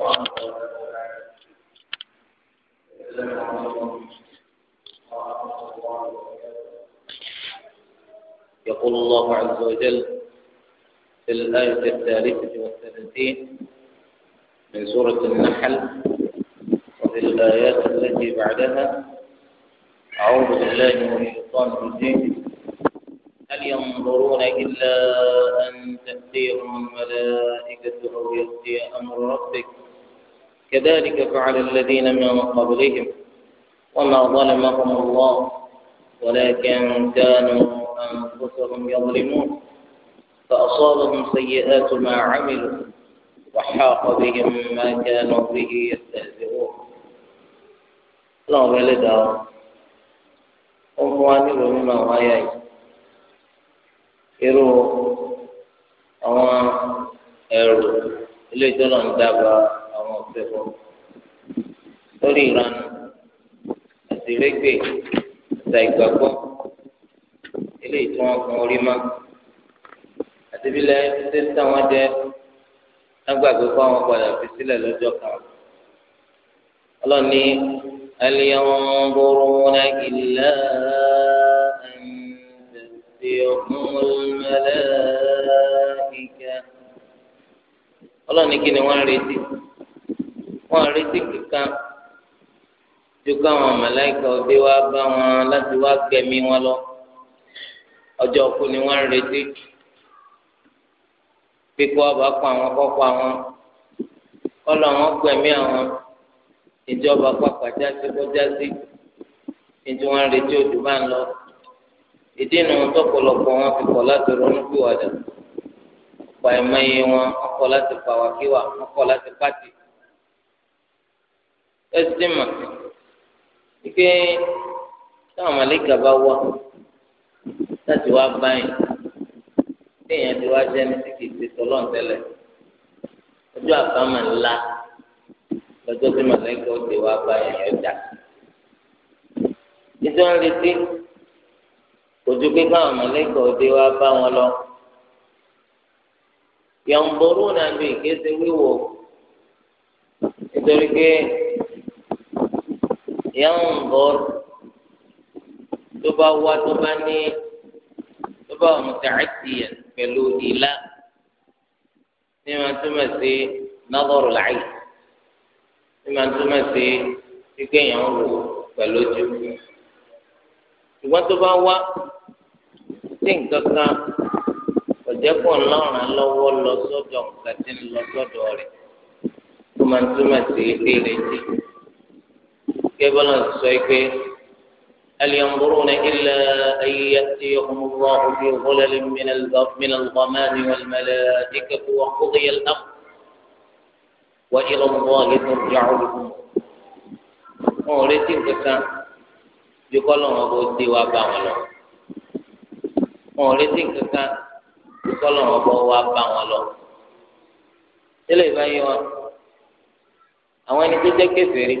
يقول الله عز وجل في الآية الثالثة والثلاثين من سورة النحل وفي الآيات التي بعدها أعوذ بالله من الشيطان الرجيم هل ينظرون إلا أن تأتيهم الملائكة أو يأتي أمر ربك كذلك فعل الذين من قبلهم وما ظلمهم الله ولكن كانوا أنفسهم يظلمون فأصابهم سيئات ما عملوا وحاق بهم ما كانوا به يستهزئون لهم لدى أخواني ومما وعيائي irú àwọn ẹrù ilé ìjọba ṣẹbọ lórí ìranu àti rẹgbẹ àti ìgbàgbọ́ eléyìí tí orí má àti bí lẹ́yìn tí tẹ lágbàgbé àwọn padà fi sílẹ̀ lọ́jọ́ kan ọlọni aliyanburuna illa an tasbihumul kí ni wọn retí. wọn àrètí kankan ju káwọn màláíkà ọdẹ wá bá wọn láti wá gbẹ̀mí wọn lọ ọjọ́ ọkú ni wọn àrètí pípọ́ ọba kọ àwọn kọ́kọ́ àwọn kọ́lọ̀ wọn gbẹ̀mí àwọn ìjọba pàpà jáde kọjá sí ìdí wọn àrètí òjò bá ń lọ ìdí nu tọ̀pọ̀lọpọ̀ wọn fi kọ̀ láti ronú pìwàdà ọ̀pọ̀ ẹ̀mọ́ iye wọn ọkọ̀ láti pàwàkíwà ọkọ̀ láti pàtì ẹsẹ mà wípé táwọn màlẹ́kà bá wá láti wá báyìí téèyàn ti wá jẹ́ ní síkì ti tọ́lọ́ tẹ́lẹ̀ ọjọ́ àbámọ̀ ńlá lọ́jọ́ tí màlẹ́kà ó ti wá báyìí ọjà ìjọ ń retí ojú pé káwọn màlẹ́kà ó ti wá bá wọn lọ yọ̀ǹbọ̀rún nàbì kí ẹ ti wíwò nítorí pé yanzur tó bá wá tó bá ní tó bá wà muta'addiyan pẹ̀lú ìlà ní ma túmọ̀ sí nadhar al-ayn ní ma túmọ̀ sí ike yẹn ń wò pẹ̀lú ojú ṣùgbọ́n tó bá wá sí nǹkan kan ọ̀jẹ̀pọ̀ ńlọrọ̀ lọ́wọ́ lọ sọ́dọ̀ nǹkan lọ sọ́dọ̀ rẹ̀ tó ma túmọ̀ sí ike jẹ́. كيبلا سيكي هل ينظرون إلا أن يأتيهم الله في ظلل من من الغمام والملائكة وقضي الأمر وإلى الله ترجع الأمور wọn ò retí nǹkankan bí kọ́lọ̀ wọn bó dé wá bá wọn lọ wọn ò retí nǹkankan bí kọ́lọ̀ wọn bó wá bá wọn lọ tẹ́lẹ̀ ìbáyé wọn àwọn ẹni tó jẹ́ kèfèrí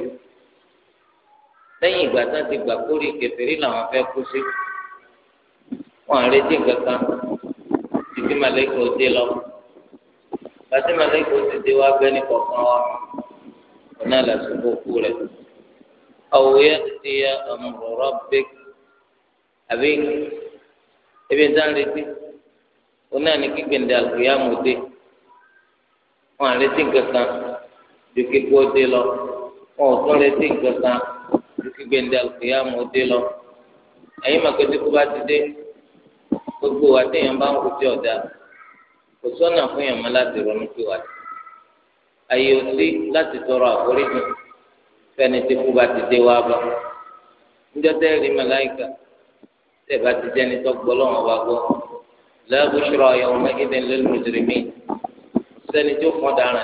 lẹ́yìn ìgbà tán ti gbà kórè kẹfìrí làwọn fẹ́ kú sí wọn retí kankan títí malẹ́kọ̀ dé lọ bàtí malẹ́kọ̀ ti dé wá bẹ́ẹ̀ ní kọ̀ọ̀kan wa wọn náà lásán kó kú rẹ̀ àwòyẹ ti yẹ ọmọrọrọ bẹ àbí ebi ń tán retí wọn náà ní kíkpéǹdé àlùkìyàmù dé wọn retí kankan ju kíkó dé lọ wọn ò tún retí kankan. ju kígbe ndé alùpùpù mú dé lọ ẹ̀yin màkàtí kó bá ti dé gbogbo wa téèyàn bá ń tí ọ̀dà kò sọ́nà fún yàn má láti ronú lati ayé òsì láti tọrọ àforíjì fẹ́ni tí kú bá ti dé wá bá níjọ́ tẹ́rì màláìka tẹ́ bá ti jẹ́ni tó gbọ́ lọ́wọ́ bá gbọ́ sẹ́ni tó fọ́n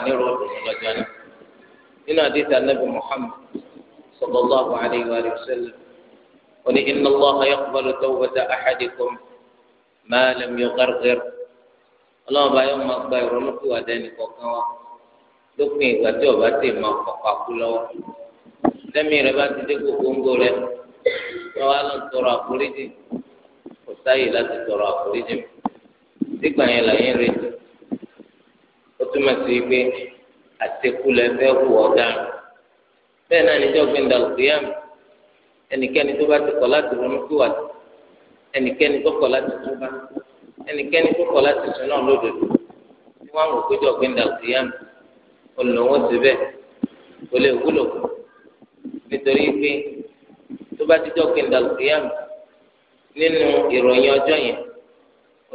ní rọ́ọ̀dù lọ́jọ́ náà nínú صلى الله عليه وآله وسلم قل إن الله يقبل توبة أحدكم ما لم يغرغر ọlọ́run bá yọ máa gba ìrònúkúwàdà ẹnìkọ̀ọ̀kan wa lópin ìgbà tí ọba tè máa kọ̀ọ̀kọ̀ kú lọ́wọ́ lẹ́mìí rẹ bá ti dé gbogbo rẹ wọ́n wá lọ tọrọ àforíjì kò sáyè láti tọrọ àforíjì sígbà yẹn là yín retí ó túmọ̀ sí pé àtẹkù lẹ fẹ́ hù ọ̀daràn bẹ́ẹ̀ náà níjọ́ gbẹ̀ndà òkèèyàn ẹnikẹ́ni tó bá ti kọ̀ láti ronú kíwà ẹnikẹ́ni tó kọ̀ láti túbà ẹnikẹ́ni tó kọ̀ láti sùn náà lódodo tí wọ́n rò péjọ gbẹ̀ndà òkèèyàn olùlọ́wọ́ ti bẹ́ẹ̀ kò lè wúlò nítorí pé tó bá ti jọ́ gbẹ̀ndà òkèèyàn nínú ìròyìn ọjọ́ yẹn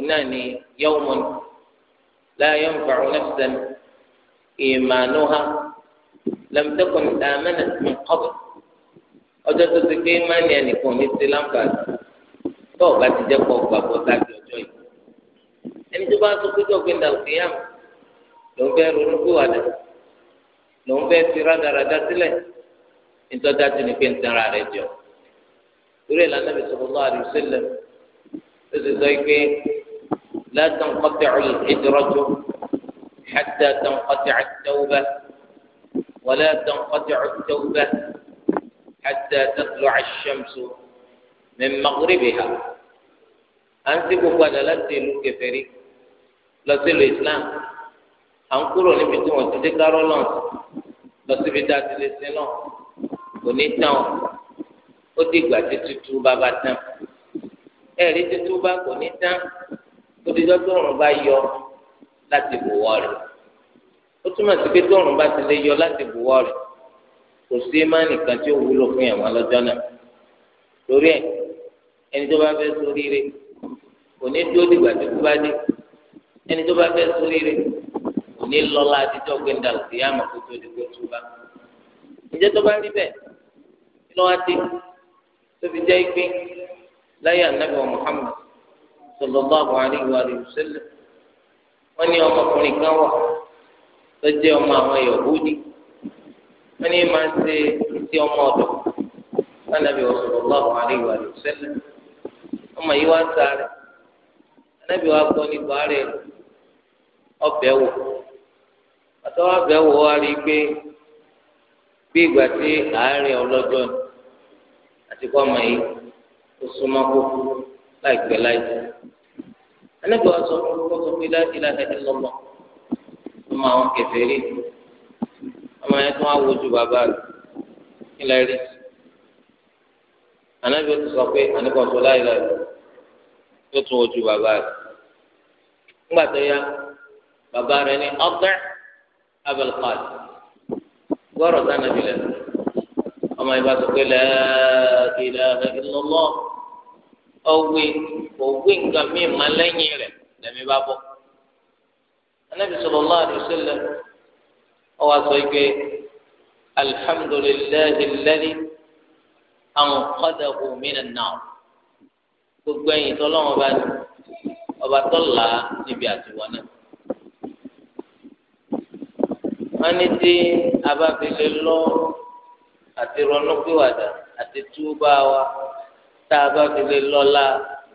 náà ni yawmun la yanfa'u nafsan imanuha. لم تكن آمنت من قبل ọjọ́ tó ti pé mánì ẹnìkan ní ti láǹfààní tó ọba ti jẹ́ pọ̀ gbàgbọ́ láti ọjọ́ yìí ẹni tó bá tó péjọ pé nàìjíríà ló ń fẹ́ ronú pìwàdà ló ń fẹ́ fi rádaràdá sílẹ̀ nítorí dájú ni pé ń tanra rẹ̀ jọ torí ẹ̀ lánàá bisọ̀ lọ́wọ́ àdìsílẹ̀ tó ti sọ pé látàn kọ́tẹ̀ ọ̀lù ìdúrọ́jọ́ hàtà tàn kọ́tẹ̀ àtẹ̀wọ́bẹ̀. ولا تنقطع التوبة حتى تطلع الشمس من مغربها أنت قد لا تلو كفري لا تلو إسلام أنكروا نبتو وتذكروا لون lọ síbi tá a ti lè sin náà kò ní tán o ó di ìgbà tí tuntun bá bá tán ẹ rí tuntun bá kò ní tán ó di dọ́gbọ́n bá yọ láti bò wọ́ rẹ̀ ó túmọ̀ sí pé tóòrùn bá ti lè yọ láti buwọ́ rẹ̀ kò sí ìmánì kan tí ó wúlò fún ẹ̀wọ̀n lọ́jọ́ náà lórí ẹ̀ ẹni tó bá fẹ́ ṣoríire kò ní dúró dìgbà tó kú bá dé ẹni tó bá fẹ́ ṣoríire kò ní lọ́la àtijọ́ gbẹ̀ndà òsì àmọ́ kó tó di kó tú bá ìjẹ́ tó bá rí bẹ́ẹ̀ lọ́wọ́ dé tó jẹ́ ìpín láyé ànábì Muhammad sallallahu alaihi wa sallam wọ́n ní ọmọkùnrin kan wà tọjẹ ọmọ àwọn yahudi wọn ni máa ṣe ti ọmọ ọ̀dọ̀ anabi sallallahu alaihi wa sallam ọmọ yìí wá sáré anabi wa gbọ́ nípa rẹ̀ ọbẹ wò àti wọn bẹ wò wá rí i pé bí ìgbà tí àárẹ̀ ọlọ́jọ́ ni àti kọ́ ọmọ yìí ó súnmọ́ kókó láìpẹ́ láìpẹ́ anabi wa sọ fún kókó pé la ilaha illallah súnmọ́ àwọn kèfèrí ọmọ yẹn tó wá wojú bàbá rẹ̀ kí lè rí anabi ó ti sọ pé àníkọ̀ọ́sọ láìláì yóò tún wojú bàbá rẹ̀ ńgbà tó yá bàbá rẹ̀ ní ọgbẹ́ abẹ́lẹ́kọ́ọ̀dì gbọ́rọ̀ sànàbí lẹ́nu ọmọ yẹn bá sọ pé la ilaha illallah ọ̀wé òwe nǹkan mí máa lẹ́yìn rẹ̀ lẹ́mí bá bọ̀ anabi sallallahu alayhi wa sallam ọwọ àgbà ike alhamdulillahi alladhi anqadahu minan nar gbogbo ẹ̀yin tọlọ́run bá ní ọba tọlá níbi àtiwọ náà wọn ní tí a bá fi lè lọ àti ronúpìwàdà àti túbà wa tá a bá fi lè lọ́la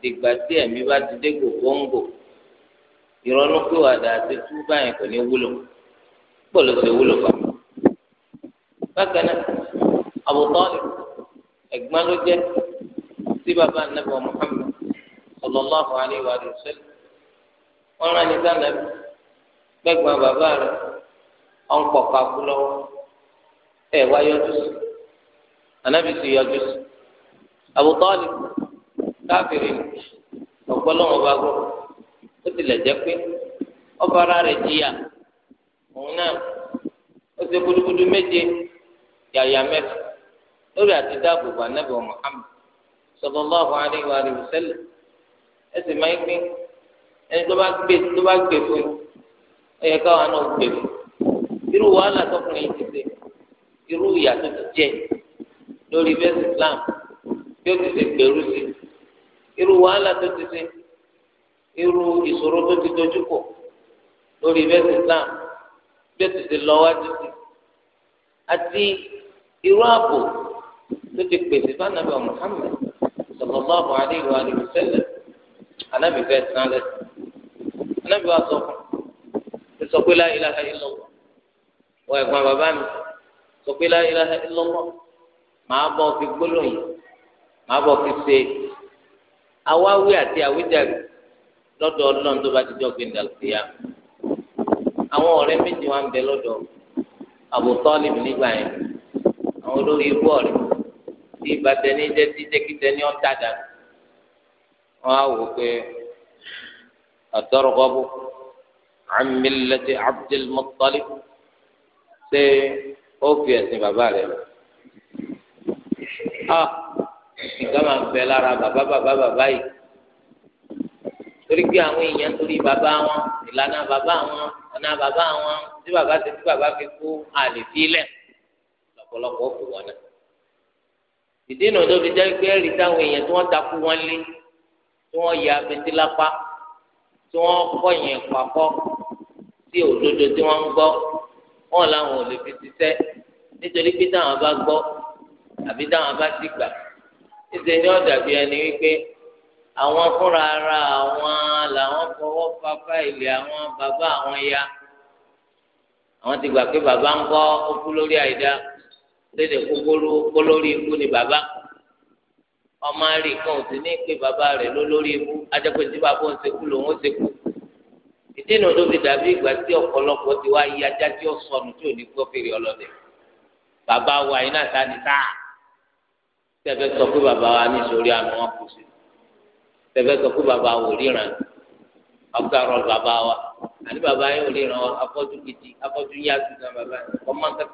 dìgbà tí ẹ̀mí bá ti dé gbòǹgbò ìrònú pé wàdà àti tú báyìí kò ní wúlò gbọ́dọ̀ ṣe wúlò fún mi. bákan náà Abu Talib ẹ̀gbọ́n ló jẹ́ sí bàbá Ànábì Muhammad sallallahu alaihi wa sallam wọ́n rán ní sànàbí gbẹ̀gbọ́n bàbá rẹ̀ ọ̀n pọ̀ kakú lọ́wọ́ ẹ̀ wá yọjú sí Ànábì sì yọjú sí Abu Talib káfíìrì ọ̀gbọ́n lọ́wọ́ bá gbọ́ ó tilẹ̀ jẹ́ pé ọba ara rẹ̀ jìyà òun náà ó ṣe gudugudu méje yàyà mẹ́fà lórí àti dáàbòbò anábì Muhammad sallallahu alaihi wa alihi wasallam ẹsẹ̀ máa ń gbé ẹni tó bá gbé tó bá gbé fún ẹ yẹ káwọn náà gbé fún irú wàhálà tọkùnrin ti ṣe irú ìyà ti jẹ lórí bẹ́ẹ̀ Islam bí ó ti ṣe gbèrú sí irú wàhálà tó ti ṣe irú ìṣòro tó ti dojú kọ lórí bẹ́ẹ̀ islam bẹ́ẹ̀ ti ti lọ wájú sí àti irú ààbò tó ti pèsè fanabi Muhammad sallallahu alayhi wa sallam anabi fẹ́ sàn lẹ́sìn anabi wa sọ fún mi sọ pé la ilaha illallah wọ ẹ̀gbọ́n bàbá mi sọ pé la ilaha illallah màá bọ̀ fi gbólóyìn màá bọ̀ fi ṣe awáwí àti àwíjàre lọ́dọ̀ Ọlọ́run tó bá ti jọ gbé ndàlùfíà àwọn ọ̀rẹ́ méjì wà ń bẹ lọ́dọ̀ Abu Talib nígbà yẹn àwọn olórí ikú ọ̀rẹ́ tí ìbàtẹ ní jẹ tí jẹkítẹ ní ọ̀tá dànù wọn á wò pé àtọrọgọbù an millati Abdul Muttalib ṣé ó fi ẹ̀sìn bàbá rẹ̀ lọ ah ìgbà máa ń bẹ lára bàbá bàbá bàbá yìí torí pé àwọn èèyàn torí bàbá wọn ìlànà bàbá wọn ọ̀nà bàbá wọn tí bàbá ti tí bàbá fi kú àlè sílẹ̀ lọ́pọ̀lọpọ̀ òkú wọn náà. ìdí ìnà tó fi jẹ́ pé ẹ̀rí táwọn èèyàn tí wọ́n takú wọn lé tí wọ́n ya apẹtí lápá tí wọ́n kọ́ yẹn papọ̀ sí òdodo tí wọ́n ń gbọ́ wọn làwọn ò lè fi ṣiṣẹ́ nítorí pé táwọn bá gbọ́ àbí táwọn bá ti gbà níṣẹ́ ni ọ̀dàbí ẹni wípé àwọn fúnra ara àwọn làwọn fọwọ́ fapá ilé àwọn bàbá àwọn ya àwọn ti gbà pé bàbá ń kọ́ ó kú lórí àìdá lédè kó lórí ikú ni bàbá ọmọ àárín kan ò sí ní pé bàbá rẹ̀ ló lórí ikú ajẹ́pẹ́ tí bàbá ń sekú lòun ó sekú ìdí ìnà tó fi dàbí ìgbà tí ọ̀pọ̀lọpọ̀ ti wá yí ajá tí ó sọnù tí ò ní gbọ́ fèrè ọlọ́dẹ bàbá wa iná sáni sáà tẹ́fẹ́ sọ pé bàbá wa ní sórí àná wọn kù sí tẹfẹ sọ pé bàbá wò ríran ọgá rọ bàbá wa àní bàbá yẹn ò ríran afọ́jú gidi afọ́jú yáàtú náà bàbá yẹn ọmọ nǹkan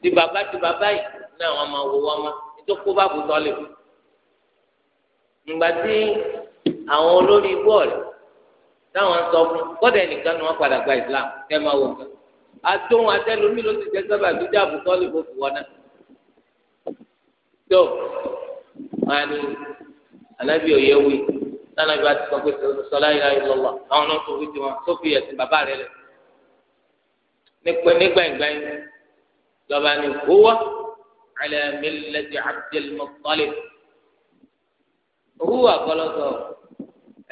ti bàbá ti bàbá yìí náà wọn máa wo wọn mọ nítorí kó bá bù sọlẹ ǹgbà tí àwọn olórí bọ́ọ̀lù táwọn sọ fún kọ́dà nìkan ni wọ́n padà gba Islam kẹ́ máa wò nǹkan atóhun atẹlómi ló ti jẹ sábà tó jẹ àbùsọ́ọ̀lù fòfò wọn náà tó wọn ni anabi òye wi sanabi àti sọgbẹ sọlá ìlà ìlọlọ àwọn náà tó fi ti wọn tó fi ẹsìn bàbá rẹ lẹ nípa nígbàgbàyìn lọba ni huwa ala millati Abdul Muttalib huwa kọlọsọ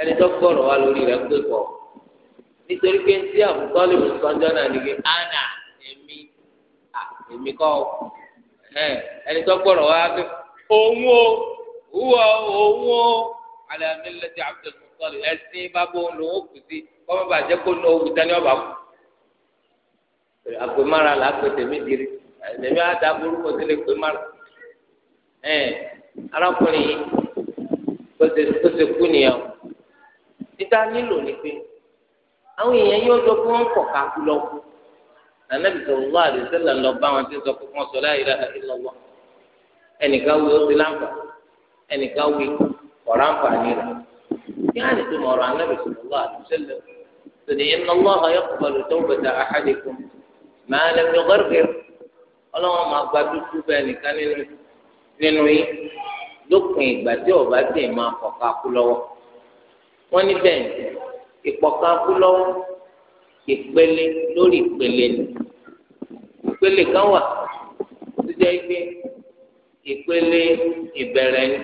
ẹni tó gbọrọ wa lórí rẹ pé kọ nítorí pé tí àbùkọ́lì sọ́jọ́ náà nìké ana èmi à èmi kọ́ ẹni tó gbọrọ wa pé òun o. wúwo owó alẹ́mi lẹ́tí Abdul Muttalib ẹ̀sìn bábọ̀ lòun kù sí kọ́mọ́ bàjẹ́ kó ní diri o àwọn èèyàn yóò sọ pé wọ́n kọ̀ ká lọ kú nànàbì sallallahu alaihi lọ bá wọn ti sọ sọ ẹnìkan ẹnìkan wí ọ̀rọ̀ àǹfààní rẹ̀ kí á nìtú mọ̀ọ́rọ̀ anábì sallallahu alaihi wasallam tòní inna Allaha yaqbalu tawbata ahadikum ma lam yugharghir ọlọ́wọ́n máa gba dúdú bẹ́ẹ̀ nìkan nínú yín lópin ìgbà tí ọba tẹ̀ máa kọ̀ọ̀ká kú lọ́wọ́ wọ́n ní bẹ́ẹ̀ ìkọ̀ọ̀ká kú lọ́wọ́ ìpele lórí ìpele ni ìpele kan wà tó jẹ́ pé ìpele ìbẹ̀rẹ̀ ni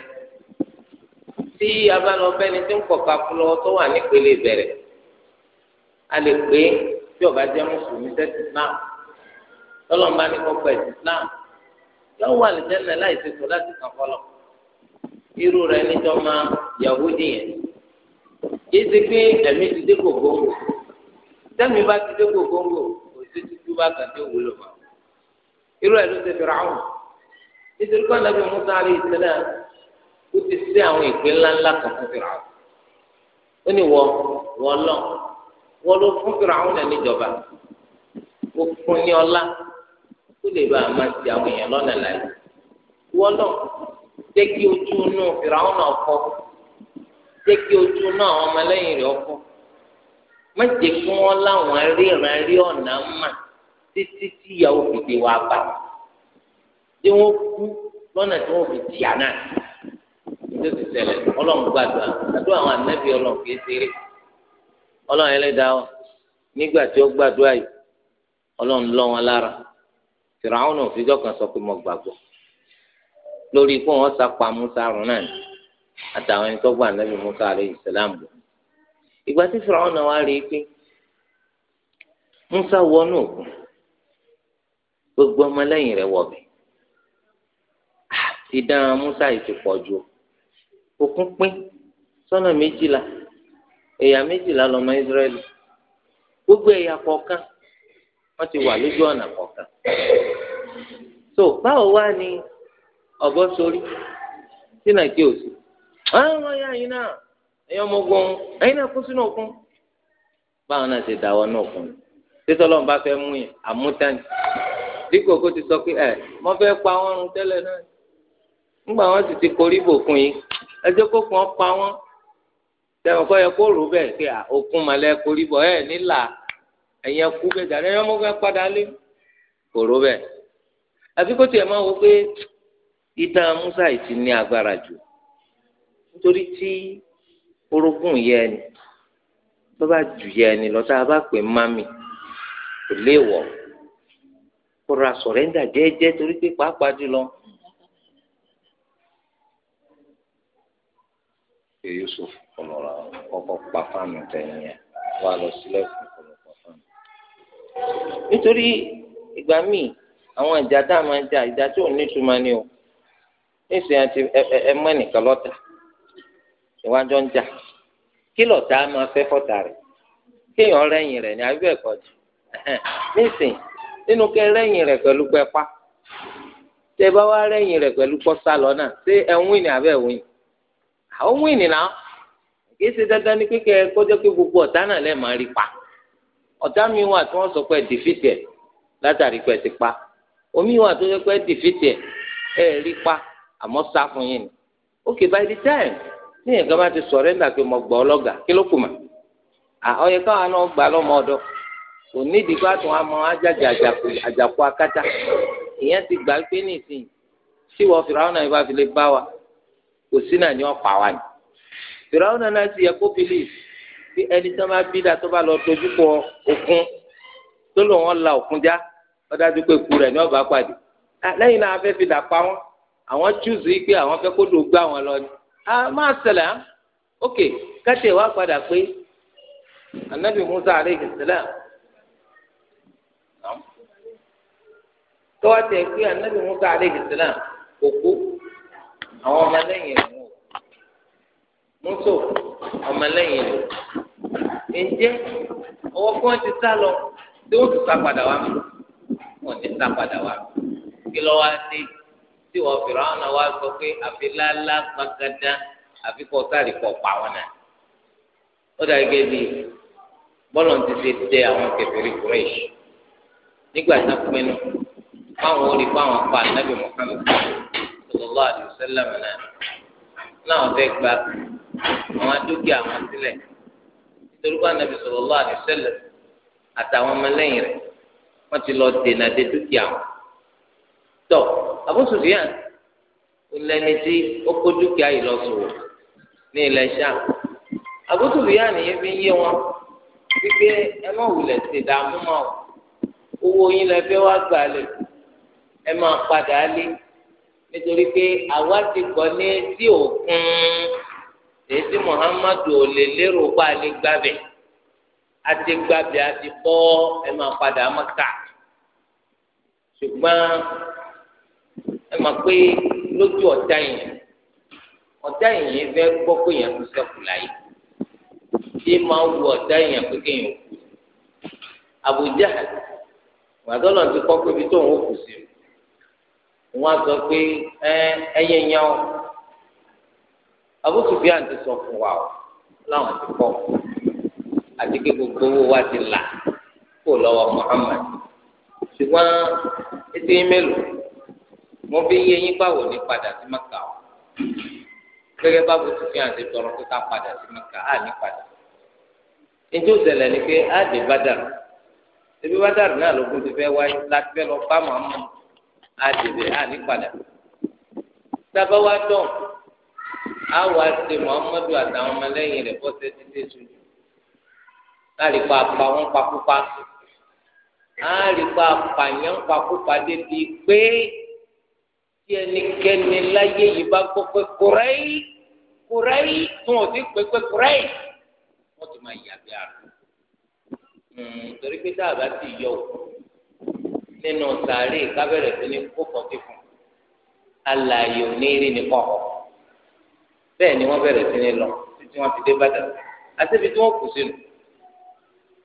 tí a bá lọ bẹ́ni tí ń kọ̀ kakú lọ́wọ́ tó wà nípele ìbẹ̀rẹ̀ a lè pé tí ọba jẹ́ mùsùlùmí sẹ́sì islam tọ́lọ́mbá ní kọ́kọ́ ẹ̀sìn islam yóò wà lẹ́jẹ̀nà láì ṣe sọ láti kàn fọlọ́ irú rẹ̀ níjọ́ máa yahudi yẹn kì í ṣe pé ẹ̀mí ti dé gògóńgò tẹ́mi bá ti dé gògóńgò kò sí bá kàn dé wúlò mọ́ irú ẹ̀ ló ṣe fìrà áwọn nítorí kọ́ nàbí musa alayhi salam ó ti sí àwọn ìpè ńláńlá kan fún fìràwọ ó ní wọ lọ wọn ló fún fìràwọ náà níjọba ó fún ní ọlá ó lè bá a máa ti àwọn èèyàn lọ́nà lọ kí ojú inú fìràwọ náà kí ojú títí tí ìyàwó bá tí kú tó ti ṣẹlẹ̀ ọlọ́run gbàdúrà àdúrà àwọn ànábì ọlọ́run kìí ṣeré ọlọ́run ẹlẹ́dàá wọn nígbà tí ó gbàdúrà yìí ọlọ́run lọ́ wọn lára fìràwọn náà fìjọ kan sọ pé mo gbàgbọ́ lórí ikú wọn sapa musa rún náà àtàwọn ẹni tó gbà ànábì musa rẹ ìsìlámù ìgbà tí fìràwọn náà wá rí i pé musa wọnú òkun gbogbo ọmọlẹ́yìn rẹ̀ wọ̀bẹ̀ ah, ìdán musa yìí ti pọ̀ jù òkun pín sọ́nà méjìlá ẹ̀yà méjìlá lọ́mọ Ísírẹ́lì gbogbo ẹ̀yà kọọkan wọ́n ti wà lójú ọ̀nà kọọkan so báwo wá ni ọ̀bọ sórí tí nàìjí ò sí. ọ ya yìí náà ọmọ ogun náà kú sínú òkun. báwọn náà náà kún bá fẹ́ mú yẹn dípò kó ti sọ pé ẹ wọ́n fẹ́ pa ẹjọ́ kó kàn pa wọ́n tẹ̀wọ̀n kọ́ yẹ kó rò bẹ́ẹ̀ pé òkun màlẹ́ korí bọ̀ ẹ̀ nílà ẹ̀yẹ kú bẹ́ẹ̀ dàrẹ́ ẹ̀yọ́ mọ́ fẹ́ padà lé kò rò bẹ́ẹ̀ àfi kó tiẹ̀ máa wọ pé ìtàn Musa yìí ti ní agbára jù nítorí tí orogún yẹ ẹni tó bá jù yẹ ẹni lọ tá a bá pè mami kò léèwọ̀ kó ra sọ̀rẹ́ńdà jẹ́ẹ́jẹ́ torí pé pàápàá jùlọ pé Yusuf kọlọra kọ́kọ́ pa fáànù yẹn wà lọ sílẹ̀kùn kọlọpọ fáànù. nítorí ìgbà míì àwọn ìjà tá a máa jà ìjà tí ò ní ni o níṣẹ́ àti ẹmọ ẹnìkan lọ́tà ìwájọ́ ń jà kí lọ́tà máa fẹ́ fọ́tà rẹ̀ kéèyàn rẹ́yìn rẹ̀ ní abẹ́ ẹ̀kọ́ jù nínú rẹ̀ àwọn wíìnì náà kì í ṣe dandan ní gbogbo ọ̀tá náà lẹ́ẹ̀ máa rí pa ọ̀tá mi wà tí wọ́n sọ pé dìfìtì ẹ̀ látàrí pé ti pa omi wà tó yẹ pé dìfìtì ẹ̀ rí pa àmọ́ sá fún yín ni ok by the time ní bá ti sọ̀rẹ́ndà pé mo gbọ́ ọlọ́gà kí ló kù mà ọyẹ káwọn náà gbà lọ́mọ kò nídìí kò sí náà ní ọ̀pá wa ni fìràwọn náà náà ti yẹ kó bìlì bí ẹni tí wọn bí dáa bá lọ dojú kọ òkun tó lò wọn la òkun já wọn dájú pé ikú rẹ̀ ní ọba pàdé lẹ́yìn náà afẹ́ fi dà pa wọn àwọn chúùsù yìí pé àwọn fẹ́ kó dò gbá wọn lọ ni a máa ṣẹlẹ̀ á ok kẹtẹ wa padà pé anabi musa aleyhi salam tọ́wọ́ tẹ̀ pé anabi musa aleyhi salam kò kú àwọn ọmọlẹ́yìn rẹ̀ wò mọ́tò ọmọlẹ́yìn rẹ̀ ǹjẹ́ ọwọ́ fún wọn ti sá lọ tí wọ́n ti sá padà wá mi wọ́n ti sá padà wá mi kí lọ́ wá dé tí wọ́n fìrà wọn náà wá sọ pé àfi lálá gbàgádá àfi kọ́ sáré kọ́ pa wọn náà ó dàgẹ́ gẹ́gẹ́ bọ́lọ̀ ti ṣe tẹ àwọn kèfèrí kúrẹ́ṣì nígbà tí wọ́n pinnu fáwọn orí fáwọn pa ànábì Muhammad sallallahu alaihi wasallam náà náà fẹ́ gba àwọn dúkìá wọn sílẹ̀ nítorí pé anabi sallallahu alaihi wasallam àtàwọn ọmọlẹ́yìn rẹ̀ wọ́n ti lọ dènà dé dúkìá wọn. tọ́ Abu Sufyan ìlẹ́ni tí ó kó dúkìá yìí lọ sòwò ní ilẹ̀ Ṣáà Abu Sufyan nìyẹn fi ń yé wọn wípé ẹ má wulẹ̀ ṣe dààmú mọ́ owó yín lẹ fẹ́ wá gbà ẹ máa padà lé nítorí pé àwa ti gbọ́ ní etí òkun èyí muhammadu ò lè lérò pa ní gbàbẹ̀ àti gbàbẹ̀ àti bọ́ ẹ máa padà mọ́ta ṣùgbọ́n ẹ máa pé lójú ọ̀tá yìí ọ̀tá yìí fẹ́ gbọ́ pé yẹn tún ṣẹ́kù láyé tí máa wù ọ̀tá yìí pé kéèyàn kú Abu Jahl ti kọ́ pé ibi tó ń wò kù sí o wọ́n sọ pé ẹyẹ yẹn o àbúrò bí àǹtí sọ fún wa o láwọn ti pọ̀ àti pé gbogbo owó wa ti là kó lọ́wọ́ Muhammad ṣùgbọ́n ètò ìmẹ́lò mo fi yé yín báwo ní padà sí Mẹ́kà o gẹ́gẹ́ báwo ti fi àǹtí tọrọ pé ká padà sí Mẹ́kà á ní padà ètò ìṣẹ̀lẹ̀ ni pé á dé bàdàrú ebi bàdàrú náà lókun ti fẹ́ wáyé láti fẹ́ lọ bá Muhammad àdìbẹ ànípadà sábà wá dán á wá ṣe muhammadu àtàwọn ọmọlẹ́yìn rẹ̀ bọ́sẹ̀ títí sojú láàrin pa apá wọn pakúpa láàrin pa apàyàn pakúpa débi pé tí ẹnikẹ́ni láyé yìí bá gbọ́ pé kúrẹ́ì kúrẹ́ì tún ò sí pé pé kúrẹ́ì wọ́n ti máa yàgbé àrùn hmm, torí pé dáàbà ti yọ òkú nínú sàárè kábẹ̀rẹ̀ sí ní kókò tí fún alààyè onírin ní kọ̀ọ̀ bẹ́ẹ̀ ni wọ́n bẹ̀rẹ̀ sí ní lọ títí wọ́n fi dé bàtà àtẹ́bi tí wọ́n kù sínú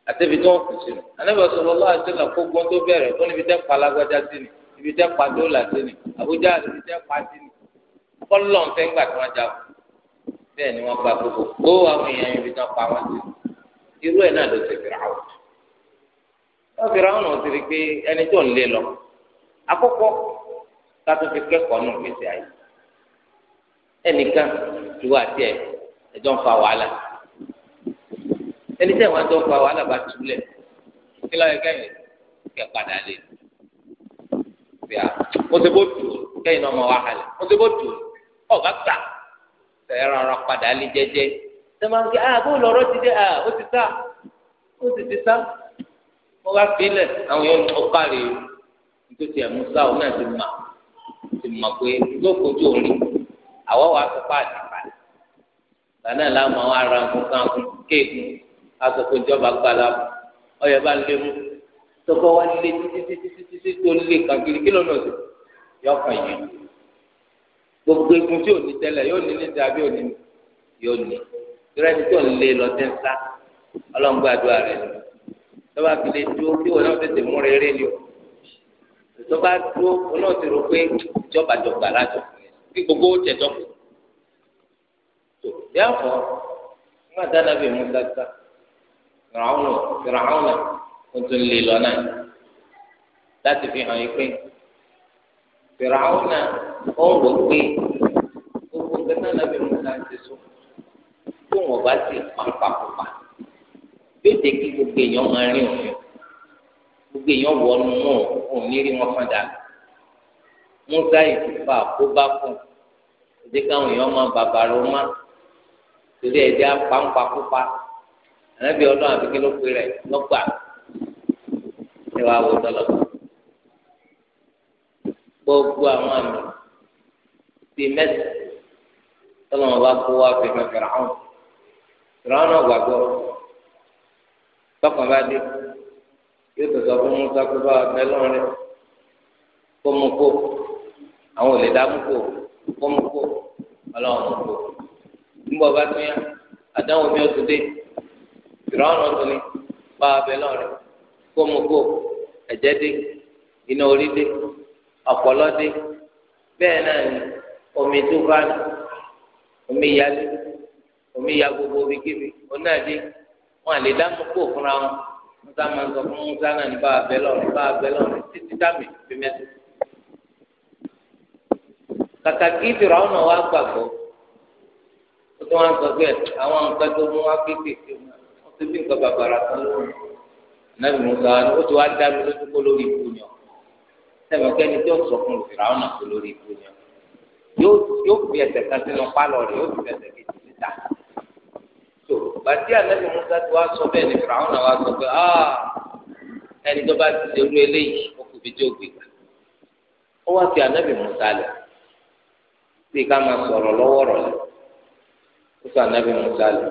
àtẹ́bi tí wọ́n kù sínú anábẹ́ sọ̀rọ̀ lọ́wọ́ àtẹ́lẹ̀ kógbọ́n tó bẹ̀rẹ̀ tó níbi tẹ́ pa alágbájá sí ni ibi tẹ́ pa dóòlà sí ni àbújá ibi tẹ́ pa sí ni kọ́lọ̀ ń fẹ́ gbà tí wọ́n já bẹ́ẹ̀ ni wọ́n gba gbogbo gbó àwọn èèyàn ibi tán pa wọ́n sí irú ẹ̀ náà ló ti fi rà wọ́n wọn fi ráwọn náà ti rí pé ẹni tó ń lé lọ àkọ́kọ́ kátó fi kẹ́kọ̀ọ́ nù gbèsè ayé ẹnìkan ju àti ẹ ẹjọ ń fa wàhálà ẹni tẹ wọn ẹjọ ń fa wàhálà bá túlẹ̀ kí lọ yẹ kẹyìn kẹ padà lé bí a mo ti bó tù kẹyìn náà mọ wàhálà mo ti tù ọgá gbà ẹ rọra padà lé jẹ́jẹ́ tẹ máa ń kí ah bó lọ̀rọ̀ ti dé ah ó ti sá ó ti ti sá wọn bá filẹ̀ àwọn yóò ní ọkàlẹ̀ yìí nítorí ẹ̀mú sáwọn náà ti mà ti mà pé yóò kojú òní àwọ̀ wà tó pa àtìpalẹ̀ gbaná làwọn àwọn ará nǹkan kan kéèkù aṣọ pé ìjọba gbala ọyọ bá lé mú tọkọ wa lé títítítítí tó lé kankiri kí ló náà ti yọ ọkàn yìí gbogbo egun tí ò ní tẹ́lẹ̀ yóò ní ní tàbí òní yóò ní ìrẹsì tó ń lé lọ tẹ́ ń sá ọlọ́ngbàdúrà rẹ̀ lọ tọ́ba fi lè dúró kí wọn náà tètè mú rere ni o tọ́ba dúró wọn náà ti rò pé ìjọba jọgbà lájọ kí gbogbo ó tẹ̀ dọ́kù tó yàtọ̀ nígbà tá a nàbẹ mú sàkà fìràwọnà fìràwọnà tuntun lè lọ náà láti fi hàn yín pé fìràwọnà ó ń wò pé gbogbo nǹkan tá a nàbẹ mú sàkà tó wọn bá ti pàǹpàǹpà yóò jẹ́ kí gbogbo èèyàn máa rìn òfin gbogbo èèyàn wọ ọ́nù mọ́ òun nírí wọn fọ́n dà musa ìfúnpá kó bá fún ẹ̀jẹ̀ káwọn èèyàn máa bàbá ló má torí ẹ̀jẹ̀ apáǹpá kópa ànábì ọlọ́run àti kí ló pe rẹ̀ lọ́gbà ẹ wá wò tọ́lọ̀ gbogbo àwọn àmì bíi mẹ́sì tọ́lọ́mọba kó wá fi hàn fẹ̀rẹ̀ hàn tọkàn bá dé yóò tọ̀sọ̀ fún musa pé bá ọ̀fẹ́ lọ́rùn rẹ̀ kó mu kó àwọn ò dá mú kó kó mu kó ọlọ́run mú kó nígbà bá tún yá àdáwọn omi ọ̀tún dé ìrọ̀rùn ọ̀tún ni bá ọ̀fẹ́ lọ́rùn rẹ̀ kó mu kó ẹ̀jẹ̀ dé iná orí dé ọpọlọ dé bẹ́ẹ̀ náà ni omi tó bá omi yá dé omi yá gbogbo omi kébi onáà dé wọn lè dá mú kó fúnra wọn musa máa ń sọ fún musa náà ní bá a lọrùn bá a bẹ lọrùn títí dàmí fi mẹsẹ. kàkà kí fìrà wọn náà wá gbàgbọ́ ó tún wọn sọ pé àwọn nǹkan tó mú wá kéékèèké wọn tó bí nǹkan bàbàrà kan lóhùn nàbì musa ó ti wá dá mi lójú kó lórí ikú yàn sẹ́wọ̀n kẹ́ni tó sọ fún fìrà wọn náà kó lórí ikú yàn yóò fi ẹsẹ̀ kan sínú pálọ̀ rẹ̀ yóò fi ẹsẹ̀ kejì níta tó bàtí ànábì musa ti wá sọ bẹ́ẹ̀ ni fìràwọn náà wá sọ pé ah, ẹni tó bá ti ṣe irú eléyìí ó kù bí tí ó ó wá fi ànábì musa lẹ bí ká máa sọ̀rọ̀ lọ́wọ́ rọ̀ lẹ ó sọ ànábì musa lẹ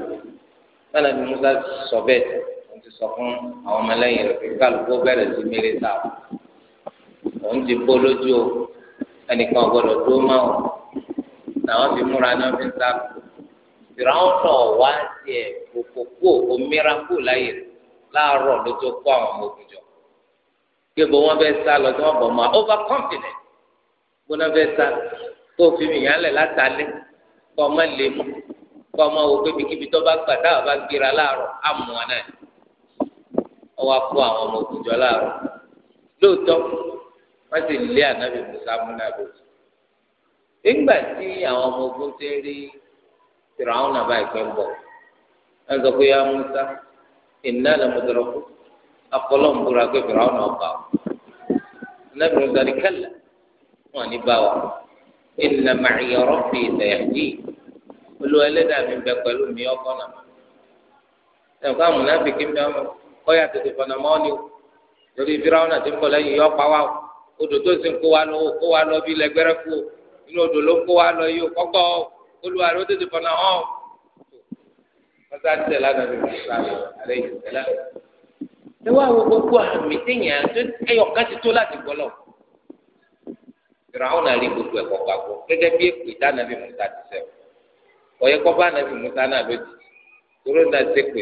ànábì musa sọ bẹ́ẹ̀ wọ́n ti sọ fún àwọn ọmọlẹ́yìn rẹ̀ pé kálukú bẹ̀rẹ̀ sí méré ta o òun ti bó lójú ẹnìkan gbọ́dọ̀ tó máa o làwọn fi múra ní wọ́n fi ń sá fìràwọn náà wá tiẹ̀ òkòkò òmìnira kù láyè láàárọ̀ ló tó kó àwọn ọmọ ogun jọ gbogbo wọn bẹ sá lọ tí wọn bọ mọ over confident gbóná bẹ sá kó o fi mi yàn lẹ látàlẹ kó ọmọ lè mọ kó ọmọ wo pé bíkíbi tó bá gbà táwọn bá gbéra láàárọ̀ àmú wọn náà ọwọ́ kó àwọn ọmọ ogun jọ láàárọ̀ lóòótọ́ wọ́n sì lé ànábì musa múnabẹ nígbà tí àwọn ọmọ ogun ti rí fìràwọn nàbà ìpín ń bọ wọn sọ pé ya musa iná lè mo dọrọ kú akọlọ ń búra pé fìràwọn náà bá wọn nàbì musa ni kẹlẹ wọn ní bá wa iná màciyọrọ fi ìtẹyàdì olú ẹlẹ́dàá mi bẹ pẹ̀lú mi ọkọ náà ẹnìkan àmúnábìkí mi ọmọ kọyà tètè fọnà mọ ni o torí fìràwọn náà ti ń bọ lẹ́yìn yọ pa wa o odò tó sì ń kó wa lọ kó wa lọ bí lẹgbẹrẹ kú o inú odò ló ń kó wa lọ yìí o kọkọ o. olùwà rẹ ó tètè fọnà hàn ó wọn sá tẹ lánàá àlẹ yìí tẹlẹ. ẹ wá wo gbogbo àmì téèyàn tó ẹyọ kan tó láti gbọ́ lọ. ìràwọ̀n náà rí gbogbo ẹ̀kọ́ pàgọ́ gẹ́gẹ́ bí èpè dáná bí musa ti sẹ́ ọ̀yẹ́ kọ́ bá nàbí musa náà lójijì toró náà ṣe pé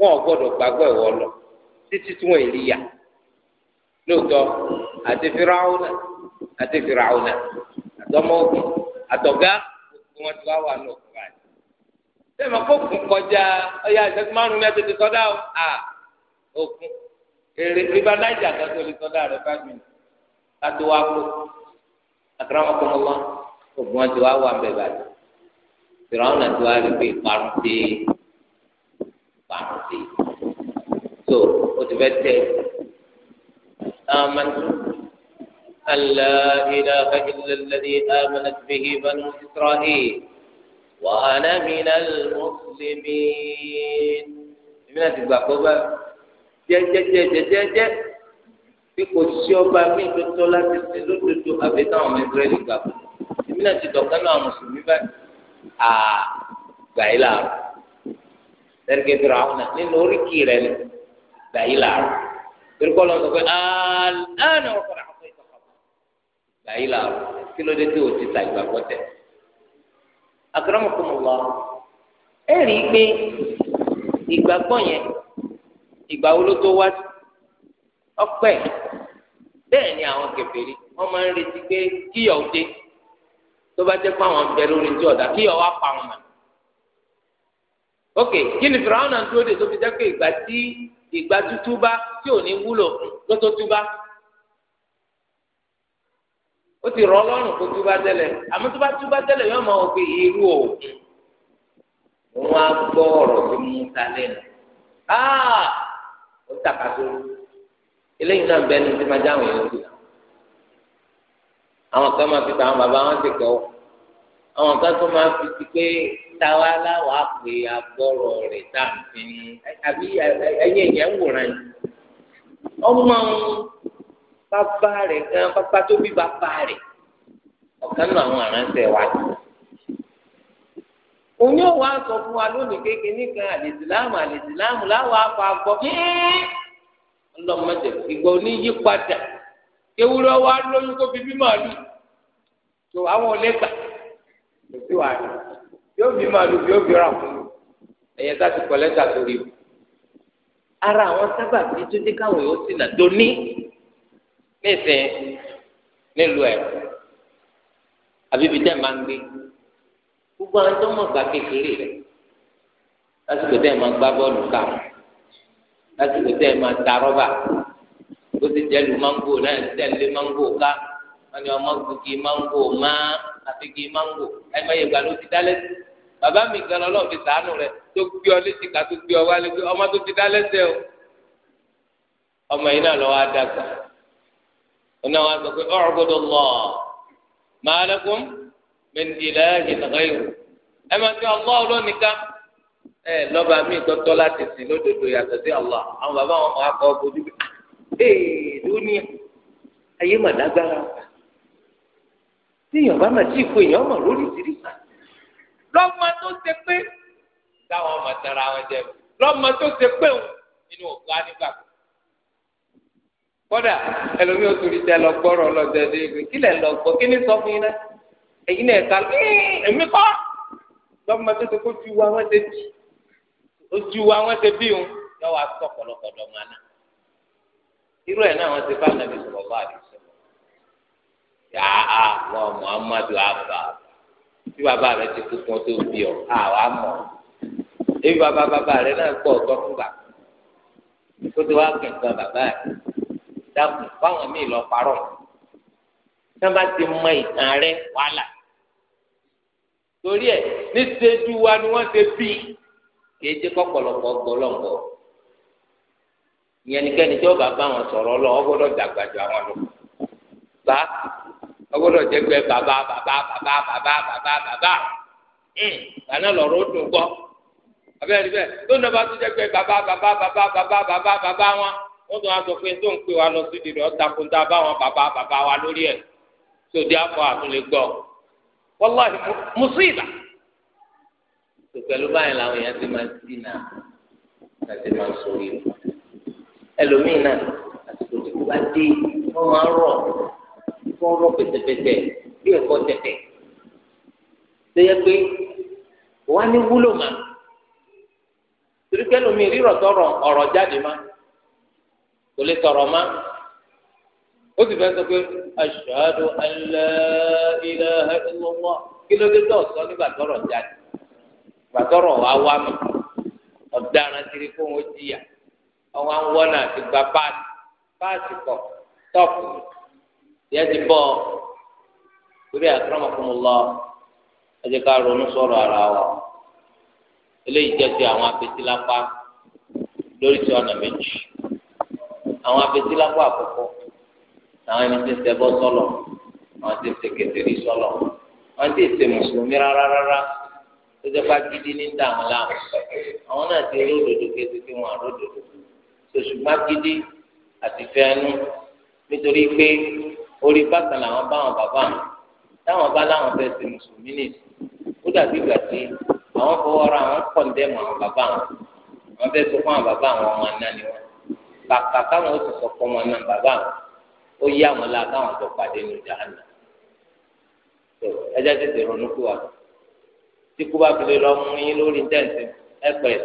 wọn gbọ́dọ̀ gbàgbọ́ ẹ̀wọ̀ lọ títí tí wọ́n èrí yá lóòótọ́ àti fìràwọ̀n àti fìràwọ̀n pé wọ́n ti wá wà ní òkúra ẹ̀. sẹ́mi kó kún kọjá ọ̀yà ìṣẹ́jú márùn-ún mẹ́ta ti sọ́dá o à òkun èrè rìbá náíjà kan tó lè sọ́dá rẹ̀ bá mi kátó wá kó àkàràmọ́ kọ́ mọ́ wọn òkun wọn ti wá wà bẹ́ẹ̀ báyìí. fìràwọn náà ti wá rí pé ìparun dé ìparun dé so o ti fẹ́ tẹ ọmọ أن لا إله إلا الذي آمنت به بنو إسرائيل وأنا من المسلمين من أتبعكم jẹjẹjẹjẹjẹjẹ bí kò sí ọba mi tó tọ́ láti ṣe lódodo àbí táwọn ọmọ ìbúrẹ́lì gbà kú èmi náà ti dọ̀kan náà mùsùlùmí báyìí àà gbà yìí làárọ̀ lẹ́rìkẹ́ fìrà àwọn náà nínú oríkì rẹ̀ ni gbà yìí làárọ̀ torí kọ́ lọ́n sọ pé àlànà ọ̀kọ̀rà làyí làrú kí ló dé tí o ti ta ìgbàgbọ́ tẹ̀. akramakumullah ẹ rí i pé ìgbàgbọ́ yẹn ìgbà wo ló tó wá ọpẹ́ bẹ́ẹ̀ ni àwọn kèfèrí wọ́n máa ń retí pé kíyọ̀ ó dé tó bá jẹ́ pé àwọn ń bẹ lórí ti ọ̀dà kíyọ̀ wá pa wọn mọ̀ ok kí ni fìràwọn náà dúró de tó fi jẹ́ pé ìgbà tí ìgbà tútú bá tí ò ní wúlò ló tó ó ti rọ lọ́rùn kó túbá tẹ́lẹ̀ àmọ́ tó bá túbá tẹ́lẹ̀ yóò máa wọ pé irú o wọn á gbọ́ ọ̀rọ̀ tó mú ta lẹ́nu áà ah! ó tàkà sóró eléyìí náà bẹ́ẹ̀ ni tí máa jáwé yẹn ti àwọn kan máa fi ta àwọn bàbá wọn ti kọ́ àwọn kan tó máa fi ti pé táwa láwàá pé agbọ́rọ̀ rẹ̀ tá à ń fi ní àbí ẹyẹ ìyẹn ń wòran ọmọ bàbá rẹ̀ gan bàbá tó bí bàbá rẹ̀ ọ̀kan nínú àwọn aránṣẹ́ wa ni. òun yóò wá sọ fún wa lónìí kékeré nìkan àlèsìláàmù àlèsìláàmù láwọn afọ àgbọ̀ ọlọ́mọdé ìgbà òní yí padà kéwúrọ́ wa lóyún kó fi bí màálù tó àwọn ọlẹ́gbà kò sí wàhálà yóò bí màálù yóò bí ra fún un ẹ̀yẹ sáti kọ́lẹ́tà torí ara àwọn sábàbí tó dé káwọn yóò sì nà tó nísìnyí nílùú ẹ àbíbi tẹ máa ń gbé gbogbo àwọn tó mọ̀ gbà kékeré rẹ lásìkò tẹ máa gbá bọ́ọ̀lù ká lásìkò tẹ máa ta rọ́bà tó ti jẹ́ lu máńgò náà tẹ̀ lé máńgò ká wọ́n ní ọmọ gbòógì máńgò má àfigi máńgò ẹ̀ máa yẹ gbà ló ti dálẹ́ sí bàbá mi gan lọ́lọ́ fi sàánù rẹ̀ tó gbé ọ létí ká tó gbé ọ wálé ọmọ tó ti dálẹ́ sẹ́ o ọmọ yìí náà lọ́wọ́ á dàgbà ọ̀nà wa sọ pé ọ̀rọ̀gbọ́dọ̀ lọ màá lẹ́kùn mẹ́ndìlẹ́ ìnàgáyò ẹ máa fi ọlọ́ lónìkan ẹ lọ́ba mi tọ́tọ́ láti sìn lódodo yàtọ̀ sí ọlọ́ àwọn bàbá wọn máa kọ́ bójú bí ee dúníà ayé mà lágbára tíyàn bá mà tí ì kó èèyàn mọ̀ lórí ìdírí kan lọ́mọ tó ṣe pé táwọn ọmọ tara wọn jẹ lọ́mọ tó ṣe pé òun nínú òkú á nígbà kan kódà ẹlòmí ò torí tẹ lọ gbọrọ lọdẹ dé ibi kílẹ lọ gbọ kí ni sọ fún yín náà èyí náà ẹka èmi kọ lọmọ tó ti kó ju wa wọn ṣe bí ojú wa wọn ṣe bí òun yọ wá sọ pọ̀lọpọ̀lọ máa ná irú ẹ náà wọn ti bá nàbí sọlọ bá àdìs yàà lọ muhammadu abba tí bàbá rẹ ti kú kún tó bí ọ àwa mọ ebi bàbá bàbá rẹ náà gbọ ọgbọ fúngbà kó tó wá kẹkọọ bàbá rẹ dákun fáwọn míì lọ parọ́ sábà ti mọ ìtàn rẹ wàhálà torí ẹ ní sẹjú wa ni wọ́n ṣe bí kì í jẹ kọpọlọpọ gbọlọgbọ ìyẹn nìkẹ́ni tí ọba bá wọn sọ̀rọ̀ lọ ọ gbọ́dọ̀ dàgbà ju àwọn lọ bá ọ gbọ́dọ̀ jẹ pé bàbá bàbá bàbá bàbá bàbá bàbá hmm, gbaná lọ̀rọ̀ ó dùn gbọ́ abẹ́rẹ́ bẹ́ẹ̀ tó nàbà tó jẹ pé bàbá bàbá bàbá bàbá bàbá bàbá wọn wọ́n tún wá sọ pé tó ń pè wá lọ sí ìdìrẹ́ ọ̀tá kó ń ta báwọn bàbá bàbá wa lórí ẹ̀ sòdí àpò àtúnlẹ̀ gbọ́ wọ́láhì mùsùlùmí. pẹ̀lú báyìí làwọn èèyàn ti máa ń dínà láti máa ń sórí rẹ̀ ẹlòmíín náà àsìkò tí bá dé wọ́n máa ń rọ̀ wọ́n rọ̀ pẹ̀tẹ̀pẹ̀tẹ̀ bí ẹ̀kọ́ tẹ̀tẹ̀ tẹ́yẹ pé wọ́n á ní wúlò mà torí kẹ́lòmíín rírọ̀ tọrọ ọ̀rọ̀ jáde máa kò lè tọrọ ma ó sì fẹ́ sọ pé ashhadu an la ilaha illallah kí ló dé tó sọ nígbà tọrọ jáde nígbà tọrọ wá wá mi ọ̀daràn ti rí fóun ó jìyà ọwọ́ àwọn wọ́n náà ti gba páàtì páàtì kọ tọ́pù yẹ ti bọ́ torí akramakumullah ẹ jẹ́ ká ronú sọ̀rọ̀ ara wa eléyìí jẹ́ ti àwọn apẹtí lápá lórí ti ọ̀nà méjì àwọn abetilágbó àkọ́kọ́ àwọn ẹni tí ń ṣẹbọ sọlọ àwọn tí ń ṣe kèfèrí sọlọ àwọn tí ń ṣe mùsùlùmí rárá rárá tó jẹ́ pàgídí ní dààmú láàmú àwọn náà ti rí òdòdó kéde tí wọn àrò òdòdó sòṣùgbọ́n gidi àti fẹ́ẹ́nu nítorí pé orí bákan làwọn báwọn bàbá wọn táwọn bá láwọn fẹ́ẹ́ ṣe mùsùlùmí nìyí ó dàbí ìgbà tí àwọn fọwọ́ ra àwọn kọ̀ǹdẹ́mù àwọn bàbá wọn wọn fẹ́ẹ́ sọ fún àwọn bàbá wọn ọmọ náà ni wọn kàkà káwọn ó ti sọ pé ọmọ náà bàbá àwọn ó yí àwọn la káwọn tó pàdé ní jahannam tó ẹjẹ tètè ronú kú wa tí kú bá fi lè lọ mú yín lórí tẹ̀sí ẹ pẹ̀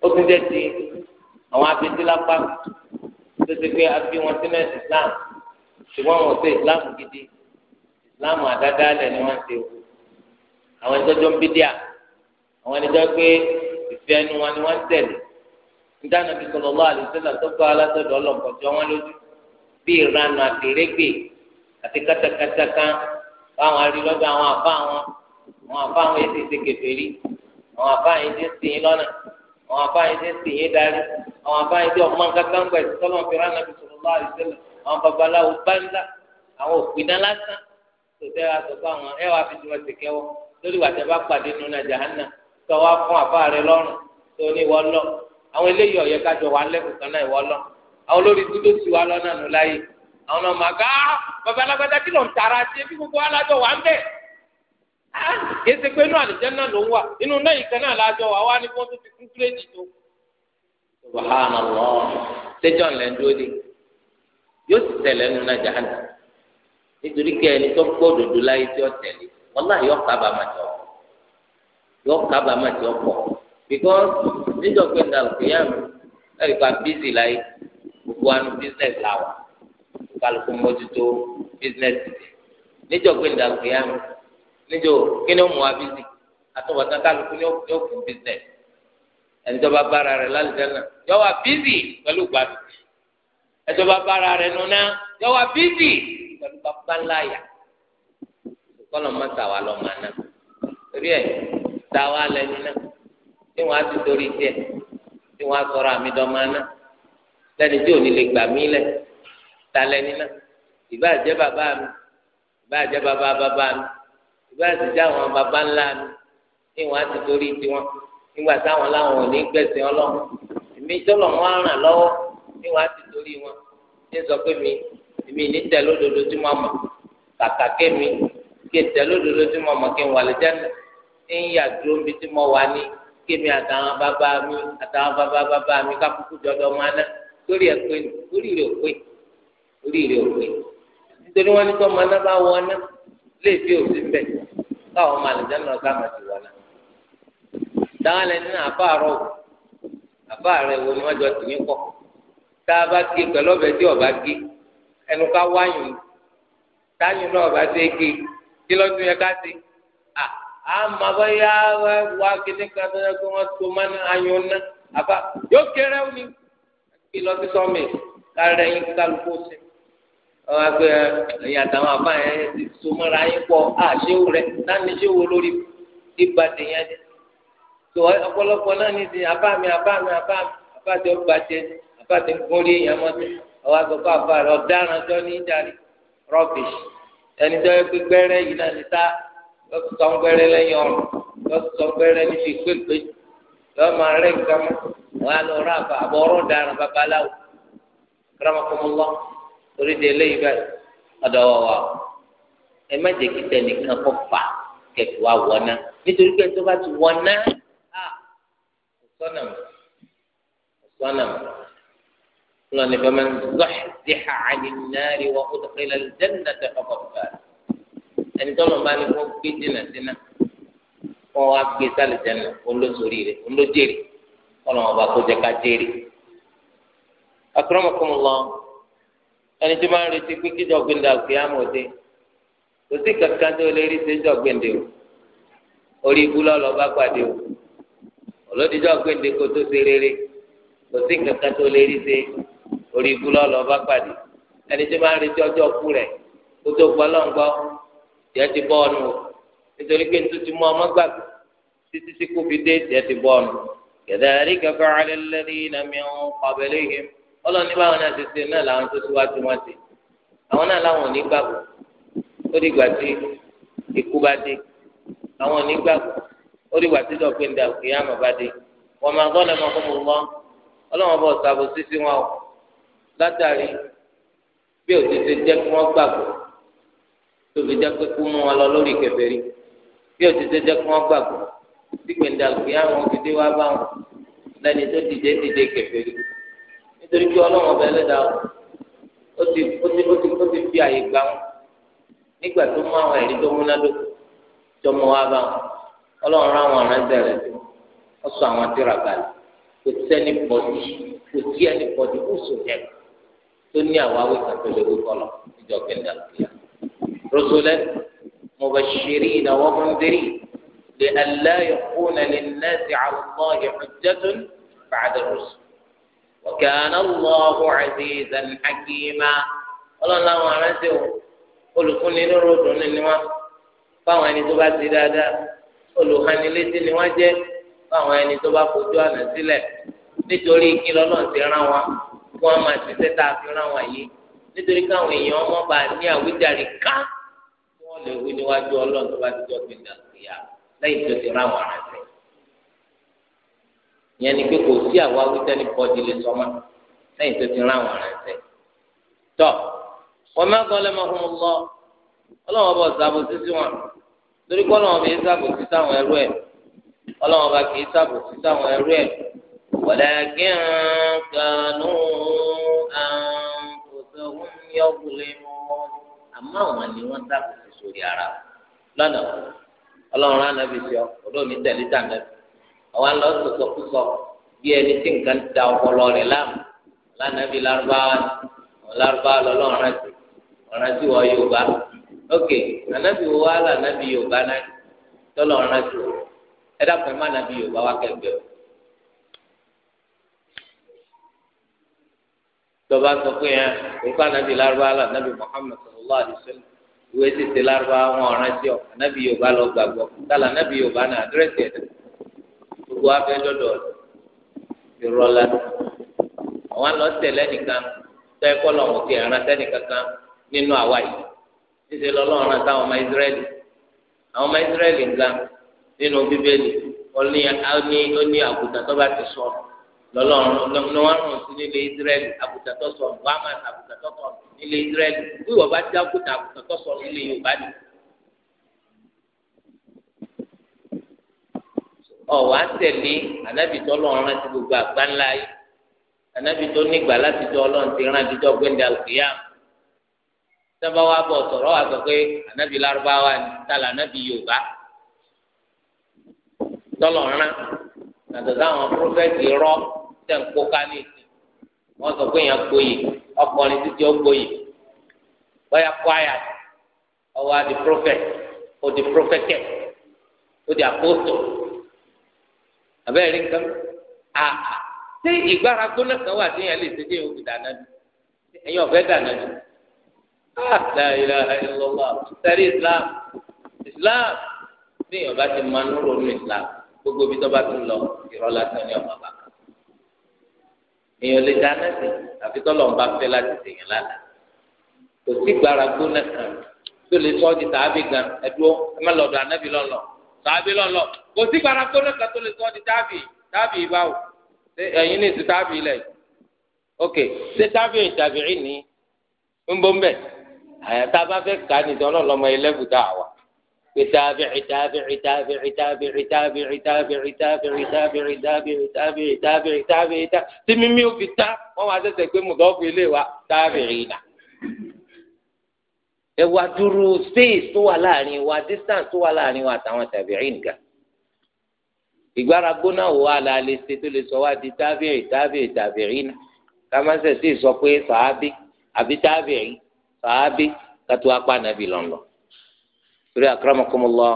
ó tún jẹ́ ti àwọn abidílápá tó ti pé abí wọn sínú ẹ̀sìn Islam ṣùgbọ́n wọn ò ṣe Islam gidi Islam àdádálẹ̀ ni wọ́n ṣe o àwọn ẹni ń bídíà àwọn ẹni tó ìfẹ́ ẹnu wọn ni wọ́n ń tẹ̀lé ìdáná bí sọlọ́lá àlùsílà tó gbọ́ alásọ̀dọ̀ ọlọ́pàá tí wọ́n lójú bí ìranù àtẹ̀rẹ́gbè àti katakata kan báwọn arí lọ́dọ̀ àwọn àbá wọn àwọn àbá wọn yẹn ti ṣe kẹfẹ́rí àwọn àbá yẹn ti ń sìn yín lọ́nà àwọn àbá yẹn ti ń sìn yín darí àwọn àbá yẹn ti ọmọ kankan gbẹ̀ tí sọlọ́n fi rán nàbí sọlọ́lá àlùsílà àwọn babaláwo báńdà àwọn òpinna lásán tòtẹ́ wa sọ fún àwọn ẹ fi tiwọn ti kẹwọ́ lórí wàtẹ́ bá pàdé nínú àwọn eléyìí ọ̀yẹ́ kájọ wà lẹ́kùn kan náà ìwọ lọ àwọn olórí tí ló ti lọ́nà nù láyé àwọn ọmọ àgá bàbá alágbádá kí ló ń tara sí ebi gbogbo alájọ wà ń bẹ̀ ah, kì í pé inú àlùjẹ́ náà ló ń wà inú náà ìkan náà lájọ wà wá ní kí wọ́n tún kún kírédì tó. subhanallah ṣéjọ́ ńlẹ̀ ń yóò sì tẹ̀lé ẹnu náà jáde nítorí ẹni tó òdòdó láyé tí ó níjọ pé ndàlùkìyàmù ẹ̀rí pa bísí láyé gbogbo àánú bísínẹ́sì làwà kálukú mójútó bísínẹ́sì tẹ̀ níjọ pé ndàlùkìyàmù níjọ kí ni ó mú wa bísí àtúbọ̀tán kálukú ni ó fún bísínẹ́sì ẹnìjọba bára rẹ̀ lálùjáná yọ wá bísí pẹ̀lú gbàdúrà ẹjọba bára rẹ̀ nùnà yọ wá bísí pẹ̀lú bàbá ńláyà kọlọ mọ tàwa lọ máa ná torí ẹ tàwa lẹnu náà tí wọn á ti torí tiẹ̀ tí wọn á sọ̀rọ̀ àmì dọmọaná lẹni tí ò ní lè gbà mí lẹ ta lẹni náà ìbáà jẹ́ bàbá mi ìbáà jẹ́ bàbá bàbá mi ìbáà sì jẹ́ àwọn bàbá ńlá mi tí wọn á ti torí tiwọn nígbà táwọn láwọn ò ní gbẹ̀sìn ọlọ́run èmi tọ́lọ̀ wọn ràn lọ́wọ́ tí wọn ti torí wọn ní sọ pé mi èmi ní tẹ lódodo tí mo mọ̀ kàkà kémi kí n tẹ tí mo mọ̀ kí n wà lẹ́jẹ̀ ń yà dúró níbi tí mo wà ní kémi àtàwọn bàbá mi àtàwọn bàbá bàbá mi kákúkú jọdọ máa ná lórí ẹ pé lórí rẹ ò pé lórí rẹ ò pé nítorí wọn ní kí ọmọ náà bá wọ ọ náà lè fi òsín bẹ káwọn ọmọ náà ká máa ti wọ náà lẹni náà àbáàrọ wò àbáàrẹ ni wọn jọ tì mí pọ tá a bá gé pẹ̀lú ọbẹ tí ọba gé ẹnu ká wáyùn táyùn náà ọba ṣe é gé kí lọ́dún yẹn ká ṣe é ama bóyá wá kéde kan tó yẹ kó wọn tó má ní ayọ̀ ná àbá yóò kéré ó ní kí lọ sí sọmi kárẹ yín kálukú sí wọn gbé ẹ̀yìn àtàwọn àbá yẹn ti so mọ́ra yín pọ̀ àṣewò rẹ láti ṣéwò lórí ìgbà tèèyàn jẹ tó ọ̀pọ̀lọpọ̀ náà ní ti àbá mi àbá mi àbá mi àbá tí ó bàjẹ́ àbá tí ń gún rí èèyàn mọ́tò ọwọ́ àgbẹ̀kọ́ àbá rẹ ọ̀daràn tó ní ìdarí rọ́bìṣì ẹni tó yẹ pé gbẹ́rẹ́ yìí náà ní sáà lọ́sùn tó ń gbẹ́rẹ́ lẹ́yìn ọ̀rùn lọ́sùn tó ń gbẹ́rẹ́ níbi ìpépé lọ́ọ́ máa rẹ́ nǹkan mọ́ wọn á lọ rà bá àbọ̀ ọ̀rọ̀ dára babaláwo káràmọ́kọ́mọ́lá torí de eléyìí báyìí ọ̀dọ̀ wọ̀ wá ẹ má jẹ́ kí tẹnìkan kọ́ fà kẹ̀kẹ́ wa wọ̀ná nítorí pé tó bá ti wọ̀ná sọ́nà sọ́nà lọ́nà ìfẹ́ máa ń zọ́ọ̀ṣì ẹni tọ́lọ̀ bá ní kó gbé dènà dènà kó wá gbé sálẹ̀ dènà olóṣòrí rẹ̀ olójèrè kọ́lọ̀ wọn bá kó jẹ́ ká jèrè. akramakumullah ẹni tó máa ń retí pé kíjọ gbẹ̀ndà òkè àmọ̀dé kò sí kankan tó lè rí séjọ gbẹ̀ndà o orí ibú lọ́lọ́ bá pàdé o olódìjọ́ gbẹ̀ndà kò tó ṣe rere kò sí kankan tó lè rí sé orí ibú lọ́lọ́ bá pàdé ẹni tó máa ń retí ọjọ́ kú rẹ̀ kó tó gbọ́ lọ́ngbọ́n tiẹ̀ ti bọ́ ọnu nítorí pé nítorí mú ọmọ gbàgbé títí tí kò fi dé tiẹ̀ ti bọ́ ọnu kadhalika fa'ala alladhina min qablihim ọlọ́ni báwọn náà ti ṣe náà làwọn tó síwájú wọn ti àwọn náà làwọn ò ní gbàgbọ́ ó di ìgbà tí ikú bá dé àwọn ò ní gbàgbọ́ ó di ìgbà tí dọ̀gbìn dà kí àmọ̀ bá dé wọ́n máa gbọ́ lẹ́mọ̀ fún mi lọ́n ọlọ́wọ́n bọ̀ ṣàbòsí sí wọn o látàrí bí òtítí jẹ́ kí wọ́n gbàgbọ́ tó fi jẹ́ pé kú mú wọn lọ lórí kèfèrí bí o ti ṣe jẹ́ kí wọ́n gbàgbọ́ tí gbèǹda òkè àwọn òfìdí wa bá wọn lẹ́ni tó dìde dìde kèfèrí nítorí pé ọlọ́wọ́n ọba ẹlẹ́dàá ó ti ó ti ó ti ó ti fi àyè gbà wọn nígbà tó mú àwọn ẹ̀rí tó múnádóko tó mú wa bá wọn ọlọ́run ráwọn aránṣẹ́ rẹ̀ tó ó sọ àwọn tíra kalẹ̀ kò sẹ́ni pọ̀jù kò sí ẹni pọ̀jù kò sùn jẹ́ tó ní àwáwí kàtó lè wí kọ́lọ̀ níjọ́ gbẹ̀ǹda òkè yàrá. رسلا مبشرين ومنذرين لئلا يكون للناس على الله حجة بعد الرسل وكان الله عزيزا حكيما ọlọ́run láwọn aránsẹ́ o olùkúni ní ròdùn ni wọ́n fáwọn ẹni tó bá ti dáadáa olùhánilétí ni wọ́n jẹ́ fáwọn ẹni tó bá fojú àná sílẹ̀ nítorí kí lọ́lọ́run ti rán wọn kí wọ́n máa ṣiṣẹ́ tá a fi rán wọn yìí nítorí káwọn èèyàn ọmọ bá ní àwíjàre ká lè wí níwájú ọlọ́run tó bá ti jọ pé dàgbéyà lẹ́yìn tó ti rá àwọn ará rẹ̀. ìyẹn ni pé kò sí àwa wítẹ́ni bọ́dì lè sọ́mọ́ lẹ́yìn tó ti rá àwọn ará rẹ̀. tọ́ wọ́n má gbọ́ lẹ́mọ̀ fún un lọ ọlọ́run ọba ọ̀sàbò sísí wọn torí pé ọlọ́run ọba yìí sábò sí ẹrú ẹ̀ ọlọ́run ọba kì í sábò sí sáwọn ẹrú ẹ̀ walakin kanu anfusahum yuzlimun àmọ́ àwọn ni wọ́n sábò sí sórí ara lọ́nà ọlọ́run anábì sí ọ ọdún mi tẹ̀lé tàbí àwọn àlọ́ sọ̀sọ̀ kú sọ bí ẹni tí nǹkan da ọpọlọ rẹ̀ láàmú lánàbì lárúbáwá lárúbáwá lọ́lọ́run rántí ọ̀rántí wọ yorùbá ok anábì wo wá lànàbì yorùbá náà tọ́lọ́run rántí ẹ dákun ẹ má nàbì yorùbá wá kẹgbẹ́ o. tọba sọ pé ẹ nǹkan anabi Lárúbáwá anabi Muhammad sallallahu alaihi wasallam ìwé tètè lárúbá wọn ọ̀ràn sí ọ ànábì yorùbá lọ gbàgbọ́ kálá ànábì yorùbá náà àdírẹ́sì ẹ̀dá gbogbo afẹ́ dọ́dọ̀ ìrọ̀ àwọn lọ tẹ̀lé nìkan tọ́ ẹ̀kọ́ lọ́wọ́ ti ẹ̀ràn sẹ́ni kankan nínú àwa yìí lọ́lọ́run ọmọ ìsírẹ́lì àwọn ọmọ ìsírẹ́lì nǹkan nínú lọ́lọ́run ni wọ́n rún sí nílé israẹli àbùtà tó sọ ọ̀nù wàmà àbùtà tó sọ ọ̀nù nílé israẹli wíwọ̀ bá dé àbùtà àbùtà tó sọ ọ̀nù nílé yorùbá ni. ọ̀wọ́ á tẹ̀lé anábì tó lọ́run rántí gbogbo àgbáńlá yìí anábì tó nígbà láti tó ọlọ́run ti rán àdìjọ́ gbẹ́ndà òkèèyà sábà wà bọ̀ sọ̀rọ̀ wà sọ pé anábì lárúbáwá ni tàlà anábì yorùbá tọ́lọ̀ rán àtàtà àwọn prófẹ́tì rọ́ọ̀ tẹ̀ ń kó ká ní ìsìn wọ́n sọ pé èèyàn gboyè ọkùnrin títí ó gboyè bóyá kwaya ọwọ́ adi prophet ó di prophetess ó di apostle àbẹ́rẹ́ rí nǹkan àà ṣé ìgbára gbóná kan wà tí èèyàn lè ṣe déyìn òbí dáná ni èèyàn ọ̀fẹ́ dáná ni ah, la ilaha sẹ́rí islam islam ní ìyọ̀nba ti máa ń rò islam gbogbo ibi tó bá ti ń lọ ìrọ̀lá tán ní ọ̀bàbà èèyàn lè dáná sí àfi tọ́lọ̀ ń bá fẹ́ láti sèyàn lánàá kò sí gbára gbóná kan tó lè sọ ọ́ di sàábì gan ẹ̀dúró ẹ má lọ́dọ̀ ànábì lọ́lọ́ sàábì lọ́lọ́ kò sí gbára gbóná kan tó lè sọ ọ́ di tábì tábì báwò ẹ̀yin ní ìsú tábì lẹ̀ ok ṣé tábì ìtàbí ní ń bọ́ mbẹ́ àyàtá bá fẹ́ kà á nìjọ́ náà lọ́mọ ẹlẹ́gùdá تابعي تابعي تابعي تابعي تابعي تابعي تابعي تابعي تابعي تابعي تابعي تابعي tí mímí ò fi tán wọn wá ṣẹ̀ṣẹ̀ pé mùdọ́fù ilé wa tábìrì nà. ẹwà dúró space tó wà láàrin wa distance tó wà láàrin wa àtàwọn tàbírí nìkan. ìgbára gbóná wo wà láàlẹ́ ṣe tó lè sọ wá di tábìrì tábìrì tábìrì nà. kámásẹ̀ sì sọ pé sàábì àbí tábìrì sàábì kátó apá nàbì lọ́nlọ́ torí akramakumullah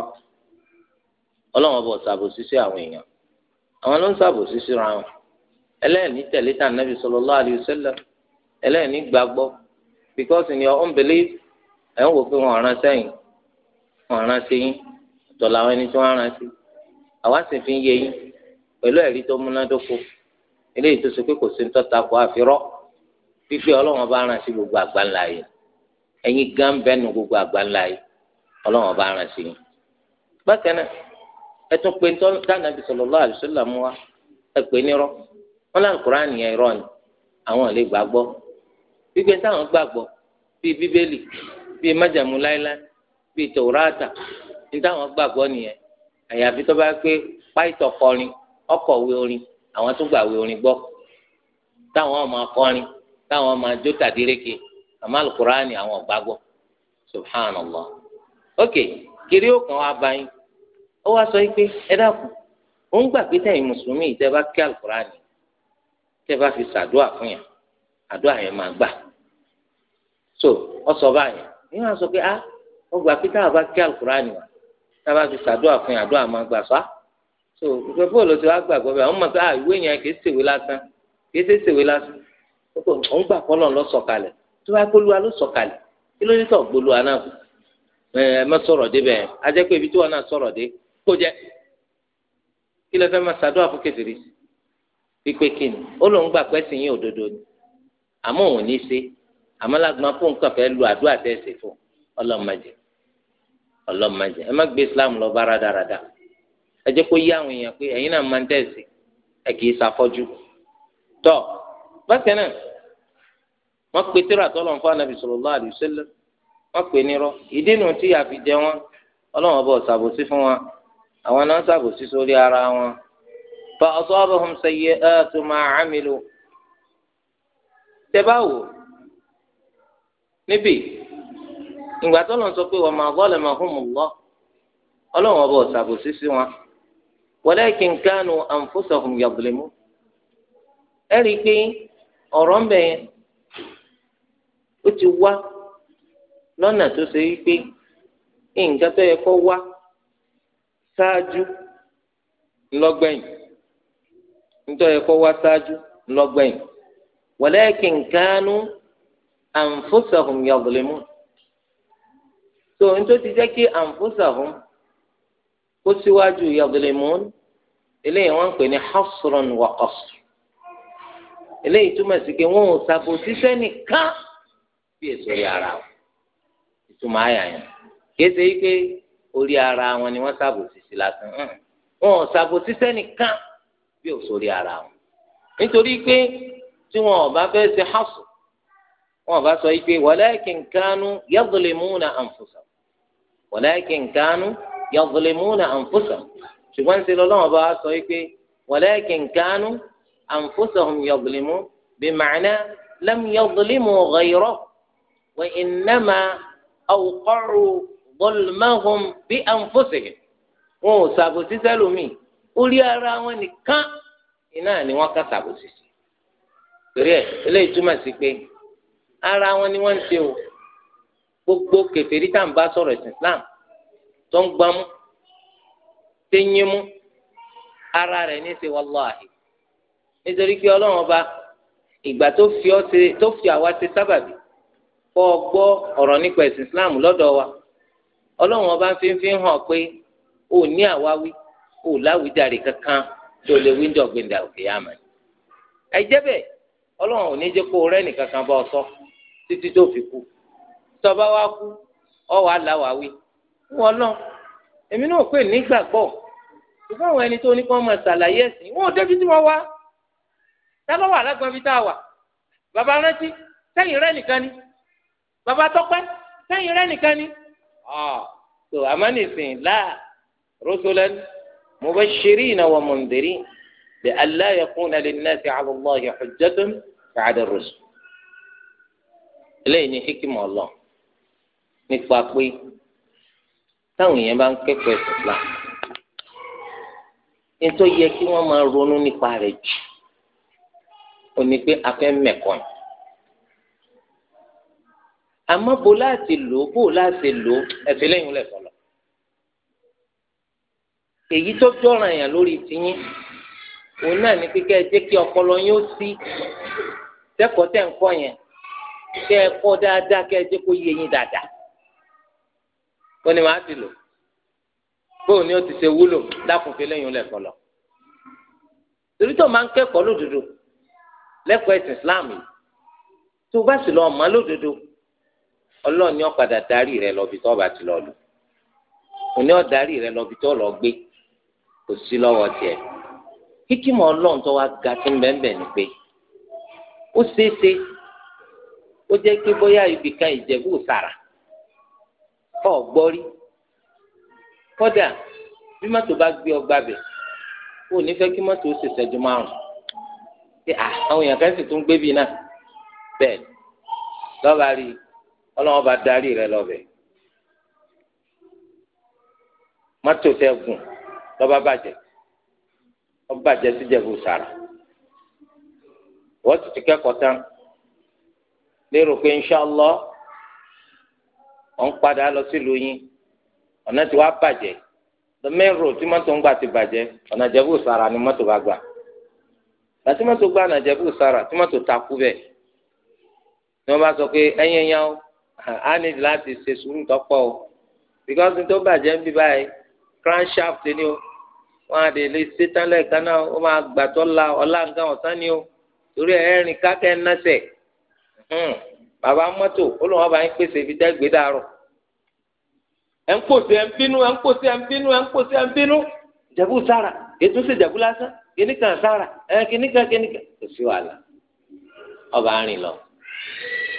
ọlọ́run ọba ọ̀sàbòsí sí àwọn èèyàn àwọn ló ń sàbòsí síra wọn ẹlẹ́ẹ̀ni tẹ̀lé tà nàbì sallallahu alayhi wa sallam ẹlẹ́ẹ̀ni gbàgbọ́ because in your own belief ẹ̀ ń wò pé wọ́n rán sẹ́yìn wọ́n rán sí yín ọ̀tọ̀ làwọn ẹni tí wọ́n rán sí àwa sì fi ń yé yín pẹ̀lú ẹ̀rí tó múnádóko eléyìí tó so pé kò sí ń tọ́ta kó àfirọ́ fífi ọlọ́run ọba rán sí gbogbo àgbáńlá yìí ẹ̀yin gan bẹ́nu gbogbo àgbáńlá yìí ọlọ́run ọba ara sí i bákan náà ẹ tún pé dáná bí sallallahu alaihi wa ẹ pé nírọ́ wọn láǹ kúránì yẹn ni àwọn lè gbàgbọ́ gbígbé táwọn gbàgbọ́ bíi bíbélì bíi májàmú bíi ní táwọn gbàgbọ́ nìyẹn àyàfi tó bá pé páìtọ̀ kọrin ọkọ̀wé orin àwọn tó gbàwé orin gbọ́ táwọn ọmọ akọrin táwọn ọmọ adó àwọn gbàgbọ́ subhanallah. ok kiri ó kàn wá báyìí ó wá sọ pé ẹ dákun ó ń gbà pé tẹ̀yin mùsùlùmí ìtẹ́ bá kí alukurani tẹ́ bá fi ṣàdúrà fún yàn àdúrà yẹn máa gbà so ọ sọ báyìí ní wọn sọ pé a ah, ó gbà pé táwọn bá kí alukurani wà táwọn bá fi ṣàdúrà fún yàn àdúrà máa gbà sọ so ìfẹ́ bóòlù tí wàá gbàgbọ́ bẹ́ẹ̀ àwọn mọ̀ pé ah, ìwé yẹn kì í ṣèwé lásán kì í ṣèwé lásán ó gbà kọ́ lọ́n lọ sọ̀kalẹ̀ tó bá gbólúwa ló kí ló ní sọ̀ gbólúwa náà ẹ eh, má sọ̀rọ̀ dé bẹ́ẹ̀ ajẹ́ pé ibi tí wọn náà sọ̀rọ̀ dé kó jẹ́ kí lè fẹ́ máa ṣàdúrà fún kẹsìrì pípé kí ni ó lóun gbà pé yín ni àmọ́ òun ní í ṣe àmọ́ lágbọ́n fẹ́ lu àdúrà tẹ́ ẹ ṣe fún ọlọ́mọdé ọlọ́mọdé ẹ má gbé Islam lọ bá ẹ jẹ́ kó yí àwọn èèyàn pé ẹ̀yin náà máa ń tẹ̀sí ẹ kì í ṣàfọ́jú tọ́ bákan náà wọ́n wọn pè nírọ́ ìdínú tí àfi jẹ wọn Ọlọ́run ọba ọsàbòsí fún wọn àwọn náà sàbòsí sórí ara wọn. fa asabahum sayyi'atu ma 'amilu. tẹ́báwò níbí ìgbà tó lọ sọ pé wọn. lọ́nà tó ṣe wípé nǹkan tó yẹ kó wá ṣáájú ńlọgbẹ̀yìn nítorí yẹ kó wá ṣáájú ńlọgbẹ̀yìn walakin kanu anfusahum yadhlimun tó nítorí ti jẹ́ kí anfusahum kó síwájú yadhlimun eléyìí wọ́n ń pè ní hasran wa qasr eléyìí túmọ̀ sí pé wọ́n ò sẹ́nìkan bí èso yàrá o. ìtumọ̀ àyà yẹn kéde yìí pé orí ara wọn ni wọ́n ṣàbòsí sí lásán wọn ò ṣàbòsí sẹ́nìkan bí ò sórí ara wọn nítorí pé tí wọn ò bá fẹ́ ṣe hásù wọn ò bá sọ pé walakin kanu yadhlimuna anfusahum walakin kanu yadhlimuna anfusahum ṣùgbọ́n ṣe lọ́lọ́wọ́n bá sọ pé walakin kanu anfusahum yadhlimun bima'na lam yadhlimu ghayrahu wa innama àwòkọ́rù bọ́lùmọ́hùn bí àǹfọ̀sẹ̀ wọn ò ṣàbòsí sẹ́lómi orí ara wọn nìkan iná ni wọ́n ká ṣàbòsí sí torí ẹ̀ eléyìí túmọ̀ sí pé ara wọn ni wọ́n ń ṣe o gbogbo kèfèrí tá à ń bá sọ̀rọ̀ ẹ̀sìn Islam tó ń gbámú téyín mú ara rẹ̀ ní í ṣe wàláhì nítorí pé ọlọ́run ọba ìgbà tó fi àwa ṣe sábàbí kọ́ ọ gbọ́ ọ̀rọ̀ nípa ẹ̀sìn islam lọ́dọ̀ wa ọlọ́run ọba ń fi hàn pé o ní àwáwí o láwùjáde kankan tó lè wíńdọ̀ òkè amani. Ẹ àìjẹ́ bẹ́ẹ̀ ò ní jẹ́ kó rẹ́ nìkankan bá ọ sọ títí tó fi kú tọba wa kú ọ wàá là wí wọn náà, èmi náà pè nígbàgbọ́ ṣùgbọ́n àwọn ẹni tó ní kó máa ṣàlàyé ẹ̀sìn wọn bàbá tọpẹ́ sẹ́yìn rẹ̀ nìkan ni. tó ah, àmọ́ nìsín láà rusulan mubashirina wa mundhirina bi alla yakuna linnasi ala Allahi hujjatun ba'da ar-rusul. eléyìí ni hikima Allah nípa pé táwọn èèyàn bá ń kẹ́kọ̀ọ́ ẹ̀sìn Islam nítorí yẹ kí wọ́n máa ronú nípa rẹ̀ jù ó ní pé afẹ́ mẹ́kọ̀ọ́ àmọ́ bó láti lò ó bó láti lò ó ẹ̀fẹ́ lẹ́yìn lẹ̀ fọlọ́. èyí tó jọ̀ràn yàn lórí tiyín òun náà ní kíkẹ́ jẹ́ kí ọpọlọ yín ó sí kẹ́kọ̀ọ́ tẹ̀ ń kọ́ yẹn kẹ́ ẹ kọ́ dáadáa kẹ́ ẹ jẹ́ kó yé yín dáadáa. ó ní wàá ti lò bóun ni ó ti ṣe wúlò dákùnfẹ́ lẹ́yìn lẹ̀ fọlọ́. torí tó máa ń kẹ́kọ̀ọ́ lódodo lẹ́kọ̀ọ́ ẹ̀sìn Islam yìí tó bá sì lọ mọ̀ ọlọ́ọ̀ni ọ̀padà darí rẹ lọ́bi tó ọba ti lọ lù òní ọ̀darí rẹ lọ́bi tó lọ gbé kò sí lọ́wọ́ tiẹ̀ kíkìmọ̀ ọlọ́run tó wá ga sí bẹ́ẹ̀ ni pé ó ṣeéṣe ó jẹ́ pé bóyá ibìkan ìjẹ̀bú sàrà ọ̀ gbọ́rí kódà bí mọ́tò bá gbé ọgbà bẹ̀ ó ní fẹ́ kí mọ́tò ó ṣèṣẹ́jú márùn-ún ah, àwọn èèyàn kan sì tún gbé bí náà bẹ́ẹ̀ lọ́ba rí i ọlọ́wọ́n bá darí rẹ lọ́bẹ̀ mọ́tò tẹ gùn lọ́ba bàjẹ́ lọ́ba bàjẹ́ sí jẹ̀bù sàrà wọ́n ti ti kẹ́kọ̀ọ́ tán lérò pé ọ ọ̀n padà lọ sílùú yín ọ̀nà tí wàá bàjẹ́ the main road tí mọ́tò ń gbà ti bàjẹ́ ọ̀nà jẹ̀bù sàrà ni mọ́tò bá gbà gbà ọ̀nà sàrà ni wọ́n bá sọ pé a ní láti ṣe sùúrù tọ́pọ̀ o because tó bàjẹ́ ń bí báyìí crankshaft ni o wọn á lè ṣe tán lẹ́ẹ̀kan náà ó máa gbàtọ́ la ọ̀la nǹkan ọ̀sán ni o torí ẹ̀rìn kákẹ́ ń násẹ̀ hmm, bàbá mọ́tò ó lọ́wọ́ bá ń pèsè ibi tẹ́ gbé dàrọ̀ ẹ̀ ń pòsè ẹ̀ ń bínú ẹ̀ ń pòsè ẹ̀ ń bínú ẹ̀ ń pòsè ẹ̀ ń bínú jẹ̀bú sára ètò ṣe jẹ̀bú lásán kìnnìkan sára ẹ̀ kìnnìkan kìnnìkan kò sí wàhálà ọba arìn lọ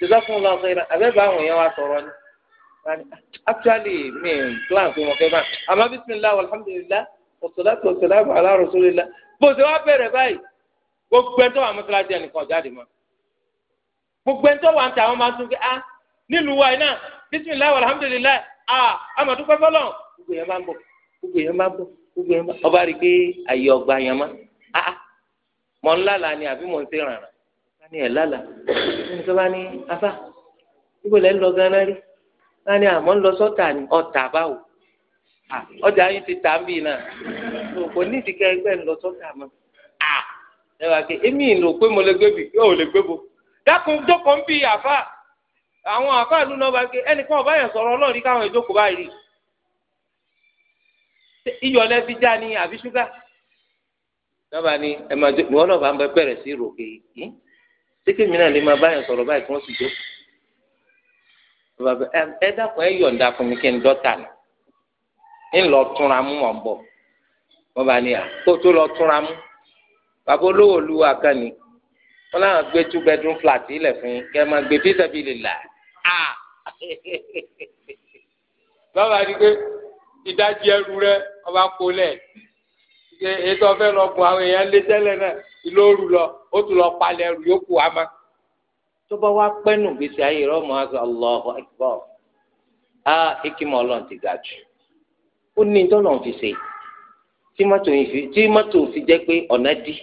jazakumullahu khairan abẹ́ bá àwọn èèyàn wa sọ̀rọ̀ ni actually mi n plan pé wọn fẹ́ bá àmọ́ bisimilahi alhamdulilah wassalatu wassalamu ala rasulillah bó ṣe wá bẹ̀rẹ̀ báyìí gbogbo ẹ̀ńtọ́ wà mọ́sálásí ẹnìkan jáde mọ́ gbogbo ẹ̀ńtọ́ wà ń ta àwọn máa tún fi ah nílùú wa iná bisimilahi alhamdulilah ah amadu pẹ́fọ́lọ́ gbogbo yẹn máa ń bọ̀ gbogbo yẹn máa ń bọ̀ gbogbo yẹn ani ẹ̀ lálà ẹni tó bá ní afá níbo lẹ́ ń lọ gánà rí ń lọ ni ọjà yín ti tà ń bì náà kò ní ìdíkẹ́ ẹgbẹ́ ń lọ sọ́tà mọ́ ẹ wá ké èmi pé mo lè gbé yóò lè gbé bo dákun jókòó ń àwọn ìlú náà bá ọba yẹn káwọn ìjókòó rí fi já ni àbí ṣúgà ni máa ìwọ náà bá ń bẹ sí ròkè yìí. ṣé kémi náà lè máa báyọ̀ sọ̀rọ̀ báyìí kí wọ́n sì jó ẹ dákun ẹ yọ̀ǹda fún mi kí n dọ́tà ni ń lọ túnra mú mọ̀ bọ̀ wọ́n bá ní à kó tó lọ túnra mú bàbá olówó olúwa kan ni wọ́n náà gbé two bedroom flat ilẹ̀ fún yín kẹ́ ẹ máa gbé fíṣẹ́bí lè là á bàbá ni pé ìdajì ẹrù rẹ ọba kó lẹ̀ ètò ọ̀fẹ́ lọ gun àwọn èèyàn lé tẹ́lẹ̀ náà ìlú òru lọ. ó tún lọ palẹ̀ ẹrù yókù wa ma tó bá wá pẹ́nu gbèsè ayé rẹ̀ ọmọ àgbà Allahu Akbar á ekimọ̀ ọlọ́run ti ga jù ó ní ṣe tí mọ́tò fi jẹ́ pé ọ̀nà dí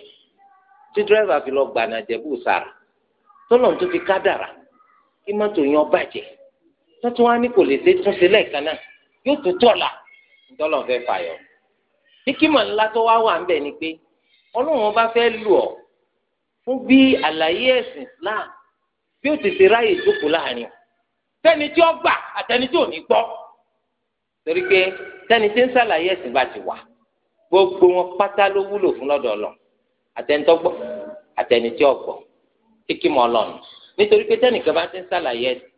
tí dírẹ́fà fi lọ gbànà jẹ̀bú sára tó fi kádàrà kí mọ́tò ní kò lè náà yóò fún bí àlàyé ẹ̀sìn Islam bí ó ti ṣe ráyè jókòó láàrin tẹni tí ó gbà àtẹni tí ò ní gbọ́ torí pé tẹni tí ń ṣàlàyé ẹ̀sìn bá ti wà gbogbo wọn pátá ló wúlò fún lọ́dọ̀ Ọlọ́run àtẹni tó gbọ́ àtẹni tí ó gbọ́ kíkí mọ́ Ọlọ́run nítorí pé tẹnìkan bá ti ń ṣàlàyé ẹ̀sìn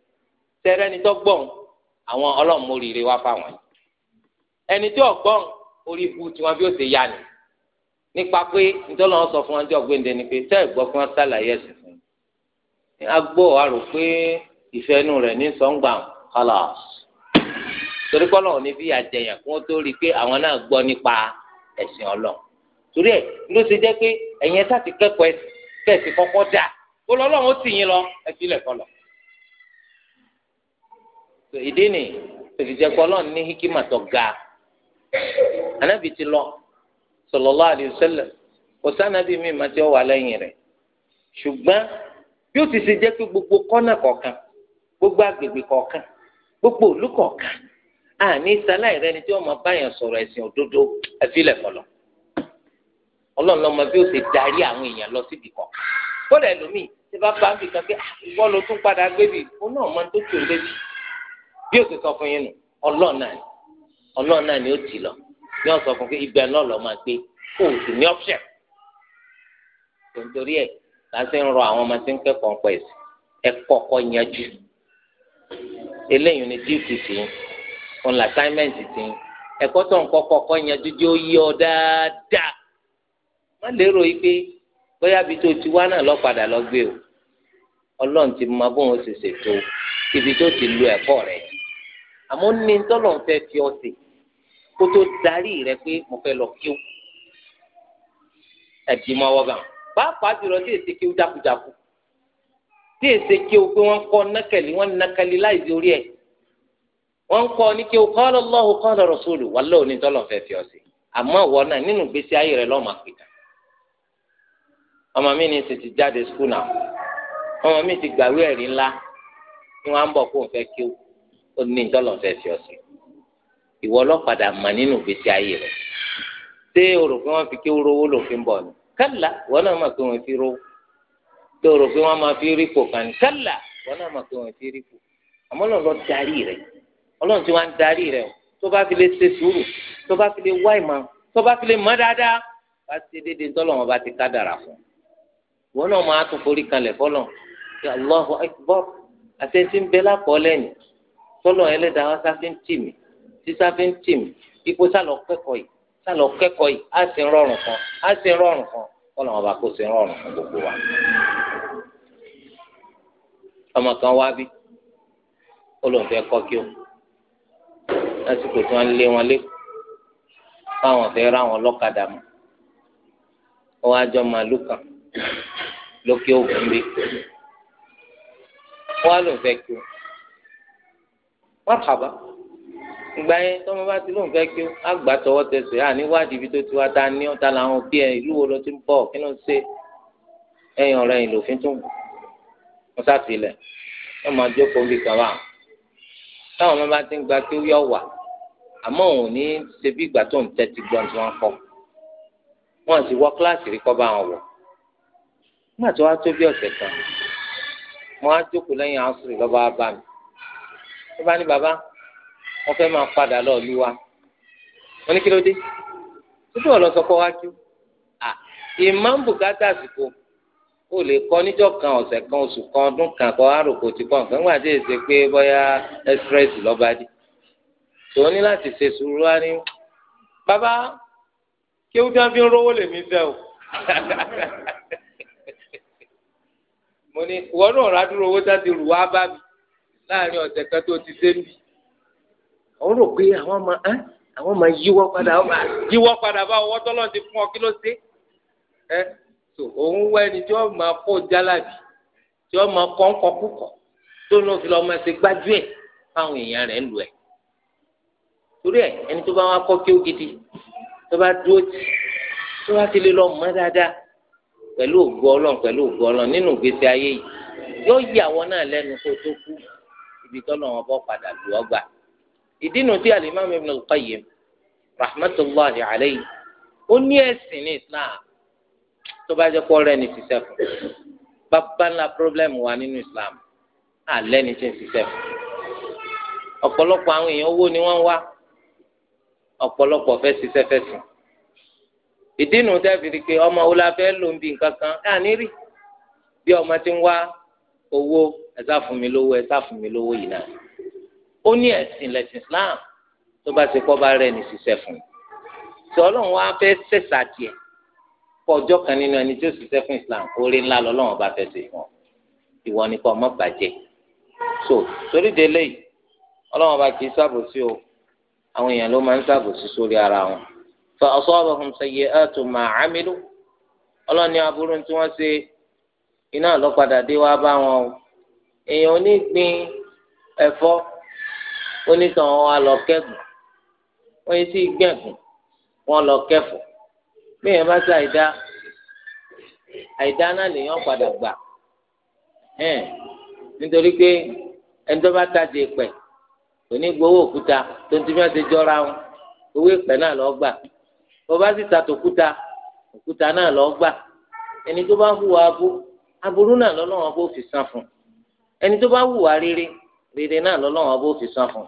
tẹrẹ ẹni tó gbọ́ àwọn Ọlọ́run mórìíre wá fáwọn ẹni tí ó gbọ́ orí ibu tiwọn bí ó ṣe yá ni nípa pé nítorí wọn sọ fún wọn jọ gbéǹde ni pé tẹ́ ìgbọ́ fún wọn sàlàyé ẹ̀sìn fún un agbó àrò pé ìfẹ́ inú rẹ̀ ní sọ́ngbà kọlọ̀ torí kọ́lọ̀ ò ní fi àjẹyàn kí wọ́n tó rí i pé àwọn náà gbọ́ nípa ẹ̀sìn ọlọ́run torí ẹ̀ ló ṣe jẹ́ pé ẹ̀yin ẹ̀ta ti kẹ́kọ̀ọ́ ẹ̀sìn kẹ́ẹ̀sì kọ́kọ́ dà ó lọ lọ́run ó sì yín lọ ẹ filẹ̀ kọlọ̀ ìdí ni òṣìṣẹ́ kọlọ́ọ̀ ní hikima ga anábì ti lọ sallallahu alayhi wa mi máa ti wà lẹ́yìn rẹ ṣùgbọ́n bí ó ti ṣe jẹ́ pé gbogbo kọ́nà kọ̀ọ̀kan gbogbo agbègbè kọọkan gbogbo òlú kọ̀ọ̀kan àní sáláì rẹ ni tí wọ́n máa báyàn òdodo bí ó ṣe darí àwọn lọ síbi kódà bá bá ń kan pé ah, tún padà náà máa ń tó lébi bí ó sọ fún yín nù lọ ní ọ̀sán fún pé ibẹ̀ lọ́lọ́ máa gbé kó o sì ní option. nítorí ẹ̀ láti ń rọ àwọn ọmọ tí ń kẹ́kọ̀ọ́ pẹ̀ sí ẹ̀kọ́ kọ́ yanjú. eléyìí ni duty ti on assignment ti ẹ̀kọ́ tó ń kọ́kọ́ kọ́ yanjú jẹ́ ó yé ọ dáadáa. má lérò yìí pé bóyá ibi tó ti wá náà lọ padà lọ gbé o ọlọ́run ti mọ bóun ó sì ṣètò ibi tó ti lu ẹ̀kọ́ rẹ̀ àmọ́ ní tọ́lọ́ fẹ́ fi ọ sí kó tó darí rẹ pé mo fẹ́ lọ kíw ẹ̀dì mọ́ ọwọ́ gan pàápàá jùlọ tí èsì kíw jákujáku tí èsì kíw pé wọ́n kọ́ nákàlí wọ́n nákàlí láì di orí ẹ̀ wọ́n ń kọ́ ní kíw qala Allahu qala rasuluhu wallahi onítọ́lọ̀ fẹ́ fi ọ̀sẹ̀ àmọ́ ìwọ náà nínú ìgbésí ayé rẹ lọ́ọ́ máa pè dà ọmọ mi ní sì ti jáde skul náà ọmọ mi ti gbàwé ẹ̀rí ńlá ni wọ́n á ń bọ̀ kó n fẹ́ kíw ó ní ìtọ́lọ̀ fẹ́ fi ọ̀sẹ̀ ìwọ ọlọ́padà mà nínú ìgbésí ayé rẹ̀ ṣé o rò pé wọ́n fi kí rówó ló fi ń bọ̀ ni kálá ìwọ náà mà pé wọ́n fi rówó tó o rò pé wọ́n máa fi rí ipò kan ni kálá ìwọ náà mà pé wọ́n fi rí ipò àmọ́ lọ́n lọ darí rẹ̀ ọlọ́run tí wọ́n ń darí rẹ̀ tó bá fi lè ṣe sùúrù tó bá fi lè wá ìmọ̀ tó bá fi lè mọ̀ dáadáa wá sí déédéé tọ́lọ̀ wọn bá ti ká dàrà fún ìwọ náà máa tún forí kanlẹ̀ fọlọ́ ṣe Allahu sísá fi ń tì mí ipò sálọ kẹ́kọ̀ọ́ yìí sálọ kẹ́kọ̀ọ́ yìí á sì ń rọrùn kan á sì ń rọrùn kan kọ́nà ọba kó sì ń rọrùn kan gbogbo wa. ọmọ kan wá bí ó lóun fẹ́ kọ́ kí ó lásìkò tí wọ́n lé wọn lẹ́kọ̀ọ́ fáwọn fẹ́ ra wọn lọ́kadà mọ́ ó wá jọ màálù kan lókè òkun bí wọ́n á lóun fẹ́ kí ó wọ́n ìgbà yẹn tọ́mọ bá ti lóun fẹ́ kí ó àgbà tọwọ́ tẹsẹ̀ à níwádìí ibi tó ti wá ta ní ọ̀tá làwọn òbí ẹ̀ ìlú wo ló ti ń bọ̀ kí ló ń ṣe ẹ̀yìn ọ̀rẹ́ yìí lòfin tún wọ́n sàfilẹ̀ wọ́n máa jókòó bí kan wà. táwọn ọmọ bá ti ń gba kí ó yọ wà àmọ́ òun ní ṣe bí ìgbà tó ń tẹ́tí gbọ́n tí wọ́n kọ́ wọ́n ti wọ kíláàsì rí kọ́ bá wọn wọ̀ nígbà tó wá tó bí ọ̀sẹ̀ kan mo á jókòó lẹ́yìn àásùrì lọ́ba bá mi wọ́n fẹ́ máa padà lọ ìlú wa wọ́n ní kí ló dé títí ọ̀lọ́ sọ kọ́ wá kí ìmọ̀ ń bùkátà àsìkò ó lè kọ́ níjọ́ kan ọ̀sẹ̀ kan oṣù kan ọdún kan kọ́ àròkò tí kọ́ nǹkan gbàdé ṣe pé bóyá express lọ́ba dé tòun ní láti ṣe sùúrù wá ní bàbá kí ó dábí ń rówó lèmi fẹ́ o mo ní wọ́n náà rádúró owó tá ti rù wá bá mi láàrin ọ̀sẹ̀ kan tó ti ṣe ń bì àwọn rò pé àwọn ọmọ ẹ àwọn ọmọ yíwọ́ padà ọmọ yíwọ́ padà bá ọwọ́ tọ́lọ́ ti fún ọ kí ló ṣe ẹ tó òun wá ẹni tí wọ́n máa kó jálàbì tí wọ́n máa kọ́ ńkọ́ kúkọ̀ tó ní òfin lọ́mọ ẹsẹ̀ gbájú ẹ̀ fáwọn èèyàn rẹ̀ lù ẹ̀ torí ẹ ẹni tó bá wọn kọ́ kí ó gidi tó bá dúró tì tó bá ti lè lọ mọ́ dáadáa pẹ̀lú ògo ọlọ́run pẹ̀lú ògo ọlọ́run nínú ìgbésí ayé yìí yóò yí àwọn náà lẹ́nu kó tó kú ibi tọ́lọ́ wọn bọ́ padà lù ọ́ ìdínú tí alimami ibn al-qayyim rahmatulahi alayhi ó ní ẹ̀sìn ní islam tó bá jẹ́ kó rẹ́ni ṣiṣẹ́ fún bàbá ńlá pírọ́blẹ́mù wa nínú islam àlẹ́ ni tí ń ṣiṣẹ́ fún ọ̀pọ̀lọpọ̀ àwọn èèyàn owó ni wọ́n ń wá ọ̀pọ̀lọpọ̀ fẹ́ ṣiṣẹ́ fẹ́ sùn ìdínú tẹ́fìrí pé ọmọ wo la fẹ́ lò ń bi nǹkan kan ẹ̀ àní rí bí ọmọ ti ń wá owó ẹ̀ sá fún mi lówó ẹ̀ sá fún mi lówó yìí náà ó ní ẹ̀sìn lẹ́sìn islam tó bá ṣe kọ́ bá rẹ̀ ní ṣiṣẹ́ fún un tí ọlọ́run wá fẹ́ ṣẹ̀ṣà tiẹ̀ kọ́ ọjọ́ kan nínú ẹni tó ṣiṣẹ́ fún islam orí ńlá lọ́lọ́run bá fẹ́ ṣe wọn ìwọ ni kọ́ ọmọ bàjẹ́ so torí délé yìí ọlọ́run bá kì í ṣàbòsí o àwọn èèyàn ló máa ń ṣàbòsí sórí ara wọn fa asabahum sayyi'atu ma 'amilu ọlọ́run ní aburú tí wọ́n ṣe iná lọ́padà dé wá bá wọn èèyàn ò ní gbin ẹ̀fọ́ onítàn wa wá lọ kẹ́gùn wọ́n yìí sì gbẹ̀gùn wọ́n lọ kẹ́fọ̀ bí èèyàn bá ṣe àìdá àìdá náà lèèyàn padà gbà ẹ̀ẹ́n nítorí pé ẹni tó bá tajà ìpẹ́ kò ní gbowó òkúta tó ń ti fẹ́ẹ́ ṣe jọra wọn owó ìpẹ́ náà lọ́ọ́ gbà bó bá sì ta òkúta náà lọ́ọ́ gbà ẹni tó bá hùwà abú aburú náà lọ́lọ́wọ́n bó fi san fún ẹni tó bá hùwà rere rere náà lọ́lọ́wọ́n bó fi san fún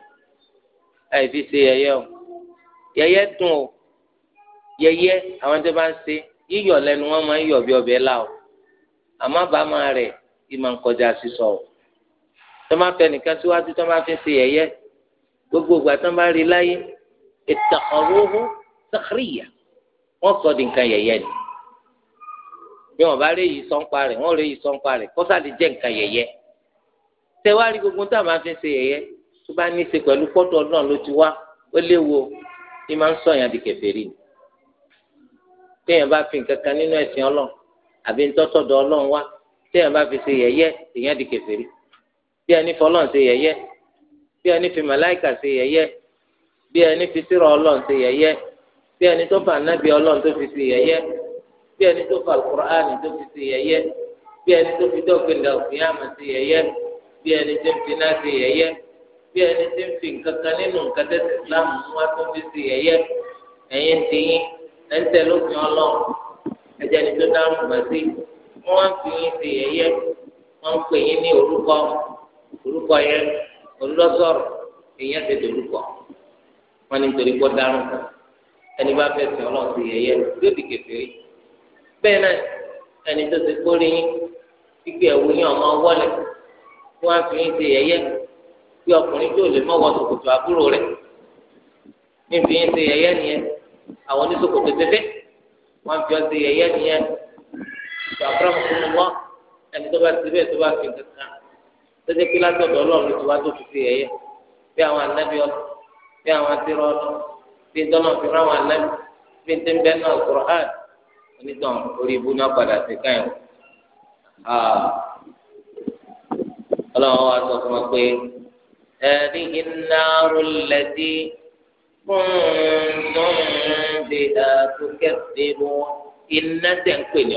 ẹ fi ṣe yẹ̀yẹ́ o yẹ̀yẹ́ dùn o yẹ̀yẹ́ àwọn tó bá ń ṣe yíyọ lẹ́nu wọn máa ń yọ bí ọbẹ̀ là o àmọ́ bàmà rẹ ìmọ̀ nkọjá sísọ o tó máa fẹ́ nìkan síwájú tó máa fi ṣe yẹ̀yẹ́ gbogbo ìgbà tó máa rí láyé ìtàkọ̀rọ̀hó sàkíríyà wọ́n sọ di nǹkan yẹ̀yẹ́ ni bí wọ́n bá rí èyí sọ́npa rẹ̀ wọ́n rí èyí sọ́npa rẹ̀ kọ́sàdì jẹ́ nǹkan yẹ̀yẹ́ tẹ́wárí gbogbo tá máa fi ṣe yẹ̀yẹ́ tó bá ní í ṣe pẹ̀lú pọ́tù ọlọ́run ló ti wá ó léwu ní máa ń sọ yẹn di kèfèrí ni téèyàn bá fi nǹkan kan nínú ẹ̀sìn ọlọ́run àbí ntọ́tọ̀dọ̀ ọlọ́run wá téèyàn bá fi ṣe yẹ̀yẹ́ èèyàn di kèfèrí bí ẹni fi ọlọ́run ṣe yẹ̀yẹ́ bí ẹni fi màláìkà ṣe yẹ̀yẹ́ bí ẹni fi tírà ọlọ́run ṣe yẹ̀yẹ́ bí ẹni tó fa ànábì ọlọ́run tó fi ṣe yẹ̀yẹ́ bí ẹni tó fa alukur'ani tó fi ṣe yẹ̀yẹ́ bí ẹni tó fi dọ́gbẹ̀dẹ̀ òfin àmọ̀ ṣe yẹ̀yẹ́ bí ẹni tó fi náà ṣe yẹ̀yẹ́ bí ẹni tí ń fi nǹkan kan nínú nǹkan tẹ́sí islam mú wá tó fi ṣe ẹ̀yẹ ẹ̀yẹ ń tiyín ẹ̀ ń tẹ̀ lófin ọlọ́run ẹ̀jẹ̀ ni tó dáhùn gbà sí wọ́n wá ń fi yín ṣe ẹ̀yẹ wọ́n ń pè yín ní orúkọ orúkọ yẹn olùdọ́sọ̀rọ̀ èèyàn ti dòrúkọ wọ́n ní nítorí pọ́ dáhùn kan ẹni bá fẹ́ sìn ọlọ́run ṣe ẹ̀yẹ yóò di kẹfẹ́rí bẹ́ẹ̀ náà ẹni tó ti kórè yín gbígbé ẹ̀wù yín ọmọ wọlé wọ́n á fi yín ṣe ẹ̀yẹ bí ọkùnrin tí ò lè mọ wọ ṣòkòtò àbúrò rẹ̀ níbi yín ṣe yẹ̀yẹ́ nìyẹn àwọn oníṣòkòtò tẹfẹ wọn fi ọṣẹ yẹ̀yẹ́ nìyẹn tó àbúrò fún wọn ẹni tó bá ti bẹ́ẹ̀ tó bá fi kankan tẹsẹ pé látọ̀dọ̀ Ọlọ́run tó bá tó fi ṣe yẹ̀yẹ́ bí àwọn anábì ọlọ bí àwọn atẹrọ ọlọ bí dọlọ fi rán àwọn anábì bí tẹ ń bẹ náà kúrọ hàn onítàn orí ibú náà padà sí káyọ ọlọ́run wa sọ fún wa pé. هذه النار التي كنتم بها تكذبون إن تنكن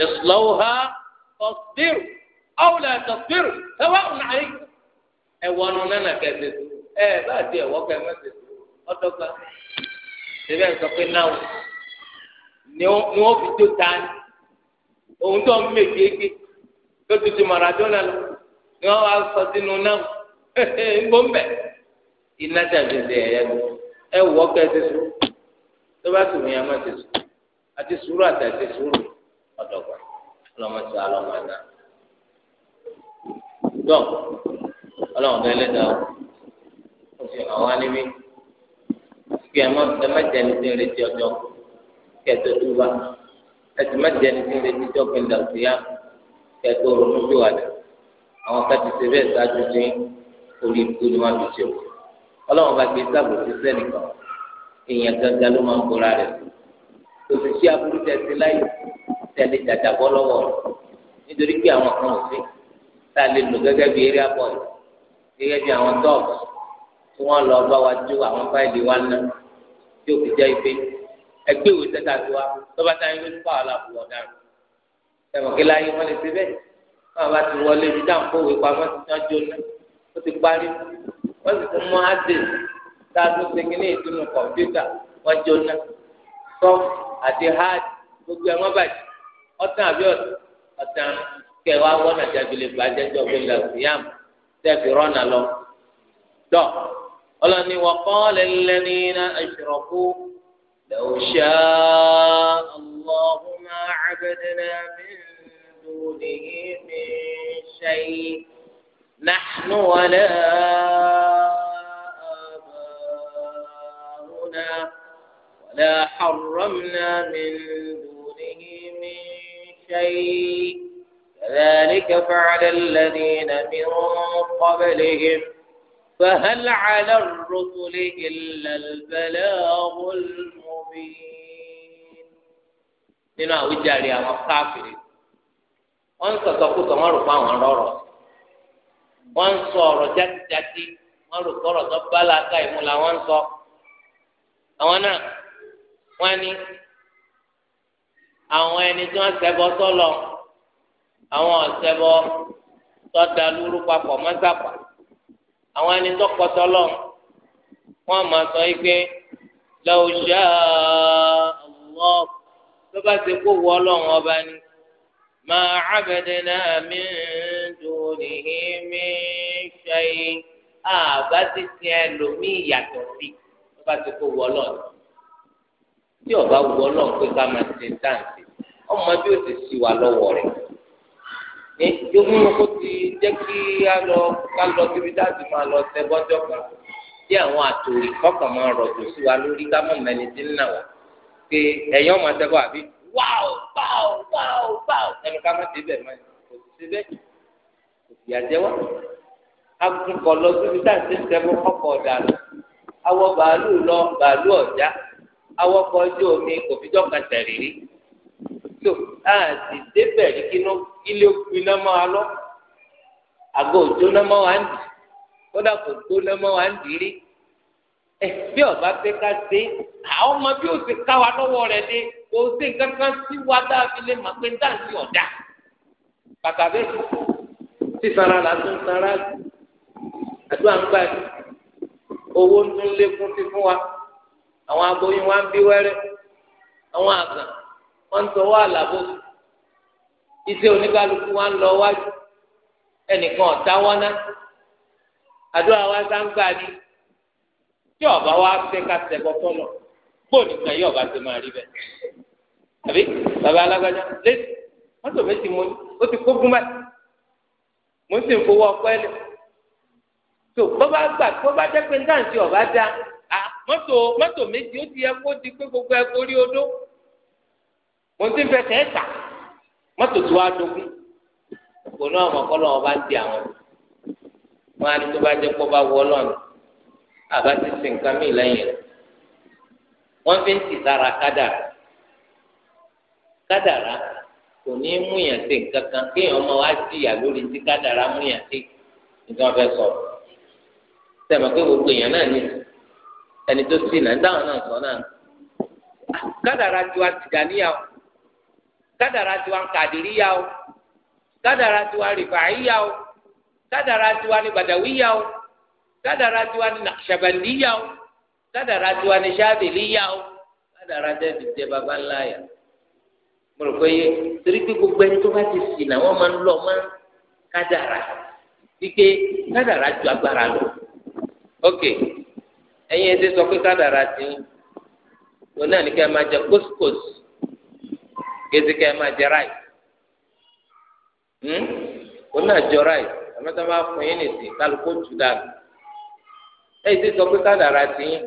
اصلوها فاصبروا أو لا تصبروا سواء عليكم ẹwọnu nana kẹsẹ tó ẹ bá ti ẹwọ kẹ mẹsẹ tó ni fi tó ta ni tó ń tó Maradona lọ. ni wọ́n wá sọ sínú náà ń bọ́ mbẹ́ iná jàdédé ẹ̀yẹ ni ẹ wọ́ kẹ́ ẹ ti sùn tó bá sùn yẹn má ti sùn àti sùúrù àti àti sùúrù ọ̀dọ̀gba ọlọ́mọ ti alọ́mọ ẹ̀ náà. dọ́ọ̀ ọlọ́run bẹ́ẹ̀ lẹ́dàá ó fi hàn wá níbí kí ẹ má jẹ́ ẹni tí ń retí ọjọ́ kẹtọ́ tó bá ẹ sì má jẹ́ ẹni tí retí ọjọ́ gbẹ̀ndà òsì yá kẹtọ́ ronú bí wàdà àwọn kan ti ṣe bẹ́ẹ̀ ṣáájú ní orí ikú ni wọ́n fi ṣe o ọlọ́run bá gbé sábò sí sẹ́nìkan èèyàn gangan ló máa ń kóra rẹ̀ kò sì sí aburú tẹ̀sí láì tẹ̀lé jàjà bọ́ lọ́wọ́ rẹ̀ nítorí pé àwọn kan ò sí tá a lè lò gẹ́gẹ́ bí eré abọ́ yìí gẹ́gẹ́ bí àwọn tọ́ọ̀bù tí wọ́n lọ bá wa jó àwọn fáìlì wa ná tí ó fi jẹ́ ife ẹgbẹ́ ìwé sẹ́ta tiwa tó bá táyé ló ń pa àlàbù ẹ̀mọ̀kí láyé wọ́n lè ṣe bẹ́ẹ̀ wọn bá ti wọlé ibi dáhùn kó wípa wọn ti tán jóná ó ti parí wọn sì tún mú adé tá a tún ṣe kí ní ìtúnu kọ̀mpútà wọn jóná sọ àti hard gbogbo ẹ wọn bàjẹ́ ọtán àbí ọtán kẹwàá wọn àjàgbélé bàjẹ́ jọ gbélé ìyàm tẹbi rọnà lọ dọ ọlọni wọn kọ́ lẹ́lẹ́ni náà ẹ̀ṣọ̀rọ̀ kú lẹ́wọ̀ṣẹ́ ọlọ́hùnmá àbẹ̀dẹ̀lẹ́ mi. رسوله من شيء نحن ولا آباؤنا ولا حرمنا من دونه من شيء كذلك فعل الذين من قبلهم فهل على الرسل إلا البلاغ المبين. nínú àwíjàre àwọn káfíìrì wọ́n ń sọ̀tọ̀ kó tọ̀ wọ́n rò pé àwọn rọrọ̀ wọ́n ń sọ ọ̀rọ̀ jáde-jáde wọ́n rò kọ́rọ̀ tó bá làákà ìmú làwọn ń sọ àwọn náà wọ́n ní àwọn ẹni tí wọ́n ṣẹbọ sọ́lọ̀ àwọn ọ̀ṣẹbọ tó da lóru papọ̀ mọ́sàpà àwọn ẹni tó kọ́ sọ́lọ̀ wọ́n máa sọ yìí pé law sha'a Allah tó bá ti kó wọ́ ọlọ́run ọba ni. ما عبدنا من دونه من شيء àbá ti sin ẹlòmíì yàtọ̀ sí tó bá ti kó wọ ọlọ́run tí ọba wọ ọlọ́run pé ká máa ṣe dáǹtì ọmọ bí ó ti ṣì wà lọ́wọ́ rẹ̀ ní ìjọba kó ti jẹ́ kí á lọ ká lọ síbi dáàtì máa lọ tẹ bọ́jọ́ kan tí àwọn àtòrí kọ́kàn máa rọ̀jò sí wa lórí ká mọ̀ mẹ́ni tí ń wá pé ẹ̀yin ọmọ tẹ́kọ̀ àbí wáò wáò wáò wáò ẹnu ká má ti bẹ̀ mọ́ kò sí bẹ́ẹ̀ kò sì yà jẹ́wọ́ akunkọ lọ síbi tá à ń ṣe ń sẹ́gun ọkọ̀ ọ̀daràn awọ bàálù lọ bàálù ọ̀já awọ kọjú omi kò fi jọ́ka tẹ̀lé rí tó àti débẹ̀ rí kí ilé gbiná mọ́ wa lọ àgọ́ òjóná mọ́ wa ń dì kódà kò gbóná mọ́ wa ń dì rí ẹ bí ọba fẹ́ ká dé àwọn ọmọ bí ó ti ká wa lọ́wọ́ rẹ̀ dé kò sí nǹkan kan sí wa tá a fi lè mọ̀ pé dáǹsì ọ̀dà bàtà bẹ́ẹ̀ sísanra là ń tún sanra àdúrà ń gbà yìí owó ń tún lékún sí fún wa àwọn aboyún wa ń bí wẹ́rẹ́ àwọn àgàn wọ́n ń tọwọ́ àlàbò iṣẹ́ oníkálukú wa ń lọ wájú ẹnìkan ọ̀táwọ́ náà àdúrà wa sá ń gbà ní tí ọba wa fẹ́ ká tẹ̀bọ̀ tọ́lọ̀ bóòlù kan yóò bá ti máa rí bẹ́ẹ̀ àbí bàbá alágbájá lé mọ́tò méjì mo ní ó ti kó gún báyìí mo sì ń fowó ọpẹ́ lẹ̀ tó bọ́bá gbà bọ́bá jẹ́ pé dáǹtì ọ̀bá dá a mọ́tò mọ́tò méjì ó ti yẹ kó di pé gbogbo ẹ kó rí odó mo ti ń fẹsẹ̀ ẹ̀ta mọ́tò tó wá dogun kò náà mọ̀ kọ́ lọ́wọ́ bá ń di àwọn wọn á ní tó bá jẹ́ kó bá wọ́ lọ́nà àbá ti sin nǹkan mí lẹ́yìn rẹ̀ wọ́n fi ń tì sára kádàrá kádàrá kò ní mú yàn sí nǹkan kan kéèyàn ọmọ wa jìyà lórí tí kádàrá mú yàn sí nǹkan fẹ́ sọ sẹmọ pé gbogbo èèyàn náà ní ẹni tó sì náà dáhùn náà sọ náà ah, kádàrá tiwa tìjàníyà o kádàrá tiwa nkàdìríyà o kádàrá tiwa rìfàáyà o kádàrá tiwa ní bàdàwíyà o kádàrá tiwa ní kádàrá tiwa ní kádàrá tẹ tẹ baba mo rò pé torí pé gbogbo ẹni tó bá ti sì náà wọ́n máa ń lọ máa ń kádàrà wípé kádàrà ju agbára lọ ok ẹ̀yin ẹsẹ̀ sọ pé kádàrà ti ń wọn náà ní kí ẹ máa jẹ kóskós kéde kí ẹ máa jẹ ráì wọn hmm? náà jọ ráì àmọ́tá máa fún yín nìsí kálukó tù dànù ẹ̀yin ẹsẹ̀ sọ pé kádàrà ti ń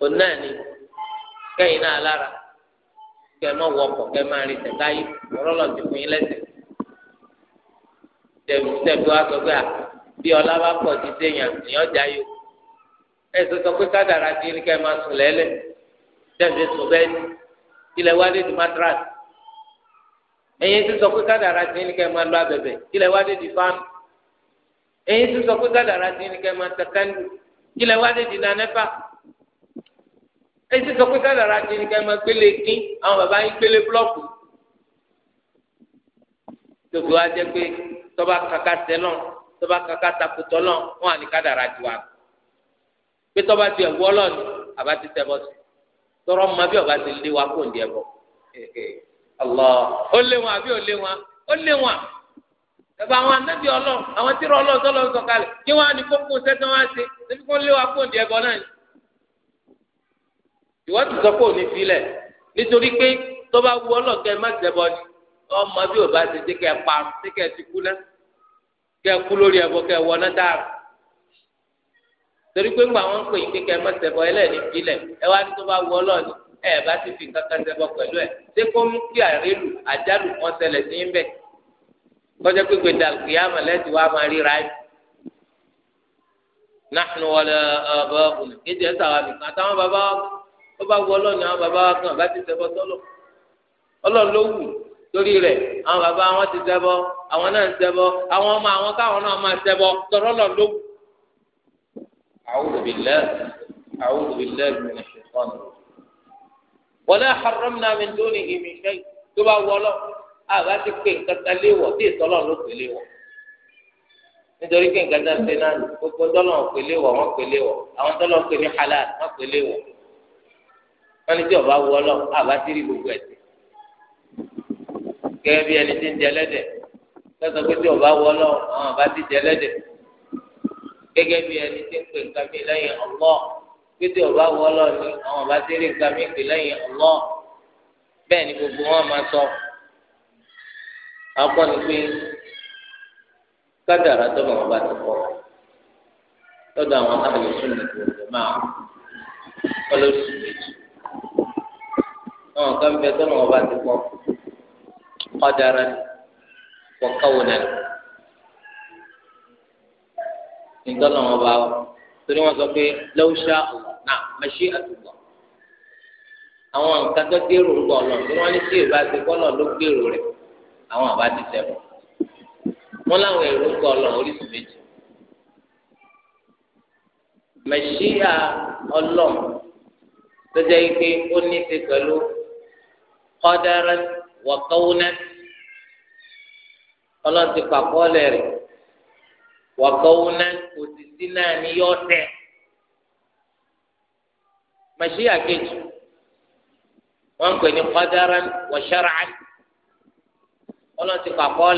wọn náà ní kẹ́yìn náà lára kẹ mọ wọkọ kẹ máa rí tẹka yìí ọlọlọ ti fún yín lẹsẹ tẹbi tẹbi wa sọ pé à bí ọlá bá pọ̀ ti déyàn èèyàn já yó ẹ sọ sọ pé kádàrá ti ní kẹ máa sùn lẹ́lẹ̀ tẹbi sùn bẹ́ẹ̀ ni ilẹ̀ wa dé di matras ẹ̀yin ti sọ pé kádàrá ti ní kẹ máa lọ abẹ̀bẹ̀ ilẹ̀ wa dé di fáànù ẹ̀yin ti sọ pé kádàrá ti ní kẹ máa tẹ ilẹ̀ wa dé di nanẹ́fà ẹ ti sọ pé kádàrá ti ní ká ẹ máa gbélé kín àwọn bàbá yín gbélé búlọ́ọ̀kù tòbí wá jẹ pé tọ́ba kàkà sẹ́lọ̀ tọ́ba kàkà takùtọ̀ lọ̀ wọn àní kádàrá ti wà pé tọ́ba ti ẹ̀wọ́ lọ ni àbá ti tẹ̀ bọ́ sí tọrọ mọ bí ọba ti lé wa kó ń di ẹ bọ Allah ó lé wọn àbí ó lé wọn ó lé wọn ẹ̀fọ́ àwọn anábì ọlọ́ àwọn tíra ọlọ́ọ̀tọ́ lọ́ọ́ sọ̀kalẹ̀ kí wọ́n á ní kókó sẹ́tọ́ wá sí ẹbí kó lé wa kó ń di bọ náà ni ìwọ ti sọ pé òní filẹ̀ nítorí pé tó bá wù ọlọ́kẹ́ má jẹbọ ni ọmọ bí ò bá ti dé kẹ pa sí kẹ ti kú náà kẹ kú lórí ẹbọ kẹ wọ náà dára torí pé ńgbà wọn pè yín kékeré má ṣẹbọ ẹlẹ́ni filẹ̀ ẹ wá ní tó bá wù ọlọ́ọ̀ni ẹ bá ti fi nǹkan kan ṣẹbọ pẹ̀lú ẹ ṣé kó mú kí àrélù àjálù kan ṣẹlẹ̀ sí ń bẹ̀ kọjá pípé dàgbé lẹ́sìn wa máa ríra ẹ̀ náà wọlé ọ̀bọ̀ òní kéde ẹ̀ sàwọn àbìkan táwọn bàbá wọn tó bá wù ọlọ́run àwọn bàbá wa kan bá ti ṣẹbọ sọ́lọ̀ ọlọ́run ló wù torí rẹ̀ àwọn bàbá wọn ti ṣẹbọ àwọn náà ń ṣẹbọ àwọn ọmọ àwọn káwọn náà máa ṣẹbọ tọrọ lọ ló wù. a'udhu billahi a'udhu billahi minash shaitani wala harramna min dunihi min shay tó bá wù ọlọ́run àbá ti pè nǹkan kan léwọ̀ tí ìtọ́lọ́ ló pè léwọ̀ nítorí pé nǹkan náà ṣe náà gbogbo tọ́lọ́ pè léwọ̀ wọ́n pè léwọ̀ àwọn tọ́lọ́ pè ní halal wọ́n pè léwọ̀ wọn ní tí ọba wọ lọ àbá ti rí gbogbo ẹ gẹ́gẹ́ bí ẹni tí ń jẹ lẹ́dẹ̀ lọsọ pé tí ọba wọ lọ àwọn àbá ti jẹ lẹ́dẹ̀ gẹ́gẹ́ bí ẹni tí ń pè nǹkan mi lẹ́yìn ọlọ pé tí ọba wọ lọ ni àwọn àbá ti rí nǹkan mi pè lẹ́yìn ọlọ bẹ́ẹ̀ ni gbogbo wọn máa sọ akọni pé kádàrá tó lọ́wọ́ bá ti kọ́ lọ́dọ̀ àwọn àlùsùn nìkan ìjọba àwọn ọlọ́sùn méjì àwọn kan bẹ tọ́nà ọba ti pọ̀ ọ̀dàrà pọ̀ káwọn náà nítọ́nà ọba torí wọ́n sọ pé lọ́wọ́sá náà mẹ́sì àtúgbọ̀ àwọn nǹkan tó gbèrò ń bọ̀ lọ tí wọ́n ní sí ìbá ti bọ́lọ̀ ló gbèrò rẹ̀ àwọn àbá ti tẹ̀ wọ́n wọ́n láwọn èrò ń bọ̀ lọ oríṣìí méjì mẹ́sì ọlọ́ọ̀ tó jẹ́ ike ó ní ti pẹ̀lú qadaran wa qawnan ọlọ́run ti pàkọ́lẹ̀ rẹ̀ wa qawnan òtítí náà ni yọ tẹ̀ màṣíyà kejì wọ́n ń pè ní qadaran wa shar'an ọlọ́run ti ó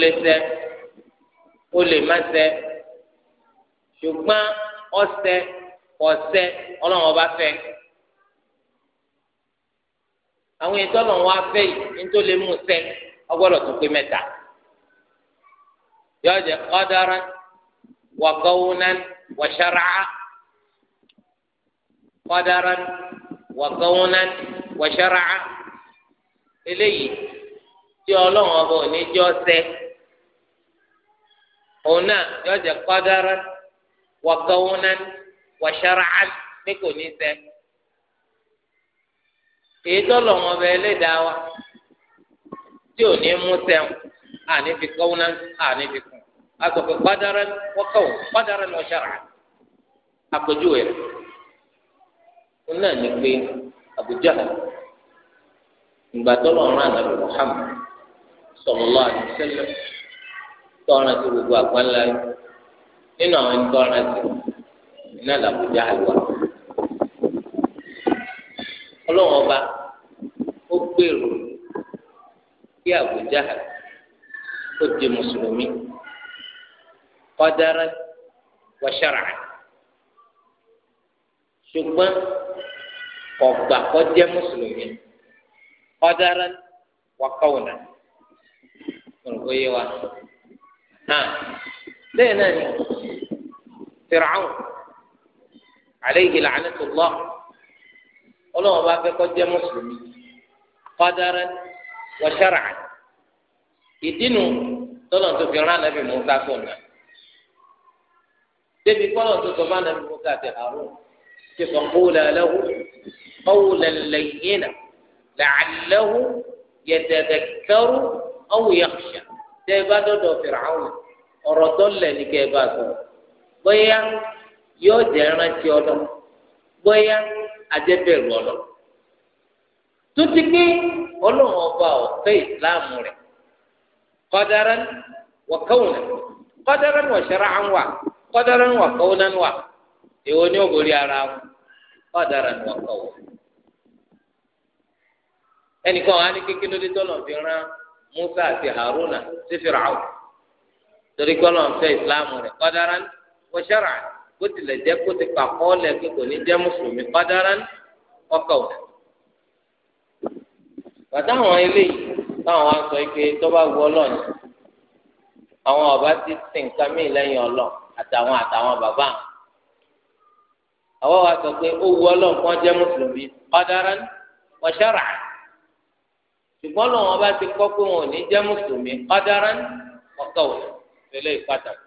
lè ṣẹ ó lè má ṣẹ ṣùgbọ́n ọ̀sẹ̀ ọ̀sẹ̀ ọlọ́run ọba fẹ́. àwọn ètò Ọlọ́run wa fẹ́ yìí nítorí lè mú ṣẹ ọgbọ́dọ̀ tó pé mẹ́ta yóò jẹ ọdọọrọ wà gọwúnan wà ṣẹraà ọdọọrọ wà gọwúnan wà ṣẹraà eléyìí tí Ọlọ́run ọba ní jọ òun náà jẹ wà wà ní kò ní èyí tọ́lọ̀ wọn bẹ ẹlẹ́dàá wa tí ò ní mú sẹ́wọ̀n àní fi kọ́wọ́ náà àní fi kún gbadara wọ́kọ̀wọ́ gbadara ni wọ́n ṣàrà wọn náà ní pé àbújá ìgbà tọ́lọ̀ ànábì sallallahu alaihi wasallam ti gbogbo àgbáńlá nínú àwọn ẹni tọ́ran ti iná làbújá àlùwà ọlọ́wọ́n gbèrò kí Abu Jahal ó di mùsùlùmí qadaran wa shar'an ṣùgbọ́n ọgbà kò jẹ́ mùsùlùmí qadaran wa qawnan olùkọ́ yé wa náà lẹ́yìn náà ni Fir'aun alayhi la'natullah ọlọ́wọ́n bá fẹ́ kó mùsùlùmí qadaran wa shar'an ìdínú tọ́lọ̀ tó fi rán nàbì Musa tó nà débi kọ́lọ̀ tó sọ fún nàbì Musa àti Harun ṣe fọ qula lahu qawlan layyina la'allahu yatadhakkaru aw yakhsha tẹ́ ẹ bá dọ́dọ̀ Fir'aun tó lẹ̀ ní kẹ́ ẹ bóyá yóò jẹ́ rántí ọlọ́ bóyá ajẹ́bẹ̀rù ọlọ́ tó ti pé ọlọ́run ọba ọ̀fẹ́ ìsìláàmù rẹ̀ kọ́dára wọ̀kọ́wùnà kọ́dára wọ̀ṣẹ́ra wà kọ́dára wọ̀kọ́wùnà wà èwo ni ó borí ara wọn kọ́dára wọ̀kọ́wùnà. ẹnìkan wà á ní kékeré lórí tọ́lọ̀ fi rán Musa àti Haruna sí Firaun torí pé ọlọ́run ìsìláàmù rẹ̀ kọ́dára wọ̀ṣẹ́ra bó tilẹ̀ jẹ́ kó ti pàkọ́ lẹ̀ pé ní jẹ́ mùsùlùmí kọ́dára wọ̀kọ́wùnà bàtà àwọn eléyìí táwọn wá sọ pé tó bá wù ọlọ́ọ̀ni àwọn ọba ti sìn nǹkan mí lẹ́yìn ọlọ́ àtàwọn àtàwọn bàbá àwọn wa sọ pé ó wù ọlọ́ọ̀ni kan jẹ́ mùsùlùmí ọ̀daràn wọ́n ṣẹ́ra ṣùgbọ́n lọ́wọ́n bá ti kọ́ pé wọn ò ní jẹ́ mùsùlùmí ọ̀daràn ọ̀kọ̀ wò fẹlẹ́ ìpàtàkì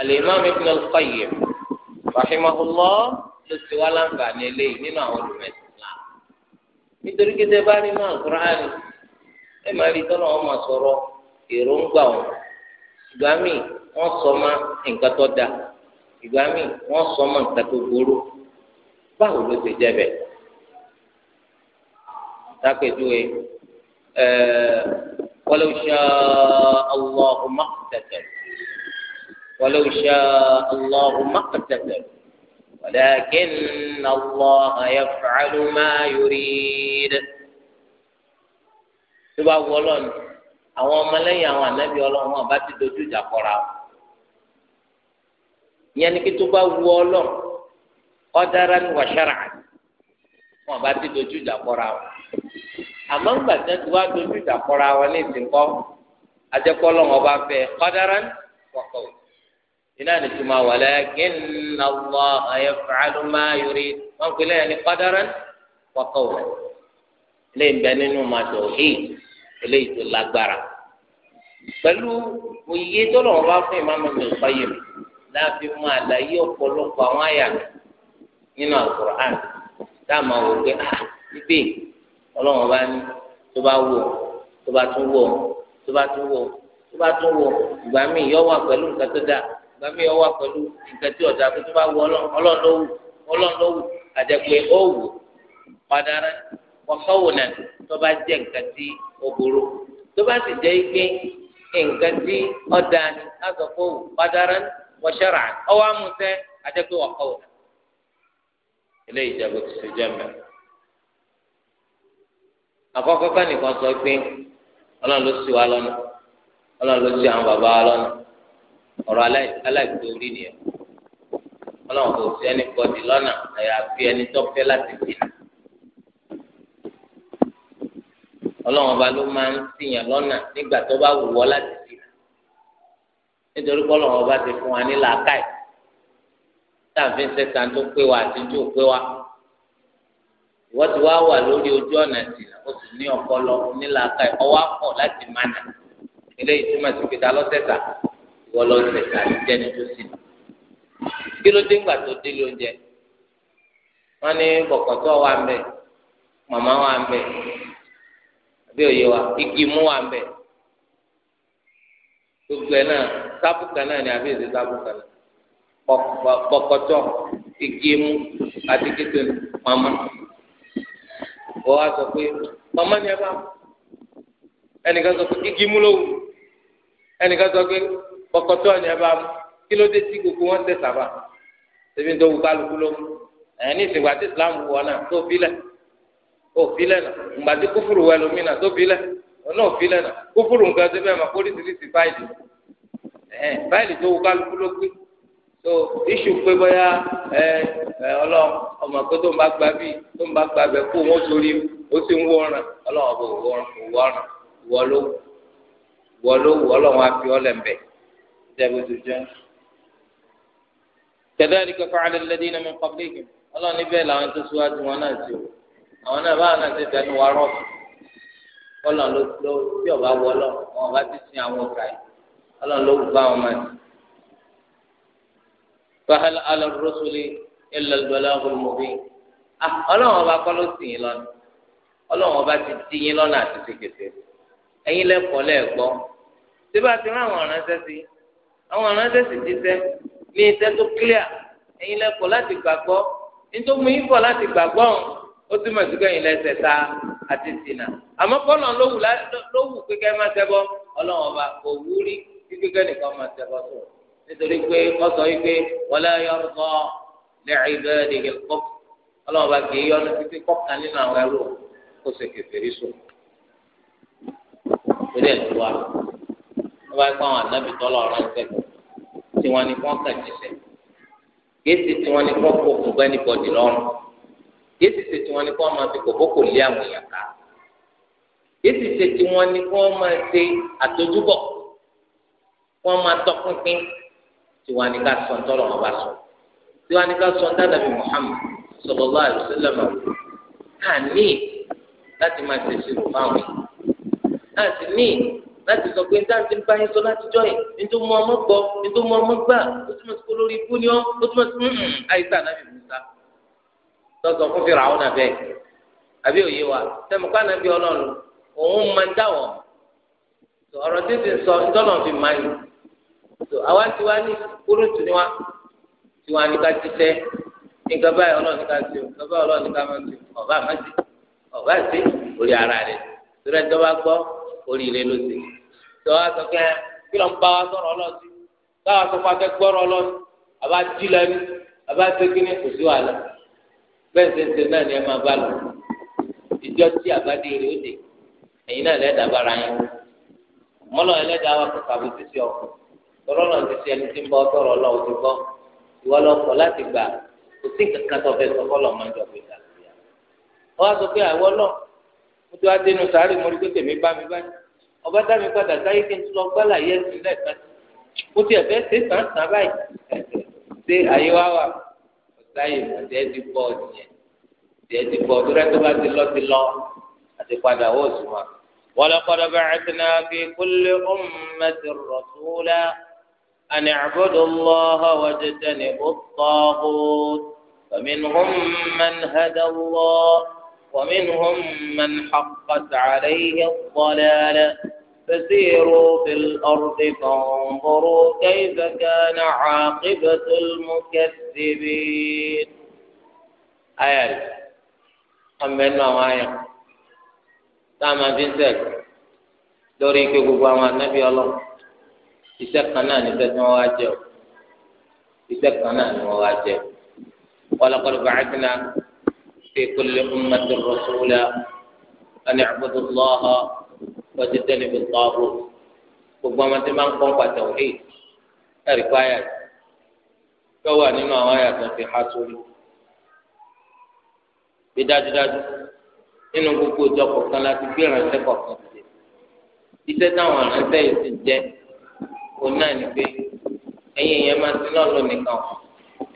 Al-Imam Ibn Al-Qayyim rahimahullah ló ti wá láǹfààní nítorí kété bá nínú àkùránì ẹ máa rí tọ́lọ̀ wọn máa sọ̀rọ̀ èròǹgbà wọn ìgbà míì wọ́n sọ ma nǹkan tó da ìgbà míì wọ́n sọ ma nǹkan tó gbóró báwo ló ti jẹ́ bẹ́ẹ̀ tápẹ́júwe ẹ̀ẹ́ walau sha'a Allahu maqtatalu walau sha'a Allahu maqtatalu. ولكن الله يفعل ما يريد tó bá wọ ọlọ́run àwọn ọmọlẹ́yìn àwọn ànábì ọlọ́run wọn bá ti dojú ìjà kọra o ìyẹn ni kí tó bá wọ ọlọ́run ọ̀dára ni wàṣàrà wọn bá ti dojú ìjà kọra o àmọ́ ńgbà tí wọ́n ti wá dojú ìjà kọra wọn ní ìsìnkọ́ ajẹ́kọ́ ọlọ́run ọba fẹ́ ọ̀dára ni wọ́n kọ̀ wọ́n iná ni tuma walakinna Allaha yaf'alu ma yurid wọn kò lẹ́yìn ní qadaran wa qawlan ilé ìgbẹ nínú màtò hìí ilé ìtò lágbára pẹ̀lú òye tọlọmọ bá fún ìmáàmù mi ìfọyín láàfin mú àlàyé ọ̀pọ̀lọpọ̀ àwọn àyà nínú Al-Qur'an tá a máa wò pé ah bíbí Ọlọ́run bá ní tó bá wò tó bá tún wò tó bá tún wò tó bá tún wò ìgbà míì yọ wà pẹ̀lú nǹkan tó dáa. gbàmí ọwọ́ pẹ̀lú nǹkan tí ọ̀dà tó tó bá wù ọlọ́run ló àjẹpẹ́ tó bá jẹ́ nǹkan tí ó burú tó bá sì jẹ́ nǹkan tí ọ̀dà ni ọwọ́ amúṣẹ́ àjẹpẹ́ ilé ìjẹ́bù ti ṣe jẹ́ mẹ́rin àkọ́kọ́ nìkan sọ pé ọlọ́run ló ṣì wá lọ́nà ọlọ́run ló ṣì àwọn bàbá lọ́nà. ọ̀rọ̀ aláìpé orí nìyẹn ọlọ́run kò sí ẹni bọ́dì lọ́nà àyàfi ẹni tó fẹ́ láti dìnnà ọlọ́run ọba ló máa ń tìyàn lọ́nà nígbà tó bá wù ọ́ láti dìnnà nítorí pé ọlọ́run ọba ti fún wa ní làákàyè táàfin sẹ́sà tó pé wa àti tó pé wa ìwọ́n ti wá wà lórí ojú ọ̀nà ìsìnà ó sì ní ọpọlọ onílàákàyè ọwọ́ àpọ̀ láti mánà eléyìí túmọ̀ sí pé ta lọ́sẹ̀sà wọlọ ṣẹ̀ṣẹ̀ àtijẹni tó sì nù kí ló dé ńgbà tó dé lóúnjẹ wọn ní bọkọtọ wà ń bẹ màmá wà ń bẹ àbí òye wa igi mú wà ń bẹ gbogbo ẹ náà sábùkà náà ni àbí èsì sábùkà náà bọkọtọ igi mú àti kékeré màmá wọ́n wá sọ pé màmá ni ẹ bá ẹnìkan sọ pé igi mú ló ẹnìkan sọ pé kọkọtọ ni ẹ bá mú kí ló dé tí gbogbo wọn tẹ sábà ebi ń dọwọ kálukú ló mú ẹ ní ìsìnkú àti islam wọ náà tó filẹ ó filẹ náà ìgbàdí kúfùrù wẹ lómi náà tó filẹ ọ̀nà òfilẹ náà kúfùrù nǹkan tó bẹ́ẹ̀ máa kó oríṣiríṣi fáìlì ẹ fáìlì tó wọ kálukú ló gbé tó iṣu pé bóyá ẹ ẹ ọlọ́run ọmọ pé tó ń bá gba bíi tó ń bá gba bẹ kó wọn sórí ó sì ń wọ ọràn ọlọ́run ọbọ òwò ọràn òwò ọràn ló wọ ló wọ ọlọ́run á fi ọlẹ ń كذلك فعل الذين من قبلهم الله نبي لا أنت سواد وناسي أنا ما أنا تبين وراك الله لو لو في أبا ولا ما بتسمع وكاي الله لو فاهمان فهل على الرسل إلا البلاغ المبين أه الله أبا قالوا سين لنا الله أبا تسين لنا تسكت أين لك ولا يقوم تبى ما وانا تسي àwọn aránṣẹ́ sì ti sẹ́ ní iṣẹ́ tó clear ẹ̀yin lẹ́kọ̀ọ́ láti gbàgbọ́ nítorí yín kọ̀ láti gbàgbọ́ ọ̀hún ó túmọ̀ sí pé ẹ̀yin lẹ́sẹ̀ ta àti ṣìnà àmọ́ kọ́nà ló wù pé kẹ́ máa ṣẹbọ ọba kò tó nítorí pé sọ ọba kì í yọ nínú àwọn ẹrú kó tó wa wọ́n bá àwọn tiwọn ni wọ́n kàn jíṣẹ́ kìí ṣe tiwọn ni wọ́n kó kó bẹ́ẹ̀ ní bọ́dì lọ́rùn kìí ṣe ṣe tiwọn ni wọ́n máa fi kòkókò lé àwọn èèyàn ká kìí ṣe tiwọn ni wọ́n máa ṣe àtọ́júbọ̀ wọ́n máa tọpinpin tiwọn ni ká sọ ntọ́lọ́ wọn bá sọ tiwọn ni ká sọ ntàdàbí Muhammad sallallahu alaihi wasallam ká ní láti máa ṣèṣirò fáwọn yìí láti ní láti sọ pé níta ti ń bá yín sọ láti jọ yìí nítorí mo ọmọ gbọ́ nítorí mo ọmọ gbà ó túmọ̀ sí kó lórí ikú ni ó ó túmọ̀ sí àìsàn náà fi musa tọ́sọ̀ fún fìrà àwọn àbẹ́ àbí òye wa sẹ́mi kó ànábi ọlọ́run òun máa ń dáwọ̀ ọ̀rọ̀ tí ti sọ ńdọ́nà fi máa yìí tó àwa ti wá ní kúrú tù ní wa tí wọ́n á ní ká ti tẹ́ nǹkan báyìí ọlọ́run ní ká ti o nǹkan báyìí ọlọ́run ní ká máa ti ọ̀bá àmọ́ ti ọ̀bá àti orí ara rẹ̀ tó rẹ̀ ń dọ́ bá gbọ́ oríire ló ti tó a sọ pé kí ló ń bá wa sọ̀rọ̀ ọlọ́sí báwa sọ fún akẹ́ gbọ́rọ̀ àbá jí kò sí wàhálà bẹ́ẹ̀ ṣẹṣẹ náà ni ẹ máa bá lọ ìjọ tí ó dé náà lẹ́dàá bára yín mọ́lọ́ ẹlẹ́dàá bó ti ṣe náà ti ṣe ẹni tí ń ọlọ ìwọ láti gbà kò sí mo ti wá dénú sáré mo rí pé tèmi bá mi báyìí ọba dá mi padà sáyé kí n tún lọ gbálà yẹ ẹsìn lẹ́ẹ̀kan mo ti ẹ̀fẹ́ ṣe sàǹsàn báyìí ṣe àyè wá wà ọ̀sáyè ọ̀dẹ́ ti bọ̀ nìyẹn ọ̀dẹ́ ti bọ̀ tó tó bá ti lọ ti lọ àti padà wọ́ọ̀ sùn wa. ولقد بعثنا في كل أمة رسولا أن اعبدوا الله واجتنبوا ومنهم من حقت عليه الضلالة فسيروا في الأرض فانظروا كيف كان عاقبة المكذبين آيات أما إنما آية تاما في سك دوري كيكو نبي الله يسكنا نسكنا واجب يسكنا نواجب ولقد بعثنا في كل أمة رسولا أن اعبدوا الله واجتنبوا الطاغوت ربما تمام قوم توحيد أعرف آيات فهو أنما آيات في حاسول بداجداج nínú gbogbo ìjọ kọ̀ọ̀kan láti gbé ìrànṣẹ́ kọ̀ọ̀kan ṣe iṣẹ́ táwọn ìrànṣẹ́ yìí ti jẹ́ òun náà ni pé ẹ̀yin èèyàn máa ti náà lónìí kan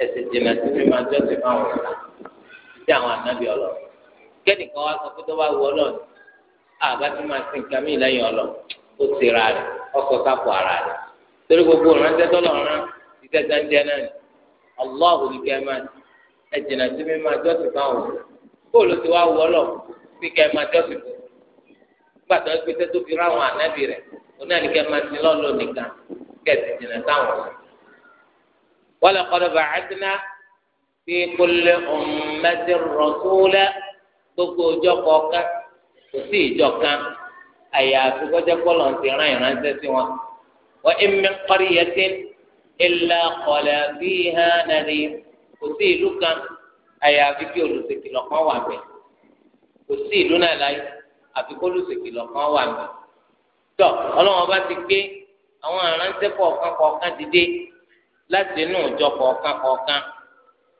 ẹ̀sìn jìnnà sí mi máa jọ́sìn fáwọn ọ̀la sí àwọn ànábì ọlọ kẹ́nìkan wá sọ pé tó bá wù ọ lọ́nà àbá tí máa sin ọlọ ó sera rẹ̀ ọkọ sápò ara rẹ̀ torí gbogbo ìránṣẹ́ tọ́lọ̀ rán iṣẹ́ jẹ́ńjẹ́ náà ni Allahu ní máa mi máa fáwọn ti wá ọ lọ sí máa fún fi ráwọn máa sin lọ́lọ́ nìkan wọ́n lọ fi kulli ummati rasula gbogbo ọjọ́ kọ̀ọ̀kan kò sí ìjọ kan àyàfi kọjá kọlọ ń ti rán ìránṣẹ́ sí wọn. wa in min qaryatin illa qala fiha nadhir kò sí ìlú kan àyàfi kí olùṣèkìlọ̀ kan wà bẹ̀ kò sí ìlú náà láyé àfi kó olùṣèkìlọ̀ kan wà bẹ̀. tọ Ọlọ́run bá ti gbé àwọn ìránṣẹ́ kọ̀ọ̀kan kọ̀ọ̀kan dìde láti inú ìjọ kọ̀ọ̀kan kọ̀ọ̀kan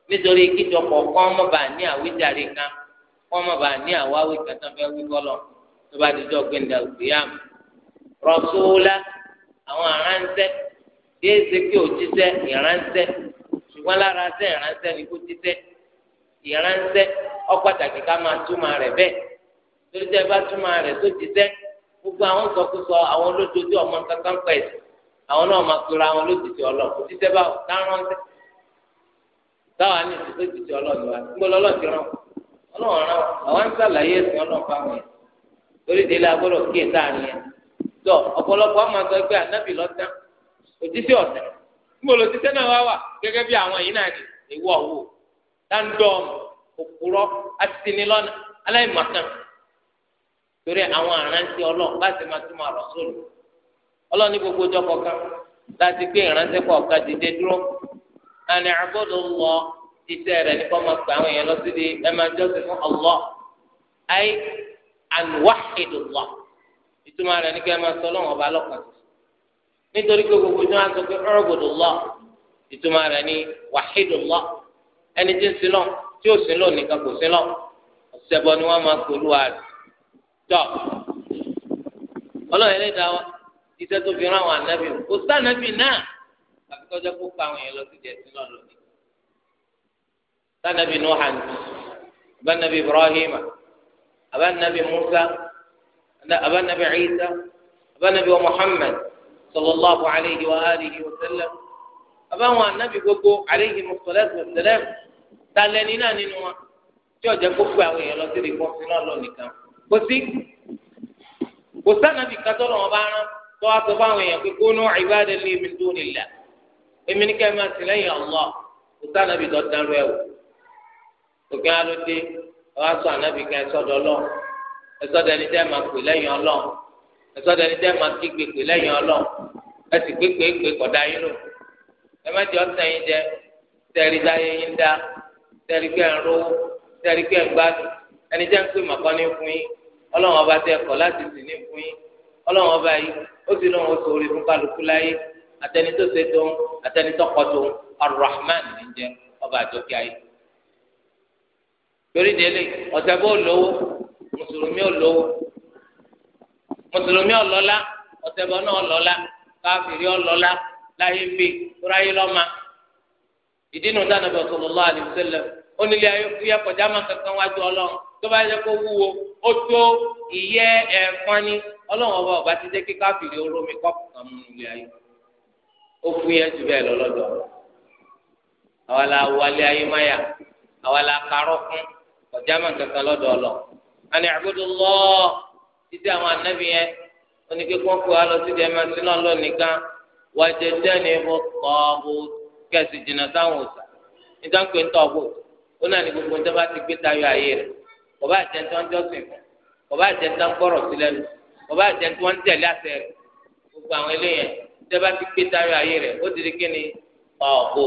nítorí kíjọpọ̀ kọ́ ọmọ bá ní àwíjàre kan kọ́ ọmọ bá ní àwáwí kan tó fẹ́ wí kọ́lọ̀ tó bá ti jọ gbẹ̀ndà òkèèyàn rọ̀ṣọ́lá àwọn aránṣẹ́ yéé ṣe kí òjíṣẹ́ ìránṣẹ́ ṣùgbọ́n lára ṣẹ́ ìránṣẹ́ ni kó jíṣẹ́ ìránṣẹ́ ọ̀pàtàkì ká máa túmọ̀ rẹ̀ bẹ́ẹ̀ torí tẹ́ bá túmọ̀ rẹ̀ tó jíṣẹ́ gbogbo àwọn sọkúsọ àwọn olójoojú ọmọ kankan pẹ̀sì àwọn náà máa pera àwọn olójijì ọlọ́ọ̀ òjíṣẹ́ báwo tá táwa ní ìdílé títí ọlọ́ọ̀dù wa ń gbọ́dọ̀ ọlọ́ọ̀dù rán ọlọ́ọ̀rán àwọn ń sàlàyé ẹ̀sìn ọlọ́ọ̀fà wọn yẹn torí agbọ́dọ̀ kí èsà nìyẹn tó ọ̀pọ̀lọpọ̀ ọmọ sọ pé ànábì lọ́tà òtítí ọ̀tẹ̀ ńgbọ́dọ̀ náà wá wà gẹ́gẹ́ bí àwọn yìí náà ìwọ òwò àní àgbọdọ wọ iṣẹ́ rẹ̀ ní kọ́ máa pè àwọn èèyàn lọ sí di ẹ máa jọ́sìn fún ọlọ ayé ànúwàhídùlọ ìtumọ̀ rẹ̀ ní kí ẹ máa sọ lọ́wọ́ ọba lọ́kàn nítorí pé gbogbo ìjọba sọ pé ọrọgbọdọlọ ìtumọ̀ rẹ̀ ní wàhídùlọ ẹni tí ń sin lọ tí ó sin lọ nìkan kò sin lọ ọ̀sẹ̀bọ ni wọ́n máa pẹ̀lú àrẹ tọ́ ọlọ́run ẹlẹ́dàá wa iṣẹ́ fi rán àwọn ànábì kò sí ànábì náà. àfi kọjá kó pa àwọn èèyàn lọ sí jẹsí náà lónìí sanabi nuhan abanabi ibrahim abanabi musa abanabi isa abanabi muhammad sallallahu alayhi wa alihi wa sallam abawọn anabi gbogbo alayhi musalatu wa salam talẹni náà nínú wa tí ọjà kó pa àwọn èèyàn lọ sí ìdíkọsí náà lónìí kan kò sí kò sanabi katọ́lọ́ wọn bá rán tó a sọ fún àwọn èèyàn pé kó nù ibadallah min dunillah. èmi ní kẹ́mi àti lẹ́yìn ọ̀lọ́ kùtà nàbì tó dánrú ẹ̀ wò òkè alóde ọ̀hà sọ ànábì kan ẹ̀sọ́dọ̀ ọlọ́ ẹ̀sọ́dọ̀ ẹni dẹ́ máa pè lẹ́yìn ọlọ́ ẹ̀sọ́dọ̀ ẹni dẹ́ máa kígbe pè lẹ́yìn ọlọ́ ẹ̀sì pépè pé kọ̀dá yín lò ẹ má jẹ́ ọ̀sẹ̀ yín jẹ tẹ̀rí dáyé yín dá tẹ̀rí pé ń rówó tẹ̀rí pé ń gbádùn ẹni jẹ́ ń pè màkàn ní fún yín ọlọ́run ọba tẹ ẹ̀kọ́ láti sì ní fún yín ọlọ́run ọba yìí ó sì lóun ó sọ orí fún kálukú láyé atẹni tó ṣe tó atẹni tó kọ tó arahman ní jẹ ọba àjọkí ayé torí délé ọ̀sẹ̀ bó lówó mùsùlùmí ò lówó mùsùlùmí ọlọ́lá ọ̀sẹ̀ bó náà ọlọ́lá káfíìrì ọlọ́lá láyé ń bè ráyé lọ́mà ìdí nu dáná bẹ̀ sọlọ́lá àdìsẹ́lẹ̀ onílé ayé kúyẹ kọjá máa kankan wájú ọlọ́run tó bá yẹ kó wúwo ó tó ìyẹ́ ẹ̀fọn ni ọlọ́run ọba ọba ti jẹ́ kí káfíìrì oró mi kàn mú ilé ayé ó fún yẹn jù bẹ́ẹ̀ lọ́lọ́dọ̀ àwa la wálé ayémáyà àwa la karọ́ fún ọjà máa kankan lọ́dọ̀ ọlọ àní àbúdó lọ títí àwọn anábì yẹn oníkékun kó alọ sídìí ẹ máa sí náà lọ nìkan wájú dẹ́ni ó kọ́ ọ́ kẹ́sì jìnnà sáwọn òòsà níta ń pè ń tọ́ ọ́ bò ó náà ní gbogbo níta bá ti gbé tayọ ayé rẹ̀ bàbá àjẹntì wọn jọ́sìn fún bàbá àjẹntì wọn gbọ́rọ̀ sílẹ̀ nù bàbá àjẹntì wọn tẹ̀lé àṣẹ rẹ̀ gbogbo àwọn eléyẹn tẹ́bá ti gbé tayọ ayé rẹ̀ ó ti di kí ni ọ̀bọ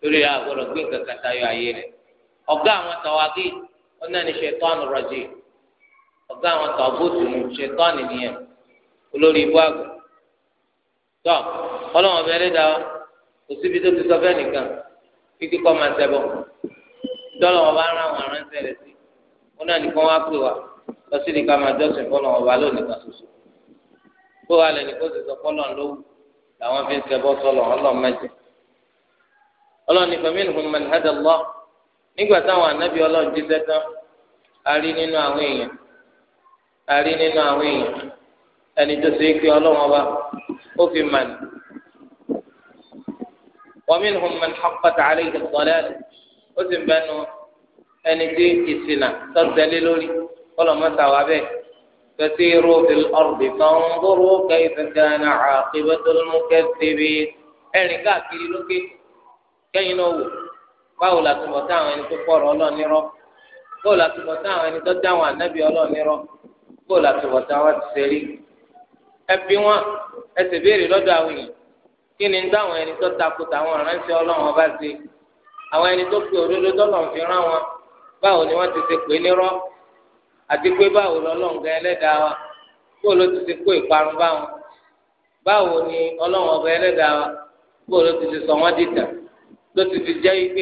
lórí àgọ́dọ̀ gbé nǹkan kan tayọ ayé rẹ̀ ọ̀gá àwọn tàwágì ó náà ní ṣètọ́nù rọ̀jì ọ̀gá àwọn tàwọ́bùtù ní ṣètọ́nù nìyẹn olórí ibú àgọ́ tọ́ ọlọ́wọ́n bẹ́ẹ̀ dá kò síbi tó ti sọ fẹ́ nìkan kíkí kọ́ máa tẹ́bọ̀ tọ́lọ́wọ́n bá rán àwọn aránṣẹ́ rẹ̀ sí ó náà nìkan wá pè wá lọ tó wà lẹ́nu kó sì sọ kọ́lọ̀ lówù làwọn fi ń sẹ́bọ́ sọlọ ọlọ́mọdé ọlọ́ni faminhum man hada Allah nígbà táwọn anábì ọlọ́run jíṣẹ́ tán a rí nínú àwọn èèyàn a rí nínú àwọn èèyàn ẹni tó ṣe é pé ọlọ́run ọba ó fi mà ní. wa minhum man haqqat alayhi ad ó sì ń bẹnu ẹni tí ìsìnà tó tẹ̀lé lórí ọlọ́mọ tàwa bẹ́ẹ̀. فسيروا في الأرض فانظروا كيف كان عاقبة المكذبين ẹnì káàkiri lókè kẹ́yìn náà wò báwo la túbọ̀ táwọn ẹni tó pọ̀rọ̀ ọlọ́ọ̀ nírọ́ báwo la túbọ̀ táwọn ẹni tó dáwọn ànábì ọlọ́ọ̀ nírọ́ báwo la túbọ̀ táwọn ti ṣe rí ẹbí wọn ẹsẹ̀ béèrè lọ́dọ̀ àwọn èèyàn kí ni dáwọn ẹni tó takò táwọn aránṣẹ́ ọlọ́run ọba ṣe àwọn ẹni tó pe òdodo tọ́lọ̀ fi rán wọn báwo ni wọ́n ti ṣe pé nírọ́ àti pé báwo lọ́lọ́ǹgá ẹlẹ́dàá wa bó ló ti ti kó ìparun báwọn báwo ni ọlọ́run ọba ẹlẹ́dàá wa bó ló ti ti sọ wọ́n dìtà ló ti fi jẹ́ pé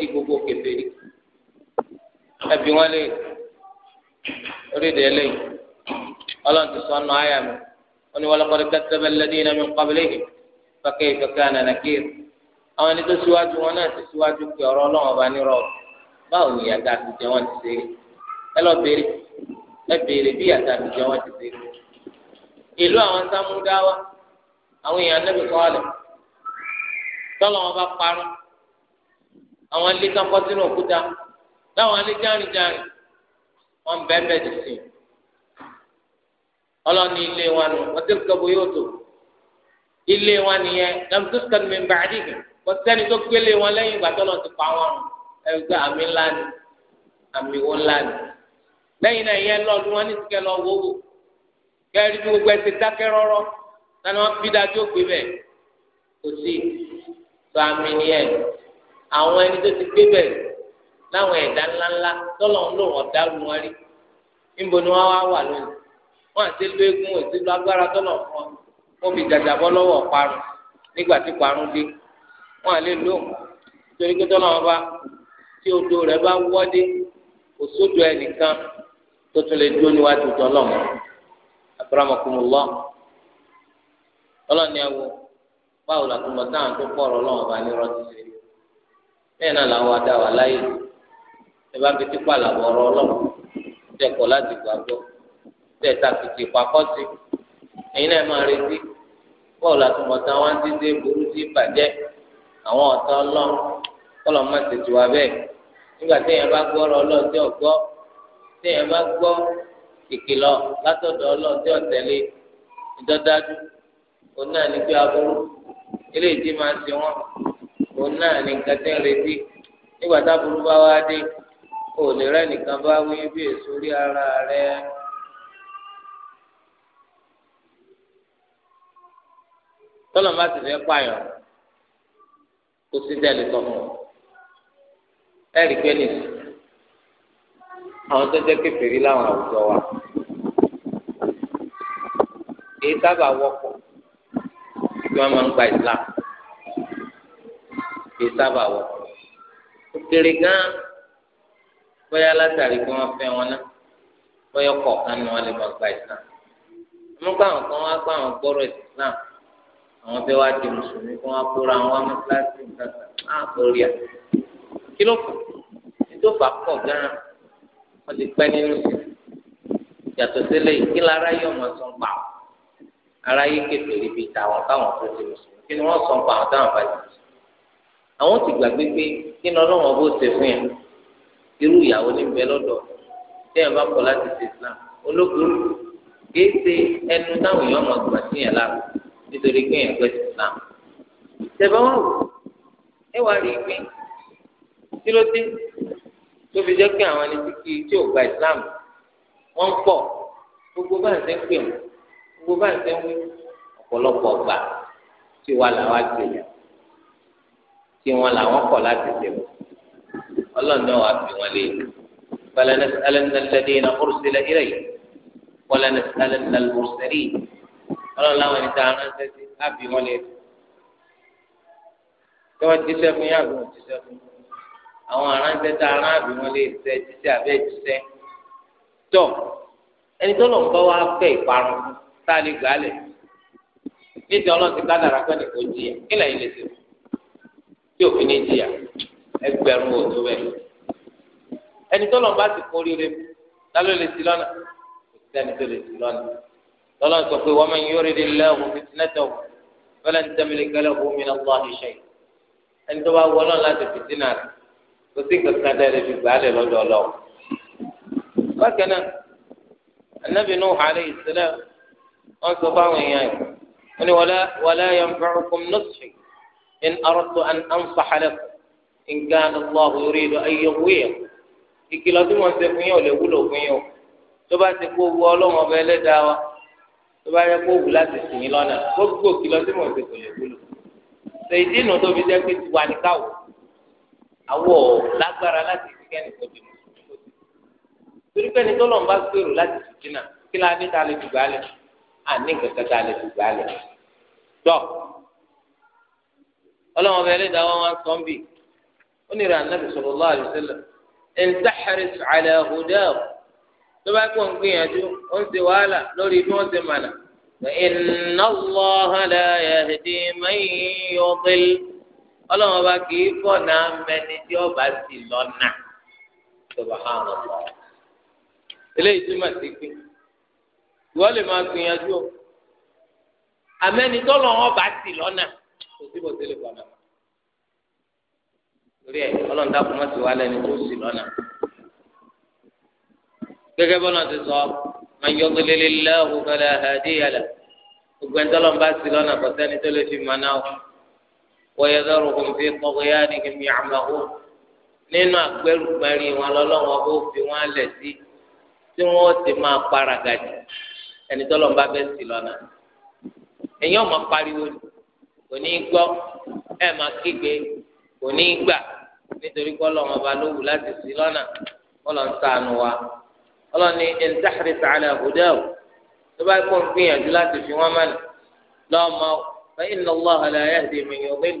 irú gbogbo kèfèrí ẹbí wọn lè rí de eléyìí ọlọ́run ti sọ ọ́nà àyà mi ó ní walaqad kazzaba alladhina min qablihim fa kayfa kana nakir àwọn ẹni tó síwájú wọn náà ti báwo ni yàtà ti jẹ wọn ti ṣe rí ẹ lọ béèrè ẹ béèrè bí yàtà ti jẹ wọn ti ṣe rí ìlú àwọn sámúdáwá àwọn èèyàn nẹbi kọọlẹ tọlọ wọn bá parun àwọn ilé kan kọ sínú òkúta láwọn ilé járinjárin wọn bẹ́ẹ̀ bẹ́ẹ̀ ti sìn ọlọ́ni ilé wa nù ọtí kọ́bù yóò tó ilé wa nìyẹn lamtuskan mi bàdí kò sẹ́ni tó gbélé wọn lẹ́yìn ìgbà tó ti pa wọn rùn. ẹgbẹ́ àmì ńlá ni àmì wo ńlá ni lẹ́yìn náà lọ lọ́ọ̀lù wọn ní sikẹ́ lọ wọ́wọ́ kẹ́rì bí gbogbo ẹsẹ̀ náà wọ́n fi dájú ògbé bẹ̀ kò sí tó àmì nìyẹn àwọn ẹni tó ti gbé láwọn ẹ̀dá ńláńlá tọ́lọ̀ ń lò wọn rí níbo ni wá wà lónìí àti egun òsì fún wọn fi parun nígbà tí parun dé àlè lóhùn tí odò rẹ̀ bá wọ́dé kò sódò ẹnìkan tó tún lè dúró níwájú tọ́lọ́mù akramakumullah ọlọ́ni ẹ̀wọ̀ báwo la tún bọ̀ táwọn tó pọ̀ ọ̀rọ̀ lọ́wọ́ bá ní rọ́ọ̀tì sí bẹ́ẹ̀ náà làwọn adá wà láyé ẹ bá fi tipa làwọn ọ̀rọ̀ ọlọ́wọ́ tẹ̀ kọ́ láti gbàgbọ́ tẹ̀ ta fìtì pakọ́ sí ẹ̀yin náà máa retí báwo la tún táwọn ti dé burú sí ìbàjẹ́ àwọn ọ̀tá ọlọ́run kọ́lọ́ má tètè wá bẹ́ẹ̀ nígbà téèyàn bá gbọ́ ọ̀rọ̀ ọlọ́run tí ò gbọ́ téèyàn bá gbọ́ ìkìlọ̀ látọ̀dọ̀ ọlọ́run tí ò tẹ̀lé ìdọ́dájú òun náà ní pé aburú eléyìí tí máa ń ti wọ́n òun náà ní nǹkan tẹ́ ń retí nígbà táburú bá wá dé ò lè rẹ́ nìkan bá wí bí èso rí ara rẹ̀. tọ́lọ̀ bá ti fẹ́ pààyàn kó sí dẹ́lẹ̀ tọ́ ẹ̀rí pé nìsí àwọn tó jẹ́ kékeré láwọn àwùjọ wa èyí sábà wọ́pọ̀ tí wọ́n máa ń gba ìlà èyí sábà wọ́pọ̀ ó kéré gan-an bóyá látàrí pé wọ́n fẹ́ wọn náà bóyá kọ̀ọ̀kan ni wọ́n lè máa gba ìlà nígbà àwọn kan wá gbà wọn gbọ́rọ̀ ìsìlámù àwọn bẹ́ẹ̀ wá di mùsùlùmí kí wọ́n kóra wọn wá kíláàsì nǹkan kan á kórìíà kí ló fà tó fà pọ̀ gan-an wọ́n ti pẹ́ nínú sí yàtọ̀ sílẹ̀ yìí kí lára yìí ọmọ sọ ń pa ọ́ ara yìí kéde ibi táwọn káwọn tó ti mú sùn kí ni wọ́n sọ ń pa àwọn táwọn bá ti sùn àwọn ti gbàgbé pé kí ni ọlọ́wọ́n bó ṣe fún yẹn irú ìyàwó níbẹ̀ lọ́dọ̀ tẹ́yìn bá kọ̀ láti ṣe Islam olókùrú kìí ṣe ẹnu táwọn èèyàn mọ̀ gbà sí yẹn lára nítorí pé yẹn gbẹ́ Islam tẹ̀bá wọn wò ẹ wá rí i pé kí ló dé tó fi jẹ́ pé àwọn ẹni tí kì í tí ò gba islam wọ́n ń pọ̀ gbogbo bá ń sẹ́ ń pè wọ́n gbogbo bá ń sẹ́ ń wí ọ̀pọ̀lọpọ̀ ọgbà tí wọ́n làwọn àti èèyàn tí wọ́n làwọn kọ̀ láti ṣe wọ́n ọlọ́run náà wàá fi wọn lé فلنسألن الذين أرسل إليه ولنسألن المرسلين ọlọ́run láwọn ẹni tá a ránṣẹ́ sí á fi wọn lé tí wọ́n jíṣẹ́ fún yàgò jíṣẹ́ fún yàgò àwọn aránṣẹ́ tá aráàbí wọn lè ṣe jíṣẹ́ abẹ́ jíṣẹ́ tó ẹni tó lọ́n bá wá fẹ́ ìparun tá a lè gbà lẹ̀ níbi ọlọ́run ti kádàrá pẹ́ ní kò jìyà kí lẹ́yìn lè ṣe tí òfin ní jìyà ẹgbẹ̀rún òtó bẹ́ẹ̀ ẹni tó lọ́n bá ti kórìí rẹ̀ lálọ́ lè ti lọ́nà sẹ́ni tó lè ti lọ́nà lọ́lọ́run sọ pé wọ́n máa ń yọrí de lẹ́hùn fitinẹ́tọ̀ fẹ́lẹ́ ń tẹ́mílẹ̀ kẹ́lẹ́ fún mi náà lọ́ọ́ àṣìṣe ẹni tó bá wọ́ láti fitinà rẹ̀ kò sí nǹkan kan tẹ́lẹ̀ fi gbà á lẹ̀ lọ́dọ̀ lọ. bákan náà anabi nuhu alayhi salam wọn sọ fáwọn èèyàn yìí wọn ni wala wala yanfa'ukum nusfi in aradtu an ansaha lakum in kana Allahu yuridu an yughwiyakum ìkìlọ̀ tí wọ́n ṣe fún yín ò lè wúlò fún yín o tó bá ti kó wu ọlọ́run ọba ẹlẹ́dàá wa tó bá yẹ kó wù láti sìn yín lọ́nà gbogbo ìkìlọ̀ tí wọ́n ṣe kò lè wúlò Awo lágbára láti fi kẹ́ni kò di mùsùlùmí kò sí. torí pé ẹni tọ́lọ̀ ń bá gbèrò láti sùdínà kí la ní ta lè dùgbà lẹ̀ àní kankan ta lè dùgbà lẹ̀. tọ́ ọlọ́wọ́n bẹ̀rẹ̀ dá wọn wọn sọ́n bì ó nira anabi sallallahu alaihi wasallam in tahris ala hudahu tó bá kó ń gbìyànjú ó ń ṣe wàhálà lórí bí wọ́n ṣe mànà. فإن الله لا يهدي من يضل ọlọ́run ọba kì í fọ̀ náà mẹni tí ọba sì lọ́nà subhanallah eléyìí túmọ̀ sí pé ìwọ lè máa gbìyànjú o àmẹ́ni tọ́lọ̀ ọba sì lọ́nà kò sí bó ti lè pọ̀nà torí ẹ ọlọ́run dákun mọ́ sí wa lẹ́ni tó sì lọ́nà gẹ́gẹ́ bọ́lá ti sọ man yudlilillahu fala hadiya lahu gbogbo ẹni sì lọ́nà kò tó lè fi mọ̀ náà. ويذرهم في طغيانهم يعمهون nínú agbẹrùgbẹrì wọn lọlọrun ọba ó fi wọn lẹ sí tí wọn ó ti máa para gàdì ẹni tọ́lọ́run bá bẹ́ẹ̀ sí lọ́nà ẹ̀yin ọmọ pariwo ni kò ní í gbọ́ ẹ máa kígbe kò ní í gbà nítorí kọ́ lọ́wọ́n ọba ló wù láti sí lọ́nà ọlọ́run ṣàánú wa ọlọ́run ní ẹ̀ńtàhìrì sàlẹ̀ àbúdá o tó bá kó ń gbìyànjú láti fi wọ́n mọ́nà lọ́mọ ẹ̀yìn lọ́wọ́ àlàyé àti ìmọ̀ ìyọ̀gbẹ́ni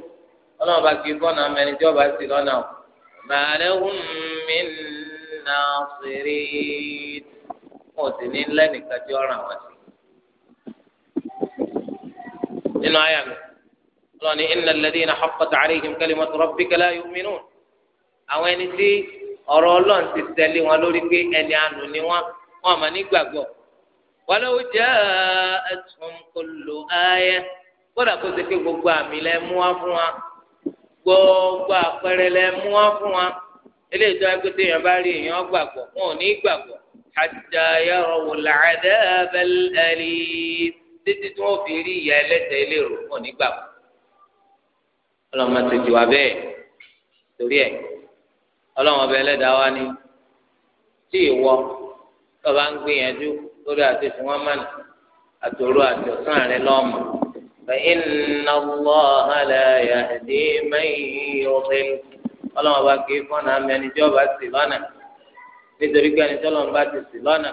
ọlọ́run bá kí kọ́nà mẹ́rin tí ọba sì lọ́nà o màálẹ́hùn mi nà sírí wọn ò sì ní lẹ́nìkan tí ọ̀ràn wọn sí. nínú àyà mi ọlọ́run ní innal ladina haqqat alayhim kalimatu rabbika la yu'minun àwọn ẹni tí ọ̀rọ̀ ọlọ́run ti tẹ̀lé wọn lórí pé ẹni àánú ni wọ́n wọn àmọ́ nígbàgbọ́ walau ja'atuhum kullu ayah kódà kó ṣe pé gbogbo àmì lẹ́ mú wá fún wa gbogbo àpẹẹrẹ lẹ mú wá fún wa eléyìí tó ẹgbẹ́ tó yẹn bá rí èèyàn gbàgbọ́ wọn ò ní gbàgbọ́ hatta yarawul adhabal alim títí tí wọ́n fi rí ìyà ẹlẹ́tẹ̀ eléèrò wọn ò ní gbàgbọ́ ọlọ́mọ tètè wá bẹ́ẹ̀ torí ẹ̀ ọlọ́mọ ọbẹ̀ ẹlẹ́dàá wá ní tí ìwọ tó ń gbìyànjú lórí àti fún wọn mọ́nà àtòrò àtọ̀sán rẹ lọ́mọ. فإن الله لا يهدي من يضل ọlọ́run bá kí fọ́nà mẹ́ni tí ọba sì lọ́nà nítorí pé ẹni tí ọlọ́run bá ti sì lọ́nà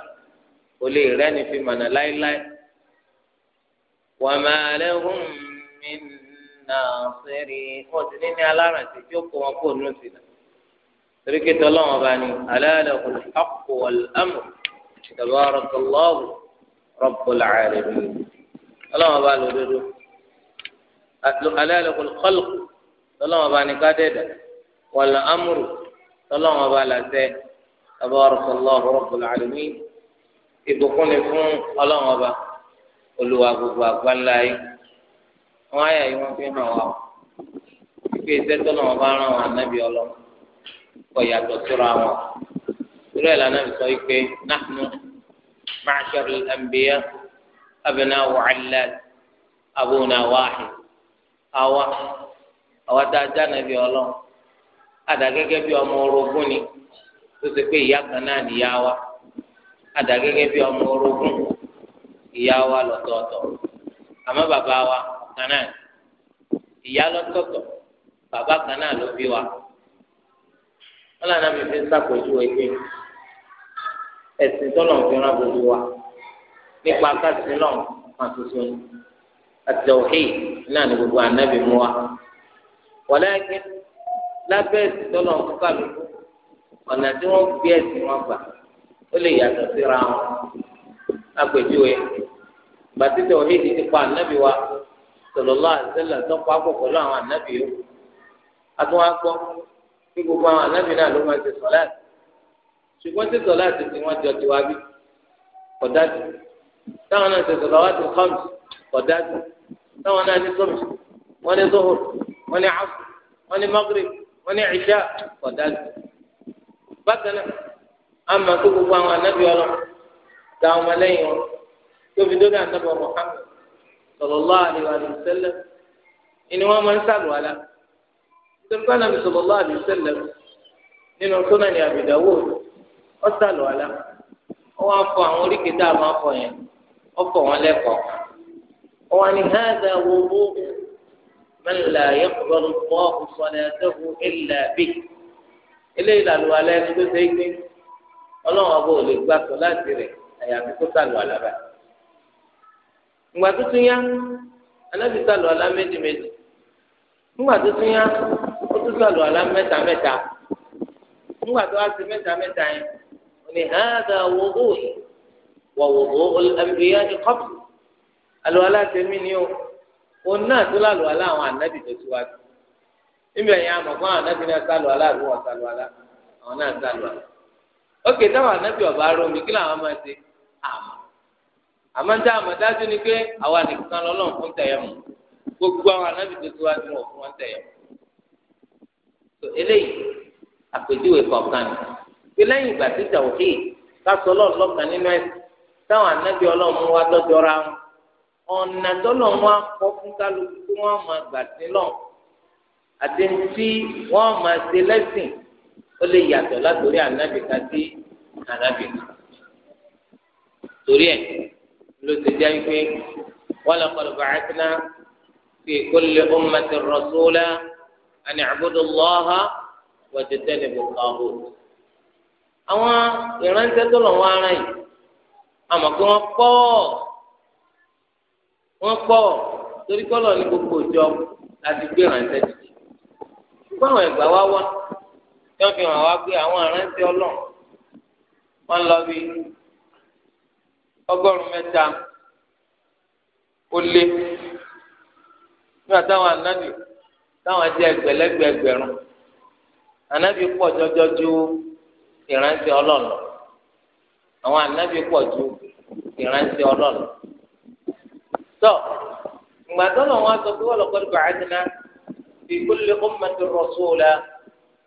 kò lè rẹ́ni fi mọ̀nà láéláé. وما لهم من ناصرين wọ́n ti ní ní aláràǹtí tí ó kó wọn kó nù sí náà. torí pé tọ́lọ́run ọba ni ألا له الحق والأمر تبارك الله رب العالمين ọlọ́run ọba lòdodo alẹ́lẹ́kùn kọ́lùkù tọ́lọ́wọ́n bá ní kádẹ́dà wàlá amúrù tọ́lọ́wọ́n bá làṣẹ abawarasalọ́ ọ̀rọ̀kùn àlùmí ìbùkún ni fún ọlọ́wọ́n bá olùwà gbogbo àgbáńlá yìí wọ́n ayà yìí wọ́n fi hàn wá pé iṣẹ́ tọ́lọ́wọ́n bá rán wọn ànábì ọlọ́ kọ̀ yàtọ̀ síra wọn ìrẹ́ ìlànà sọ pé nàánú máa ṣe àbẹ̀náwó àlẹ́ àbúnáwó àhìn. Awa awa tá a já nàbí ọlọ́run bi gẹ́gẹ́ ni tó ṣe ìyá kan wa àdá gẹ́gẹ́ bí ọmọ orogún ìyá wa lọ́tọ̀ọ̀tọ̀ bàbá wa kan ìyá lọ́tọ̀ọ̀tọ̀ baba kan náà wa wọn mi fi fi wa nípa التوحيد náà ni gbogbo anabi mu wa wọlẹ́ẹ̀kẹ́ lábẹ́ ìsìtọ́lọ̀ ń kálù ọ̀nà tí wọ́n gbé ẹ̀sìn wọn gbà ó lè yàtọ̀ síra wọn lápèjúwe gbàtí ti pa anabi wa anabi gbogbo anabi táwọn náà ní sọmi dị ní zohor wọn ní afu wọn ní magrib wọn ní ìṣá kọdáàlì bákan náà àmọ́ tó gbogbo àwọn anábì ọlọ táwọn ọmọlẹ́yìn wọn tóbi dórí anábì Muhammad sallallahu alaihi wa sallam ìní wọn máa ń sàlùwàlà tẹ̀lifá sallallahu alaihi wa sallam nínú sunan a wọ́n ní hàdà wọ́wọ́ mẹ́lá yẹ́kọ̀ọ́ pọ̀ ọ̀sọ̀nà ẹ̀dẹ́gùn ilẹ̀ bí. eléyìí làlùwà lẹ́nu tó ṣe é gbé ọlọ́run ọba ò lè gbà sọ láti rẹ̀ àyàfi kó sàlùwà lábà. ìgbà tuntun yá anábì sàlùwà lá méjì méjì. ìgbà tuntun yá ó tún sàlùwà lá mẹ́ta mẹ́ta. ìgbà tó wá sí mẹ́ta mẹ́ta yẹn ò ní hàdà wọ́wọ́ yìí wọ́wọ́ àlùwàlá tèmi ni o òun náà tó lálùwàlá àwọn ànábì tó síwájú níbi ẹ̀yìn àmọ̀ fún àwọn ànábì náà sálùwàlá àbí wọn sálùwàlá àwọn náà sálùwàlá ókè táwọn ànábì ọ̀bá romi kí làwọn máa ṣe àmọ̀ àmọ́ ń dá àmọ̀ dájú ni pé àwa nìkan lọ́lọ́run fún tẹ̀yẹ̀mù gbogbo àwọn ànábì tó síwájú wọn fún wọn tẹ̀yẹ̀mù eléyìí àpèjúwe kọ̀ọ̀kan ni pé lẹ́yìn ìgbà tí tàwọ́kì ká sọ ọlọ́run lọ́kàn nínú ẹ̀sìn táwọn ànábì ọlọ́run mú wá lọ́jọ́ ra ọ̀nà tọ́lọ̀ wọn akọ fún kálukú tí wọ́n máa gbà sí lọ àti tí wọ́n máa ṣe lẹ́sìn ó lè yàtọ̀ látòrí ànábìkà sí ànábìkà torí ẹ̀ ló ti jẹ́ pé wọ́n lọ kọlu bàtínà fi kulli ummati rasúlá àni àbúdó lọ́ha wàtẹ́tẹ́ ni bò kàwó. àwọn ìrántí tọ́lọ̀ wọn ara yìí àmọ̀ kí wọ́n pọ̀ ọ́. wọn pọ̀ torí kọ́lọ̀ ní gbogbo ìjọ láti gbé ránṣẹ́ jìjì ṣùgbọ́n àwọn ẹ̀gbà wá wá tí fi pé àwọn aránṣẹ́ ọlọ́run wọ́n lọ bí ọgọ́rùn-ún ó lé nígbà táwọn anábì táwọn jẹ́ ẹgbẹ̀lẹ́gbẹ̀ẹ́gbẹ̀rún anábì àwọn anábì ju tọ́ ìgbà tó lọ wọn sọ pé wọ́n lọ kọ́ àdínà fi kulli ummati rasula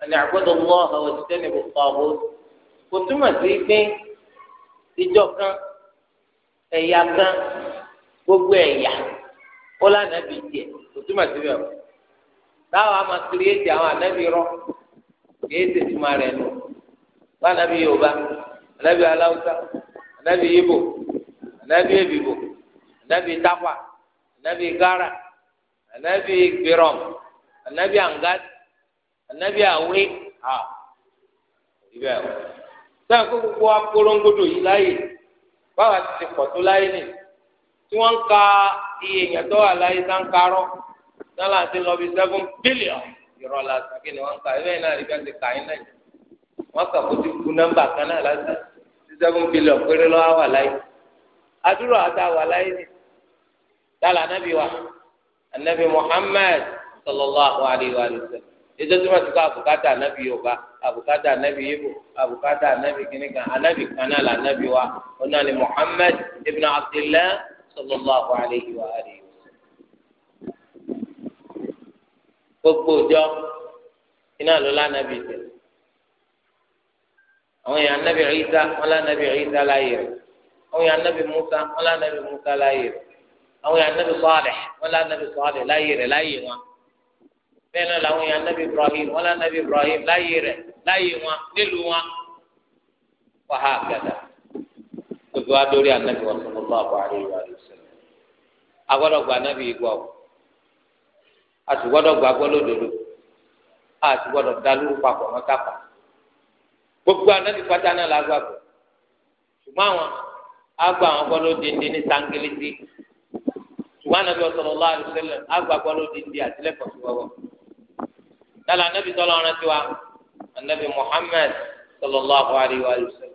àni àgbọ̀dọ̀ wọn àwọn òṣìṣẹ́ níbi pààbò kò túmọ̀ sí pé ìjọ kan kan gbogbo ẹ̀yà ó lànà bí kò túmọ̀ sí bẹ́ẹ̀ o táwọn àmà àwọn ànábì rọ kìrìyèsì túmọ̀ rẹ̀ nù wọn ànábì Yorùbá ànábì aláwùsá ànábì anabi tafa anabi gara anabi gbirom anabi angad anabi awe a ibẹ o sáà kó gbogbo akporongodo yìí láàyè báwa ti ti pọ̀ tó láyé nì tí wọ́n ń ka iye èèyàn tó sáńkarọ́ dọ́là ti lọ bí seven billion irọ́ la sí kí ni wọ́n ń ka ẹ̀rọ náà rí bẹ́ẹ̀ ti kà yín náà wọ́n kà kó ti ku nọ́mbà kan náà lásán seven billion péré lọ́wọ́ wà láyé adúrò àti àwà láyé ni dala anabi wa anabi muhammad sallallahu alayhi wa sallam ètò tí wọn ti kọ àbùkátà anabi yorùbá àbùkátà anabi ibo àbùkátà anabi kìnìkan anabi kaná la anabi wa onáni muhammad ibn abdillah sallallahu alayhi wa sallam. gbogbo ọjọ́ iná ló lánàbì tẹ àwọn èèyàn anabi Isa wọn lánàbì Isa láàyè rẹ̀ àwọn èèyàn anabi Musa wọn lánàbì Musa láàyè rẹ̀. àwọn èèyàn anabi sọ́ọ̀lẹ̀ wọn lé anabi sọ́ọ̀lẹ̀ láyé rẹ̀ láyé wọn bẹ́ẹ̀ náà làwọn èèyàn anabi ibrahim wọn ibrahim láyé rẹ̀ láyé wọn nílùú wọn gbogbo wa dórí anabi wọn sọlọ àríwá wa lè agbọ́dọ̀ gba anabi gba a gbogbo anabi pátá náà ṣùgbọ́n àwọn àwọn gbọ́dọ̀ ní sangilisi. ṣùgbọ́n anabi sallallahu alaihi wasallam agbàgbọ́ ló di ndi àtìlẹ́kọ̀ọ́ sí tala anabi sọlọ ọ̀ràn tiwa anabi muhammed sallallahu alaihi wasallam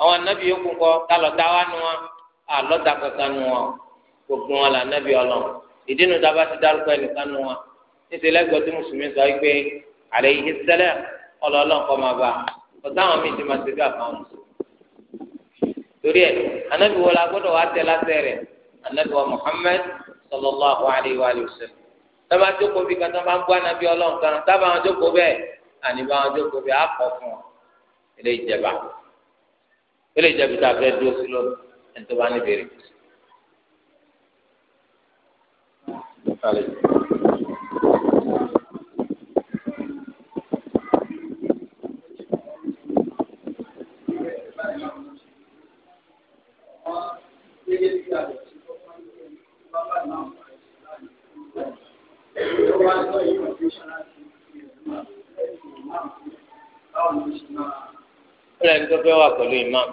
àwọn anabi yòókù kọ talọ̀tà wa gbogbo wọn la anabi Ọlọ daba ti dárúkọ ẹnìkan nítorí tí mùsùlùmí sọ máa bá ti máa bí àbáwọn torí anabi wa muhammed sallallahu alayhi wa sallam tábà jókòó bí kan tábà ń gbọ́ anabi ọlọ́run kan tábà wọn jókòó bẹ́ẹ̀ àníbà wọn jókòó bẹ́ẹ̀ akọ fún wọn ilé ìjẹba ilé ìjẹbi tá a fẹ́ dúró sí lónìí ẹni fẹ́ wà pẹ̀lú imam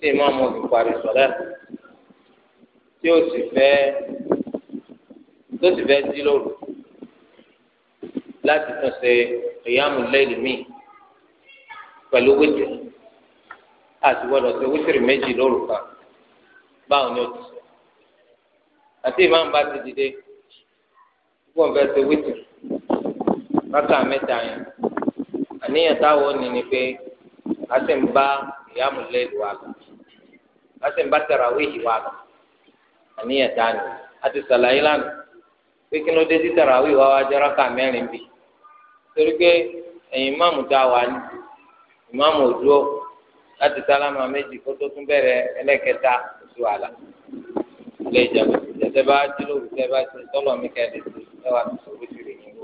tí imam ò fi parí sọ̀lẹ́ tí ó sì fẹ́ tó sì fẹ́ dí lóru láti tún ṣe ìyáàmù lẹ́yìn míì pẹ̀lú wítìrì àti gbọ́dọ̀ ṣe wítìrì méjì lóru kan báwo ni o ti sọ àti imam bá ti dìde púpọ̀ fẹ́ ṣe wítìrì bákà mẹ́ta yẹn àníyàn táwọn ò ní ni pé a sì ń bá ìyàmù lẹ́yìn wa lọ a sì ń bá tarawéèhì wa lọ àníyàn dání a ti sàlàyé lánàá pé kí ló dé sí tarawéèhì wa wá jẹ́rọ ká mẹ́rin bì torí pé ẹ̀yin ìmáàmù tá a wà ní ìmáàmù òdúró láti sálámà méjì kó tó tún bẹ̀rẹ̀ ẹlẹ́kẹta oṣù àlà ilé ìjọba ìjọba bá dúró òkúta bá ti tọ́lọ̀ mi kẹ́ẹ̀dẹ̀ sí ẹwà tó sọ wíṣọ ìrìn yìí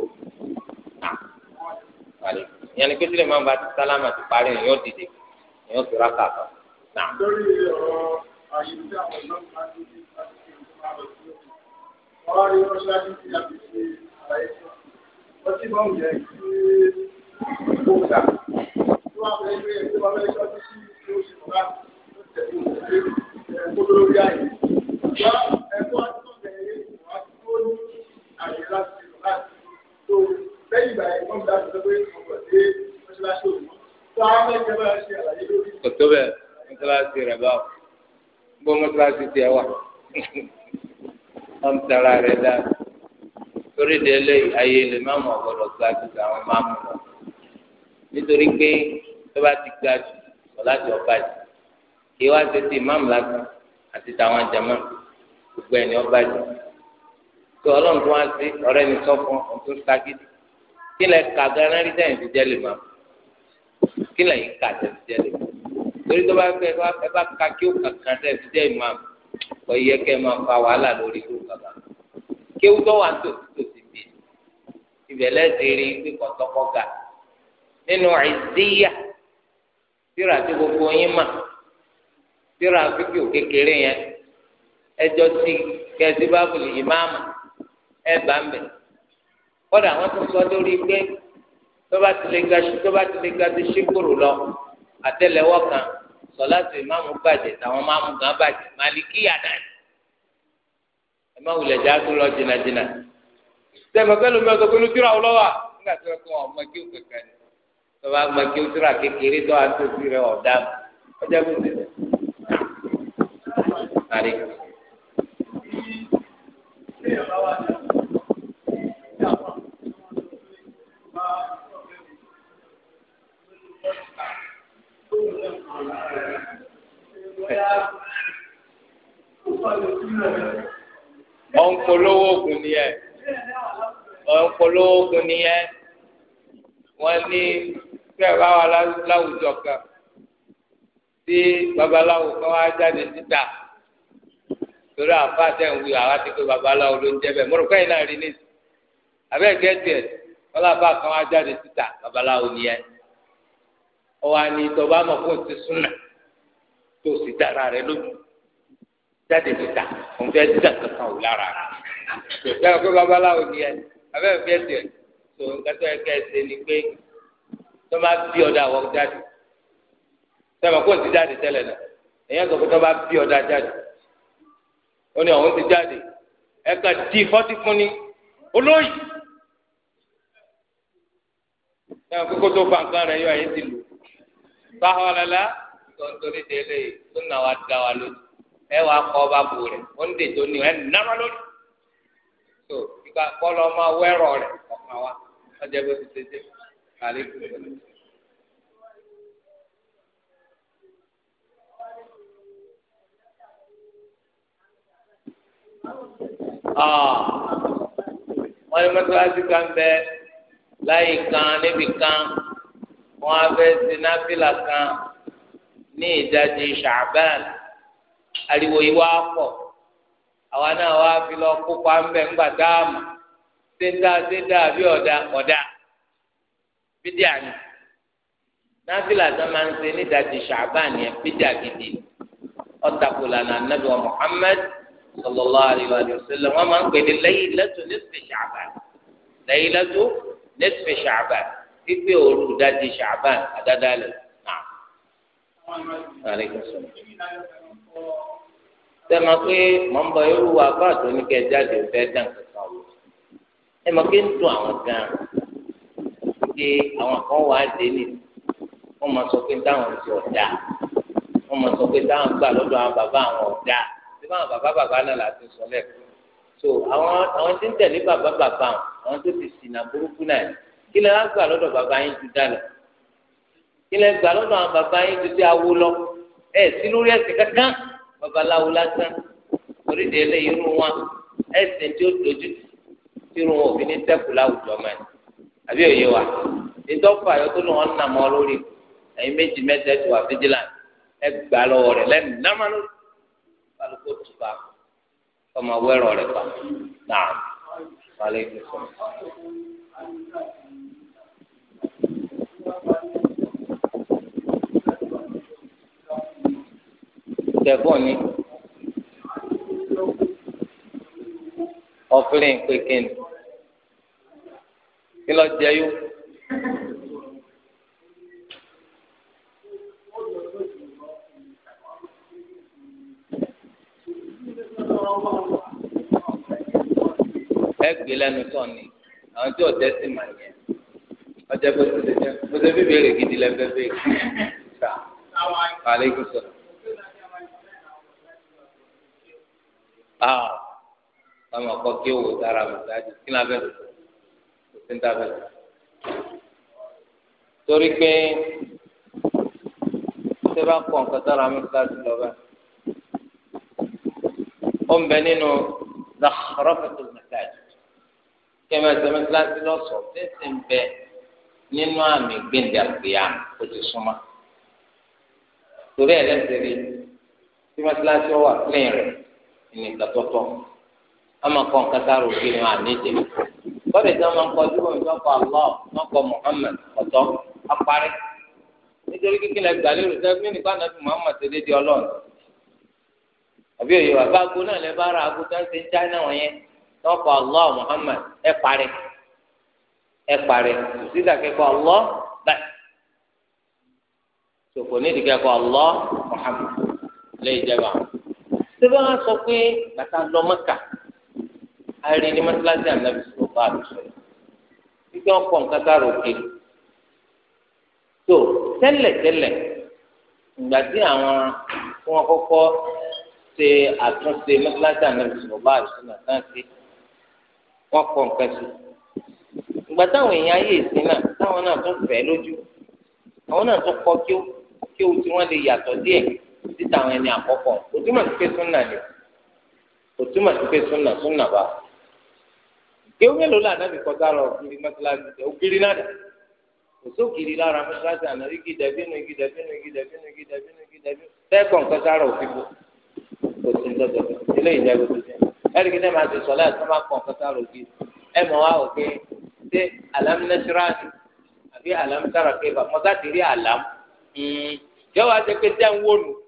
ìyẹn ni pété lè máa bá ti sálámà ti parí ẹ̀ yóò dìde ẹ̀ yóò fira kà kan. lórí ọ̀rọ̀ àyè tí àwọn ọlọ́run ń dé láti ọ̀rọ̀ ọ̀rọ̀ yìí wọ́n ṣáájú àlàyé sọ. wọ́n máa ń yẹ kí ó gbà tí wọ́n fẹ́ gbé ẹgbẹ́ wọn fẹ́ ṣọ́jú sí oṣù bá tẹ̀lé ẹ̀kọ́ lórí àyè. wọ́n ẹ̀kọ́ àti tó lẹ́yìn ìgbà yẹn wọ́n gba àtúntò pé wọ́n bọ̀ dé mọ́ṣáláṣí òun tó a mẹ́jọ bá ṣe àlàyé lórí. kòtò bẹ mọ́ṣáláṣí rẹ bá wọ bó mọ́ṣáláṣí tiẹ̀ wà wọ́n tara rẹ dá torí de eléyìí ayé lè má mọ̀ ọ̀gọ́dọ̀ gba ju àwọn máa mú ti ga ti máàmù lásán àti tàwọn jàmá gbogbo ẹ̀ ní ọ bàjẹ́ tó ọlọ́run tó wá sí ọ̀rẹ́ kí lẹ kà ganan rí sẹ́yìn ti jẹ́ lè máa kí lẹ yìí kà sẹ́yìn ti jẹ́ lè máa torí tó bá fẹ́ ẹ bá ka kí ó kankan sẹ́yìn ti jẹ́ ìmáà kò yẹ kẹ́ máa fa wàhálà lórí kúrò bàbá kí ó tọ́ wà tó tó ti bì ibẹ̀ lẹ́sẹ̀ rí kíkọ́ tọkọ́gà nínú ìdíyà síra tí gbogbo yín mà síra fíkìú kékeré yẹn ẹjọ́ tí kẹ́sì bábùlì ìmáàmù ẹ̀ bá ń bẹ̀rẹ̀ kọ́dà àwọn tó sọ lórí pé tó bá ti lè ga tó bá ti lè ga ti ṣíkòrò lọ àtẹ́lẹwọ́ kan sọláàtì ìmáàmù bàjẹ́ táwọn máàmù gan bàjẹ́ màlìkí àdáni ẹ má wulẹ̀ já tó lọ jìnnàjìnnà sẹ́mi ọ̀gá lómi ọ̀sọ̀ pẹ̀lú tíra ọlọ́wà nígbà tí wọ́n kọ́ ọmọ kí ó kẹ̀kẹ́ ni tó bá mọ kí ó tíra kékeré tó a tó sí rẹ ọ̀dà ọjà kò sí rẹ. ọ̀npọ̀lọ́wọ́ oògùn nìyẹn ọ̀npọ̀lọ́wọ́ oògùn nìyẹn wọ́n ní kí ẹ bá wà láwùjọ kan tí babaláwo kan wá jáde síta torí àfa àtẹ̀wé àwa ti pé babaláwo ló ń jẹ́ bẹ́ẹ̀ mọ̀rọ̀ kẹ́yìn náà rí ní abẹ́ẹ̀gẹ́tì ẹ̀ wọ́n láfa kan wá jáde síta babaláwo nìyẹn ọwọ́ àní ìtọ́ba mọ̀ kó o ti súnà tó o sì dára rẹ lójú jáde níta òun fẹ́ dà kankan wò lára rẹ bẹ́ẹ̀ pé babaláwo ni ẹ abẹ́ẹ̀ fẹ́ tẹ̀ tó kẹtọ́ ẹ kẹ́ ẹ ṣe ni pé tó máa bí ọ̀dà wọ́n jáde sẹ́mi kó o ti jáde tẹ́lẹ̀ náà èyàn sọ pé tó bá bí ọ̀dà jáde ó ní ọ̀hún ti jáde ẹ kàn dì fọ́tí fún ni olóyè sẹ́mi kókó tó fa nǹkan rẹ̀ yọ ẹ̀yìn ti lò sáwọn ọlọlá tó ń torí délé tó nà wá dá wa lójú ẹ wàá kọ ọba bò rẹ ó ń dè tó ní ẹ nàmá lójú tó ìgbà kọlọ ọmọ wẹrọ rẹ ọkàn wa ọjọ bó ti tètè kàlí kùtù. wọ́n ní mọ́tò láti kan bẹ́ẹ̀ láyé kan níbi kan wọn abẹ́ ṣe náfìlà kan ní ìdajì ṣàbẹ́n ariwo yìí wá pọ̀ àwa náà wá fi lọ kópa ń bẹ̀ ńgbà dáàmú ṣéńdá ṣéńdá àbí ọ̀dà ọ̀dà bídí àná náfìlà tó máa ń ṣe ní ìdajì ṣàbẹ́n yẹn bídí àgídì ọ̀tàkùn lànà nàbì wa Muhammad sallallahu alayhi wa sallam wọn máa ń pè ní lẹ́yìn lẹ́tọ̀ ní ṣàbẹ́n lẹ́yìn lẹ́tọ̀ ní ṣàbẹ́n pípé òru ìdajì ṣàbàn àdádálẹ náà àríkàsọ. sẹ́mi pé mọ̀ ń bọ irú apá tó ní kẹ́ jáde fẹ́ dàn kankan wò ẹ mọ̀ pé ń tún àwọn gan-an pé àwọn kan wà á dé nì wọ́n máa sọ pé táwọn ti ọ̀dà wọ́n máa sọ pé táwọn gbà lọ́dọ̀ àwọn bàbá àwọn ọ̀dà bí wọ́n bàbá bàbá náà láti sọ lẹ́kọ̀ọ́ so àwọn àwọn tí ń tẹ̀lé bàbá bàbá àwọn tó ti ṣìnà burúkú náà kí lẹ wá gbà lọ́dọ̀ bàbá yín ju dá lọ gbà lọ́dọ̀ àwọn bàbá yín ju tí awo lọ ẹ sí lórí ẹsẹ̀ kankan babaláwo lásán torí de ilé irun ẹsẹ̀ tí ó dojú tí irun wọn òfin ní sẹkù láwùjọ mọ ẹ àbí òye wa ìdọ́fà ayọ̀ tó lọ́ nà mọ́ lórí ẹ̀yin méjì mẹ́tẹ́ wà ẹ gbà lọ́wọ́ lẹ́nu lórí ọmọ wẹ́rọ̀ sẹ́fọ̀n ni ọ̀fìlìn pékin kí lọ jẹ yó. ẹgbẹ́ lẹ́nu tán ni àwọn tí ọ̀tẹ́ sì mà yẹn ọjọ́ pé kò tẹ̀ jẹ́ kò tẹ̀ fi béèrè gidi lẹ́fẹ̀ẹ́ béèrè. Aleykum salaam. ah wọn máa kọ kí owó dára mẹsàájú kí náà bẹ̀rẹ̀ kò sí ń dá bẹ̀rẹ̀ torí pé ṣé bá kọ nǹkan dára mẹsàájú lọ bá ó ń bẹ nínú zakharafatul mẹsàájú kí ẹ máa ṣe mẹsàájú lọ́sọ̀ọ́ tẹ́sí ń bẹ nínú àmì gbẹ̀ǹdà gbìyà kò sì súnmọ́ torí ẹ̀ lẹ́sẹ̀ rí tí mẹsàájú wà clean nìkan tọ́tọ́ ama kọ́ nǹkan sára òkè ni bọ́dẹ̀ tí wọ́n kọ́ dúró nígbà kọ́ Allah wọ́n kọ́ Muhammad ọ̀tọ́ apárí nítorí kíkìlá sẹ́fún àbí òye wà bá náà bá ara aago tó ń ṣe ń China wọn wọ́n kọ́ sebe wọn sọ pé bàtà lọ mọkà àrí ní mọsálásí ànábì sọ̀rọ̀ bá àlùsọ yìí wípé wọn pọ nǹkan ká ròkè tó tẹ́lẹ̀tẹ́lẹ̀ ìgbà tí àwọn tí wọn kọ́kọ́ ṣe àtúnṣe mọsálásí ànábì ba? bá àlùsọ náà tán sí wọn pọ nǹkan sí ìgbà táwọn èèyàn ayé ìsìn náà táwọn náà tún fẹ́ lójú àwọn náà tún kọ kí ó kí ó tí wọn lè yàtọ̀ díẹ̀ kò sí táwọn ẹni àkọ́kọ́ kò túmọ̀ sí pé súnà ni kò túmọ̀ sí pé súnà súnà bá kéwù mélòó là nàbì kọjá lọ kiri mọ́tíláṣí tẹ òkiri náà dà kò sókiri lára mọ́tíláṣí àná igi dàbínú igi dàbínú igi dàbínú igi dàbínú igi dàbínú tẹ́kọ̀ nǹkan sára òfin bò kò sí dọ́dọ̀ eléyìí jẹ́ gbogbo jẹ́ ẹ̀ríkì náà máa ti sọ̀lá ẹ̀ tó máa kọ̀ nǹkan sára òfin ẹ̀ mọ̀ wá òkè ṣé alámínẹ́síráàdì àbí alámísára kébà mọ́tàdírí àlám hmm. yọ wá pé tẹ́ ń wónú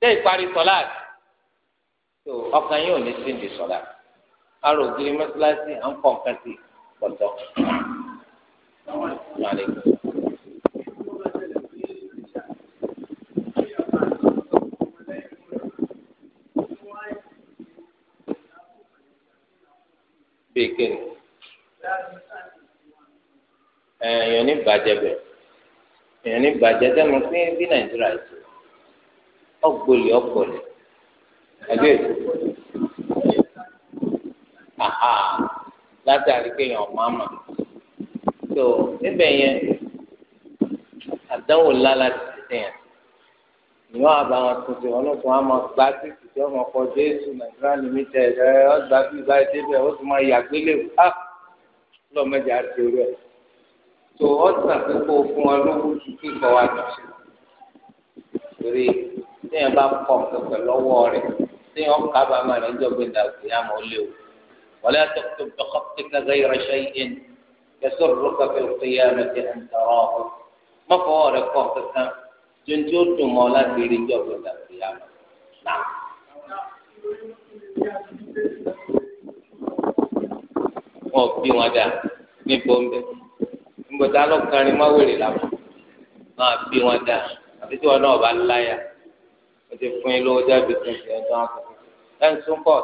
dé ìparí sọláàtì tó ọkàn yín ò ní sí ibi sọláàtì arò ògiri mọ́sálásí à ń kọ́ nǹkan sí pọ̀tọ́. Bèkèrè èèyàn ní bàjẹ́ bẹ̀ èèyàn ní bàjẹ́ dẹ́nu pé bí Nàìjíríà ti wà ọgbọlẹ ọgbọlẹ ẹgbẹ aha látàrí kéèyàn máma tó níbẹ̀ yẹn àdánwò lálá ti sèyàn ìwọ àbáwọn tuntun ọlọ́pàá àmọ́ gba títí tí ọmọ kọ jésù nàìjíríà limited ẹ ọgbà bí báyìí débẹ̀ ó sì máa yàgbélé wò ah! á lọ́mọdé àti orí ẹ̀ tó ọ̀sán pípọ̀ fún ọ lówó tuntun kọ́ wa jù sí torí téèyàn bá kọ pẹpẹ lọ́wọ́ rẹ̀ téèyàn kábàámà rẹ̀ ńjọ gbé dàgbé àmọ́ ó léwu wọlé àtọkùtù dọkọtì kẹgẹ ìrẹsẹ yìí kẹsọ rúkọ fẹlẹ yà mẹtẹ ẹntọrọ ọhún mọfọwọ rẹ̀ kọ kankan tuntun ó dùn mọ́ láti rí ńjọ gbé dàgbé àmọ́ náà. wọn bí wọn dà ní bọmbẹ ńgbọdá lọkùnrin máwèrè làwọn máa bí wọn dà àbí tí wọn náà bá láyà o ti fún yín lówó jáde fún ti ẹjọ́ àkókò ẹ ń sún pọ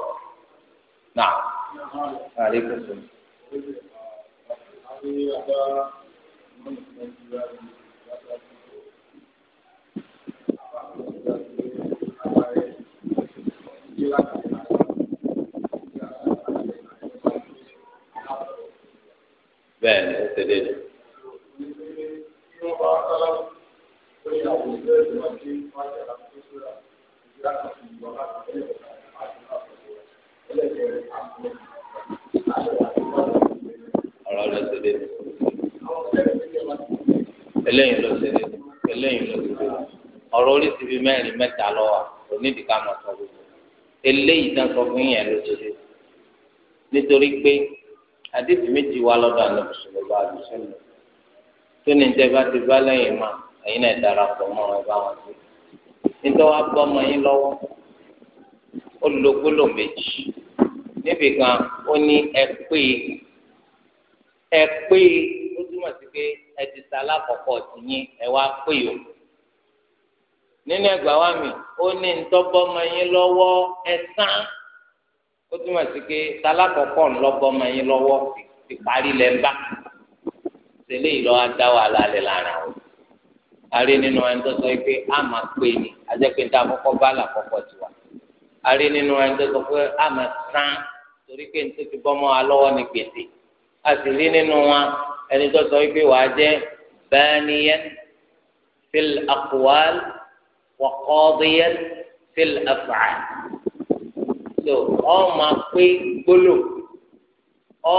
náà àlè kò sùn. Bẹ́ẹ̀ni ó ti dé ní. Thank you ọ̀rọ̀ rẹ̀ ṣe dé eléyìí ló ṣe dé eléyìí ló ṣe dé ọ̀rọ̀ oríṣi bíi mẹ́rin mẹ́ta lọ wà onídìí ká máa sọ gbogbo eléyìí náà sọ fún yẹn ló ṣe dé nítorí pé àdéhùn méjì wà lọ́dọ̀ àná mùsùlùmí àdùsùn tó ní ìjẹba ti bá lẹ́yìn máa ẹ̀yin náà darapọ̀ mọ́ ẹ bá wọn sí i nítorí wàá bọ́ ọmọ yín lọ́wọ́ ó lo gbólò méjì níbi kan ó ní ẹ pé ẹ pé ó túmọ̀ sí pé ẹ ti ta alákọ̀ọ́kọ́ tì yín ẹ wá pé o nínú ẹgbàá wa mi ó ní ntọ́bọ́ ọmọ yín lọ́wọ́ ẹ sán ó túmọ̀ sí pé talakọ̀kọ́ ńlọ́bọ́ ọmọ yín lọ́wọ́ ti parí lẹ́ńbà tẹ́lẹ̀ ìlọ́ adáwà lálẹ́ lára wọn àrí nínú ẹni tó sọ pé a máa pè ní àjẹpẹ́ tá a kọ́kọ́ bá là kọ́kọ́ tiwa àrí nínú ẹni tó sọ pé a máa sán torí pé ní tó ti bọ́ mọ́ wa lọ́wọ́ ní gbèsè a sì rí nínú wa ẹni tó sọ pé wàá jẹ́ bẹ́ẹ̀niyẹn fil aqwal wa fil af'al so ọ máa pé gbólò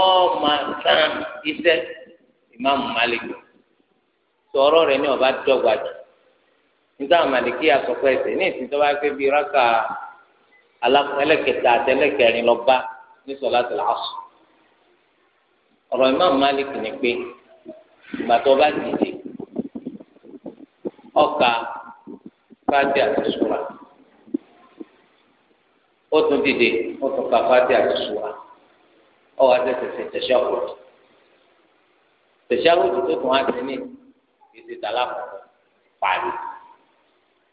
ọ máa sán iṣẹ́ ìmáàmù Málíkì. sọ̀rọ̀ rẹ ní ọba dọ́gba jù níta màlìkí àsọpọ ẹsẹ ní ìsìn tó bá fẹ́ bí rákà ẹlẹ́kẹta àtẹlẹ́kẹrin lọ bá ní sọlá tó lásù ọ̀rọ̀ imáà malik ni pé ìgbà tó bá dìde ọkà fàdí àtúnṣúra ó tún dìde ka fàdí àtúnṣúra àti tó tún á èsì tala kọ̀ọ̀kan parí.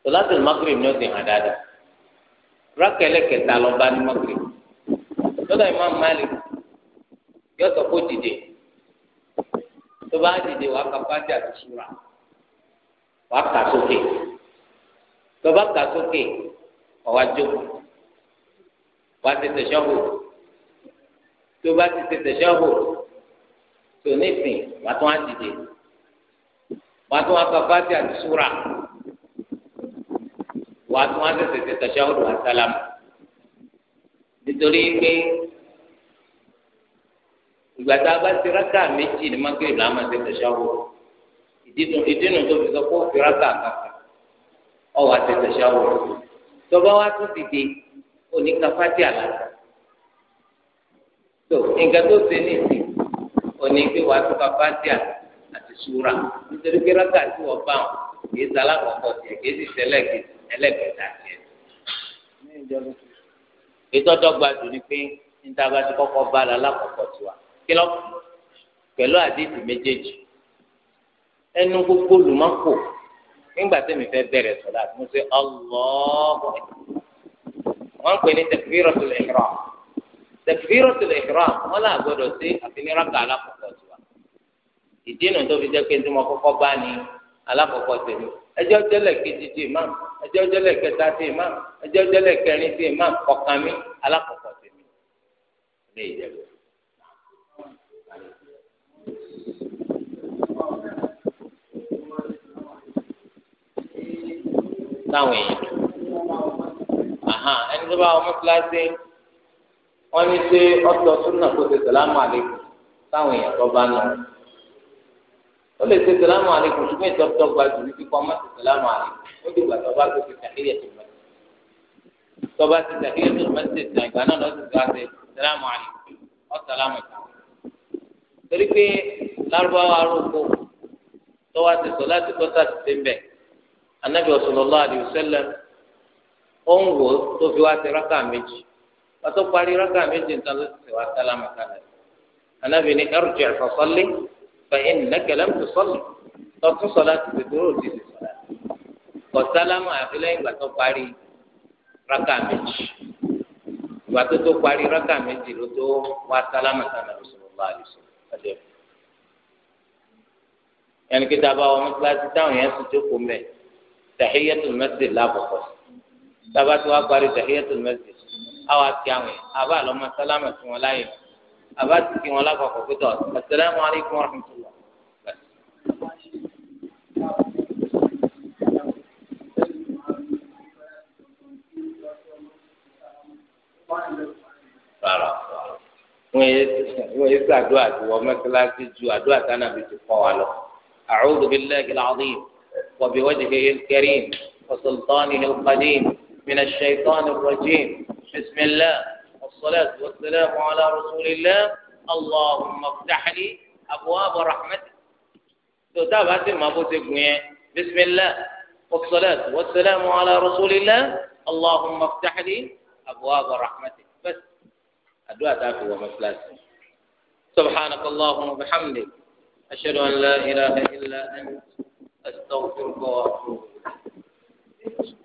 sọláṣẹ́ magrib ni ó ti hàn dáadáa rákẹ́lẹ́ kẹta lọ bá ní magrib lọ́dọ̀ Imam Malik yóò sọ kó dìde tó bá dìde wàá ka fájì àti sùúrà wàá kà sókè tó bá kà sókè ọ̀wá jókòó wàá tètè sọ́hùn tó bá ti tètè sọ́hùn tó nísìn wàá tún á dìde wàá tún wọn kọ fati àti sura wàá tún wọn sẹsẹ ti tashahud wa salam nítorí pé ìgbà tá a bá ti raka méjì ní mákè ìlú àmà ti tashahud ìdínú tó fi sọ pé ó fi raka kankan ọ wàá ti tashahud tọba wa tún dìde òní ka fati àlàkà tó nǹkan tó ṣe ní ìsìn òní pé wàá tún ka fati àlàkà àti súra nítorí pé rákà tí wọ́n bá wọn kì í sálá kọ̀ọ̀kan tiẹ̀ kì í sì sẹ́lẹ̀ kì í ẹlẹ́gbẹ̀ta tiẹ̀. ètò ọ̀dọ́gba jù ni pé níta bá ti kọ́kọ́ bá la lákọ̀ọ́kọ́ tiwa kí lọ́ pẹ̀lú àdéhùn méjèèjì ẹnu gbogbo olùmọ́kò nígbà tẹ́mi fẹ́ bẹ̀rẹ̀ sọ̀lá mo ṣe ọlọ́ọ̀bọ̀ wọ́n pè ní takbiratul ihram takbiratul ihram wọ́n là gbọ́dọ̀ sí àfiniraka alákọ̀ọ́kọ́ tiwa ìdínà tó fi jẹ́ pé tí mo kọ́kọ́ bá ní alákọ̀ọ́kọ́ tèmi ẹjọ́ jẹ́lẹ̀ kejì ti imam ẹjọ́ jẹ́lẹ̀ kẹta ti imam ẹjọ́ jẹ́lẹ̀ kẹrin ti imam kọ̀kan mi alákọ̀ọ́kọ́ tèmi lè jẹ́ bẹ́ẹ̀. táwọn èèyàn ẹni tó bá wọn kíláàsì wọn ní ṣe ọtọ súnà kó ṣe sàlámù àlékún táwọn èèyàn tó bá náà ó lè ṣe sàlámù àlékún ṣùgbọ́n ìtọ́tọ́ gba jù wípé kọ́ máa ṣe sàlámù àlékún ó ti gbà tọ́ba tó ti tàkìyà tó mẹ́tẹ̀ tọ́ba ti tàkìyà tó mẹ́tẹ̀ tà ìgbà náà lọ́sì tó ṣe sàlámù àlékún ọ́ sàlámù ìtàwọn. torí pé lárúbáwá aróko tọ́wá ti sọ láti kọ́ sáti ṣe ń bẹ̀ anábì sallallahu alaihi wasallam ó ń wò tó fi wá sí rákà méjì pàtó parí rákà méjì nǹkan ló ti wá sàlámù kálẹ̀ anábì ní ẹrù jẹ̀ fọ́sọ́lé fẹ̀yìn nìlẹ́kẹ̀lẹ́ tó sọ́lù tọ́tún sọ́lá ti ti dúró ti ti sọ́lá kọ̀sálámù àfi lẹ́yìn ìgbà tó parí rákà méjì ìgbà tó tó parí rákà méjì ló tó wá sálámù sànà lọ́sọ̀rọ̀ àdé yẹnni kí taba wọn kíláàsì táwọn yẹn ti jókòó mẹ tàhíyàtò mẹsì làbọkọ taba tí wàá parí tàhíyàtò mẹsì àwọn àti àwọn yẹn àbá àlọ́ sálámù sí wọn láyé wọn. àbá ti kí wọn lápapọ̀ pé tọ̀ asalaamu alaykum wa rahmatulah. rárá wọn yé sàdúrà tí wọn mẹsàlásì ju àdúrà tánàbí ti kọ́ wa lọ. أعوذ بالله العظيم وبوجهه الكريم وسلطانه القديم من الشيطان الرجيم بسم الله والصلاة والسلام على رسول الله اللهم افتح لي أبواب رحمتك تتابع ما بوتك بسم الله والصلاة والسلام على رسول الله اللهم افتح لي أبواب رحمتك بس أدعاء تافه ومسلاسي سبحانك اللهم وبحمدك أشهد أن لا إله إلا أنت أستغفرك وأتوب إليك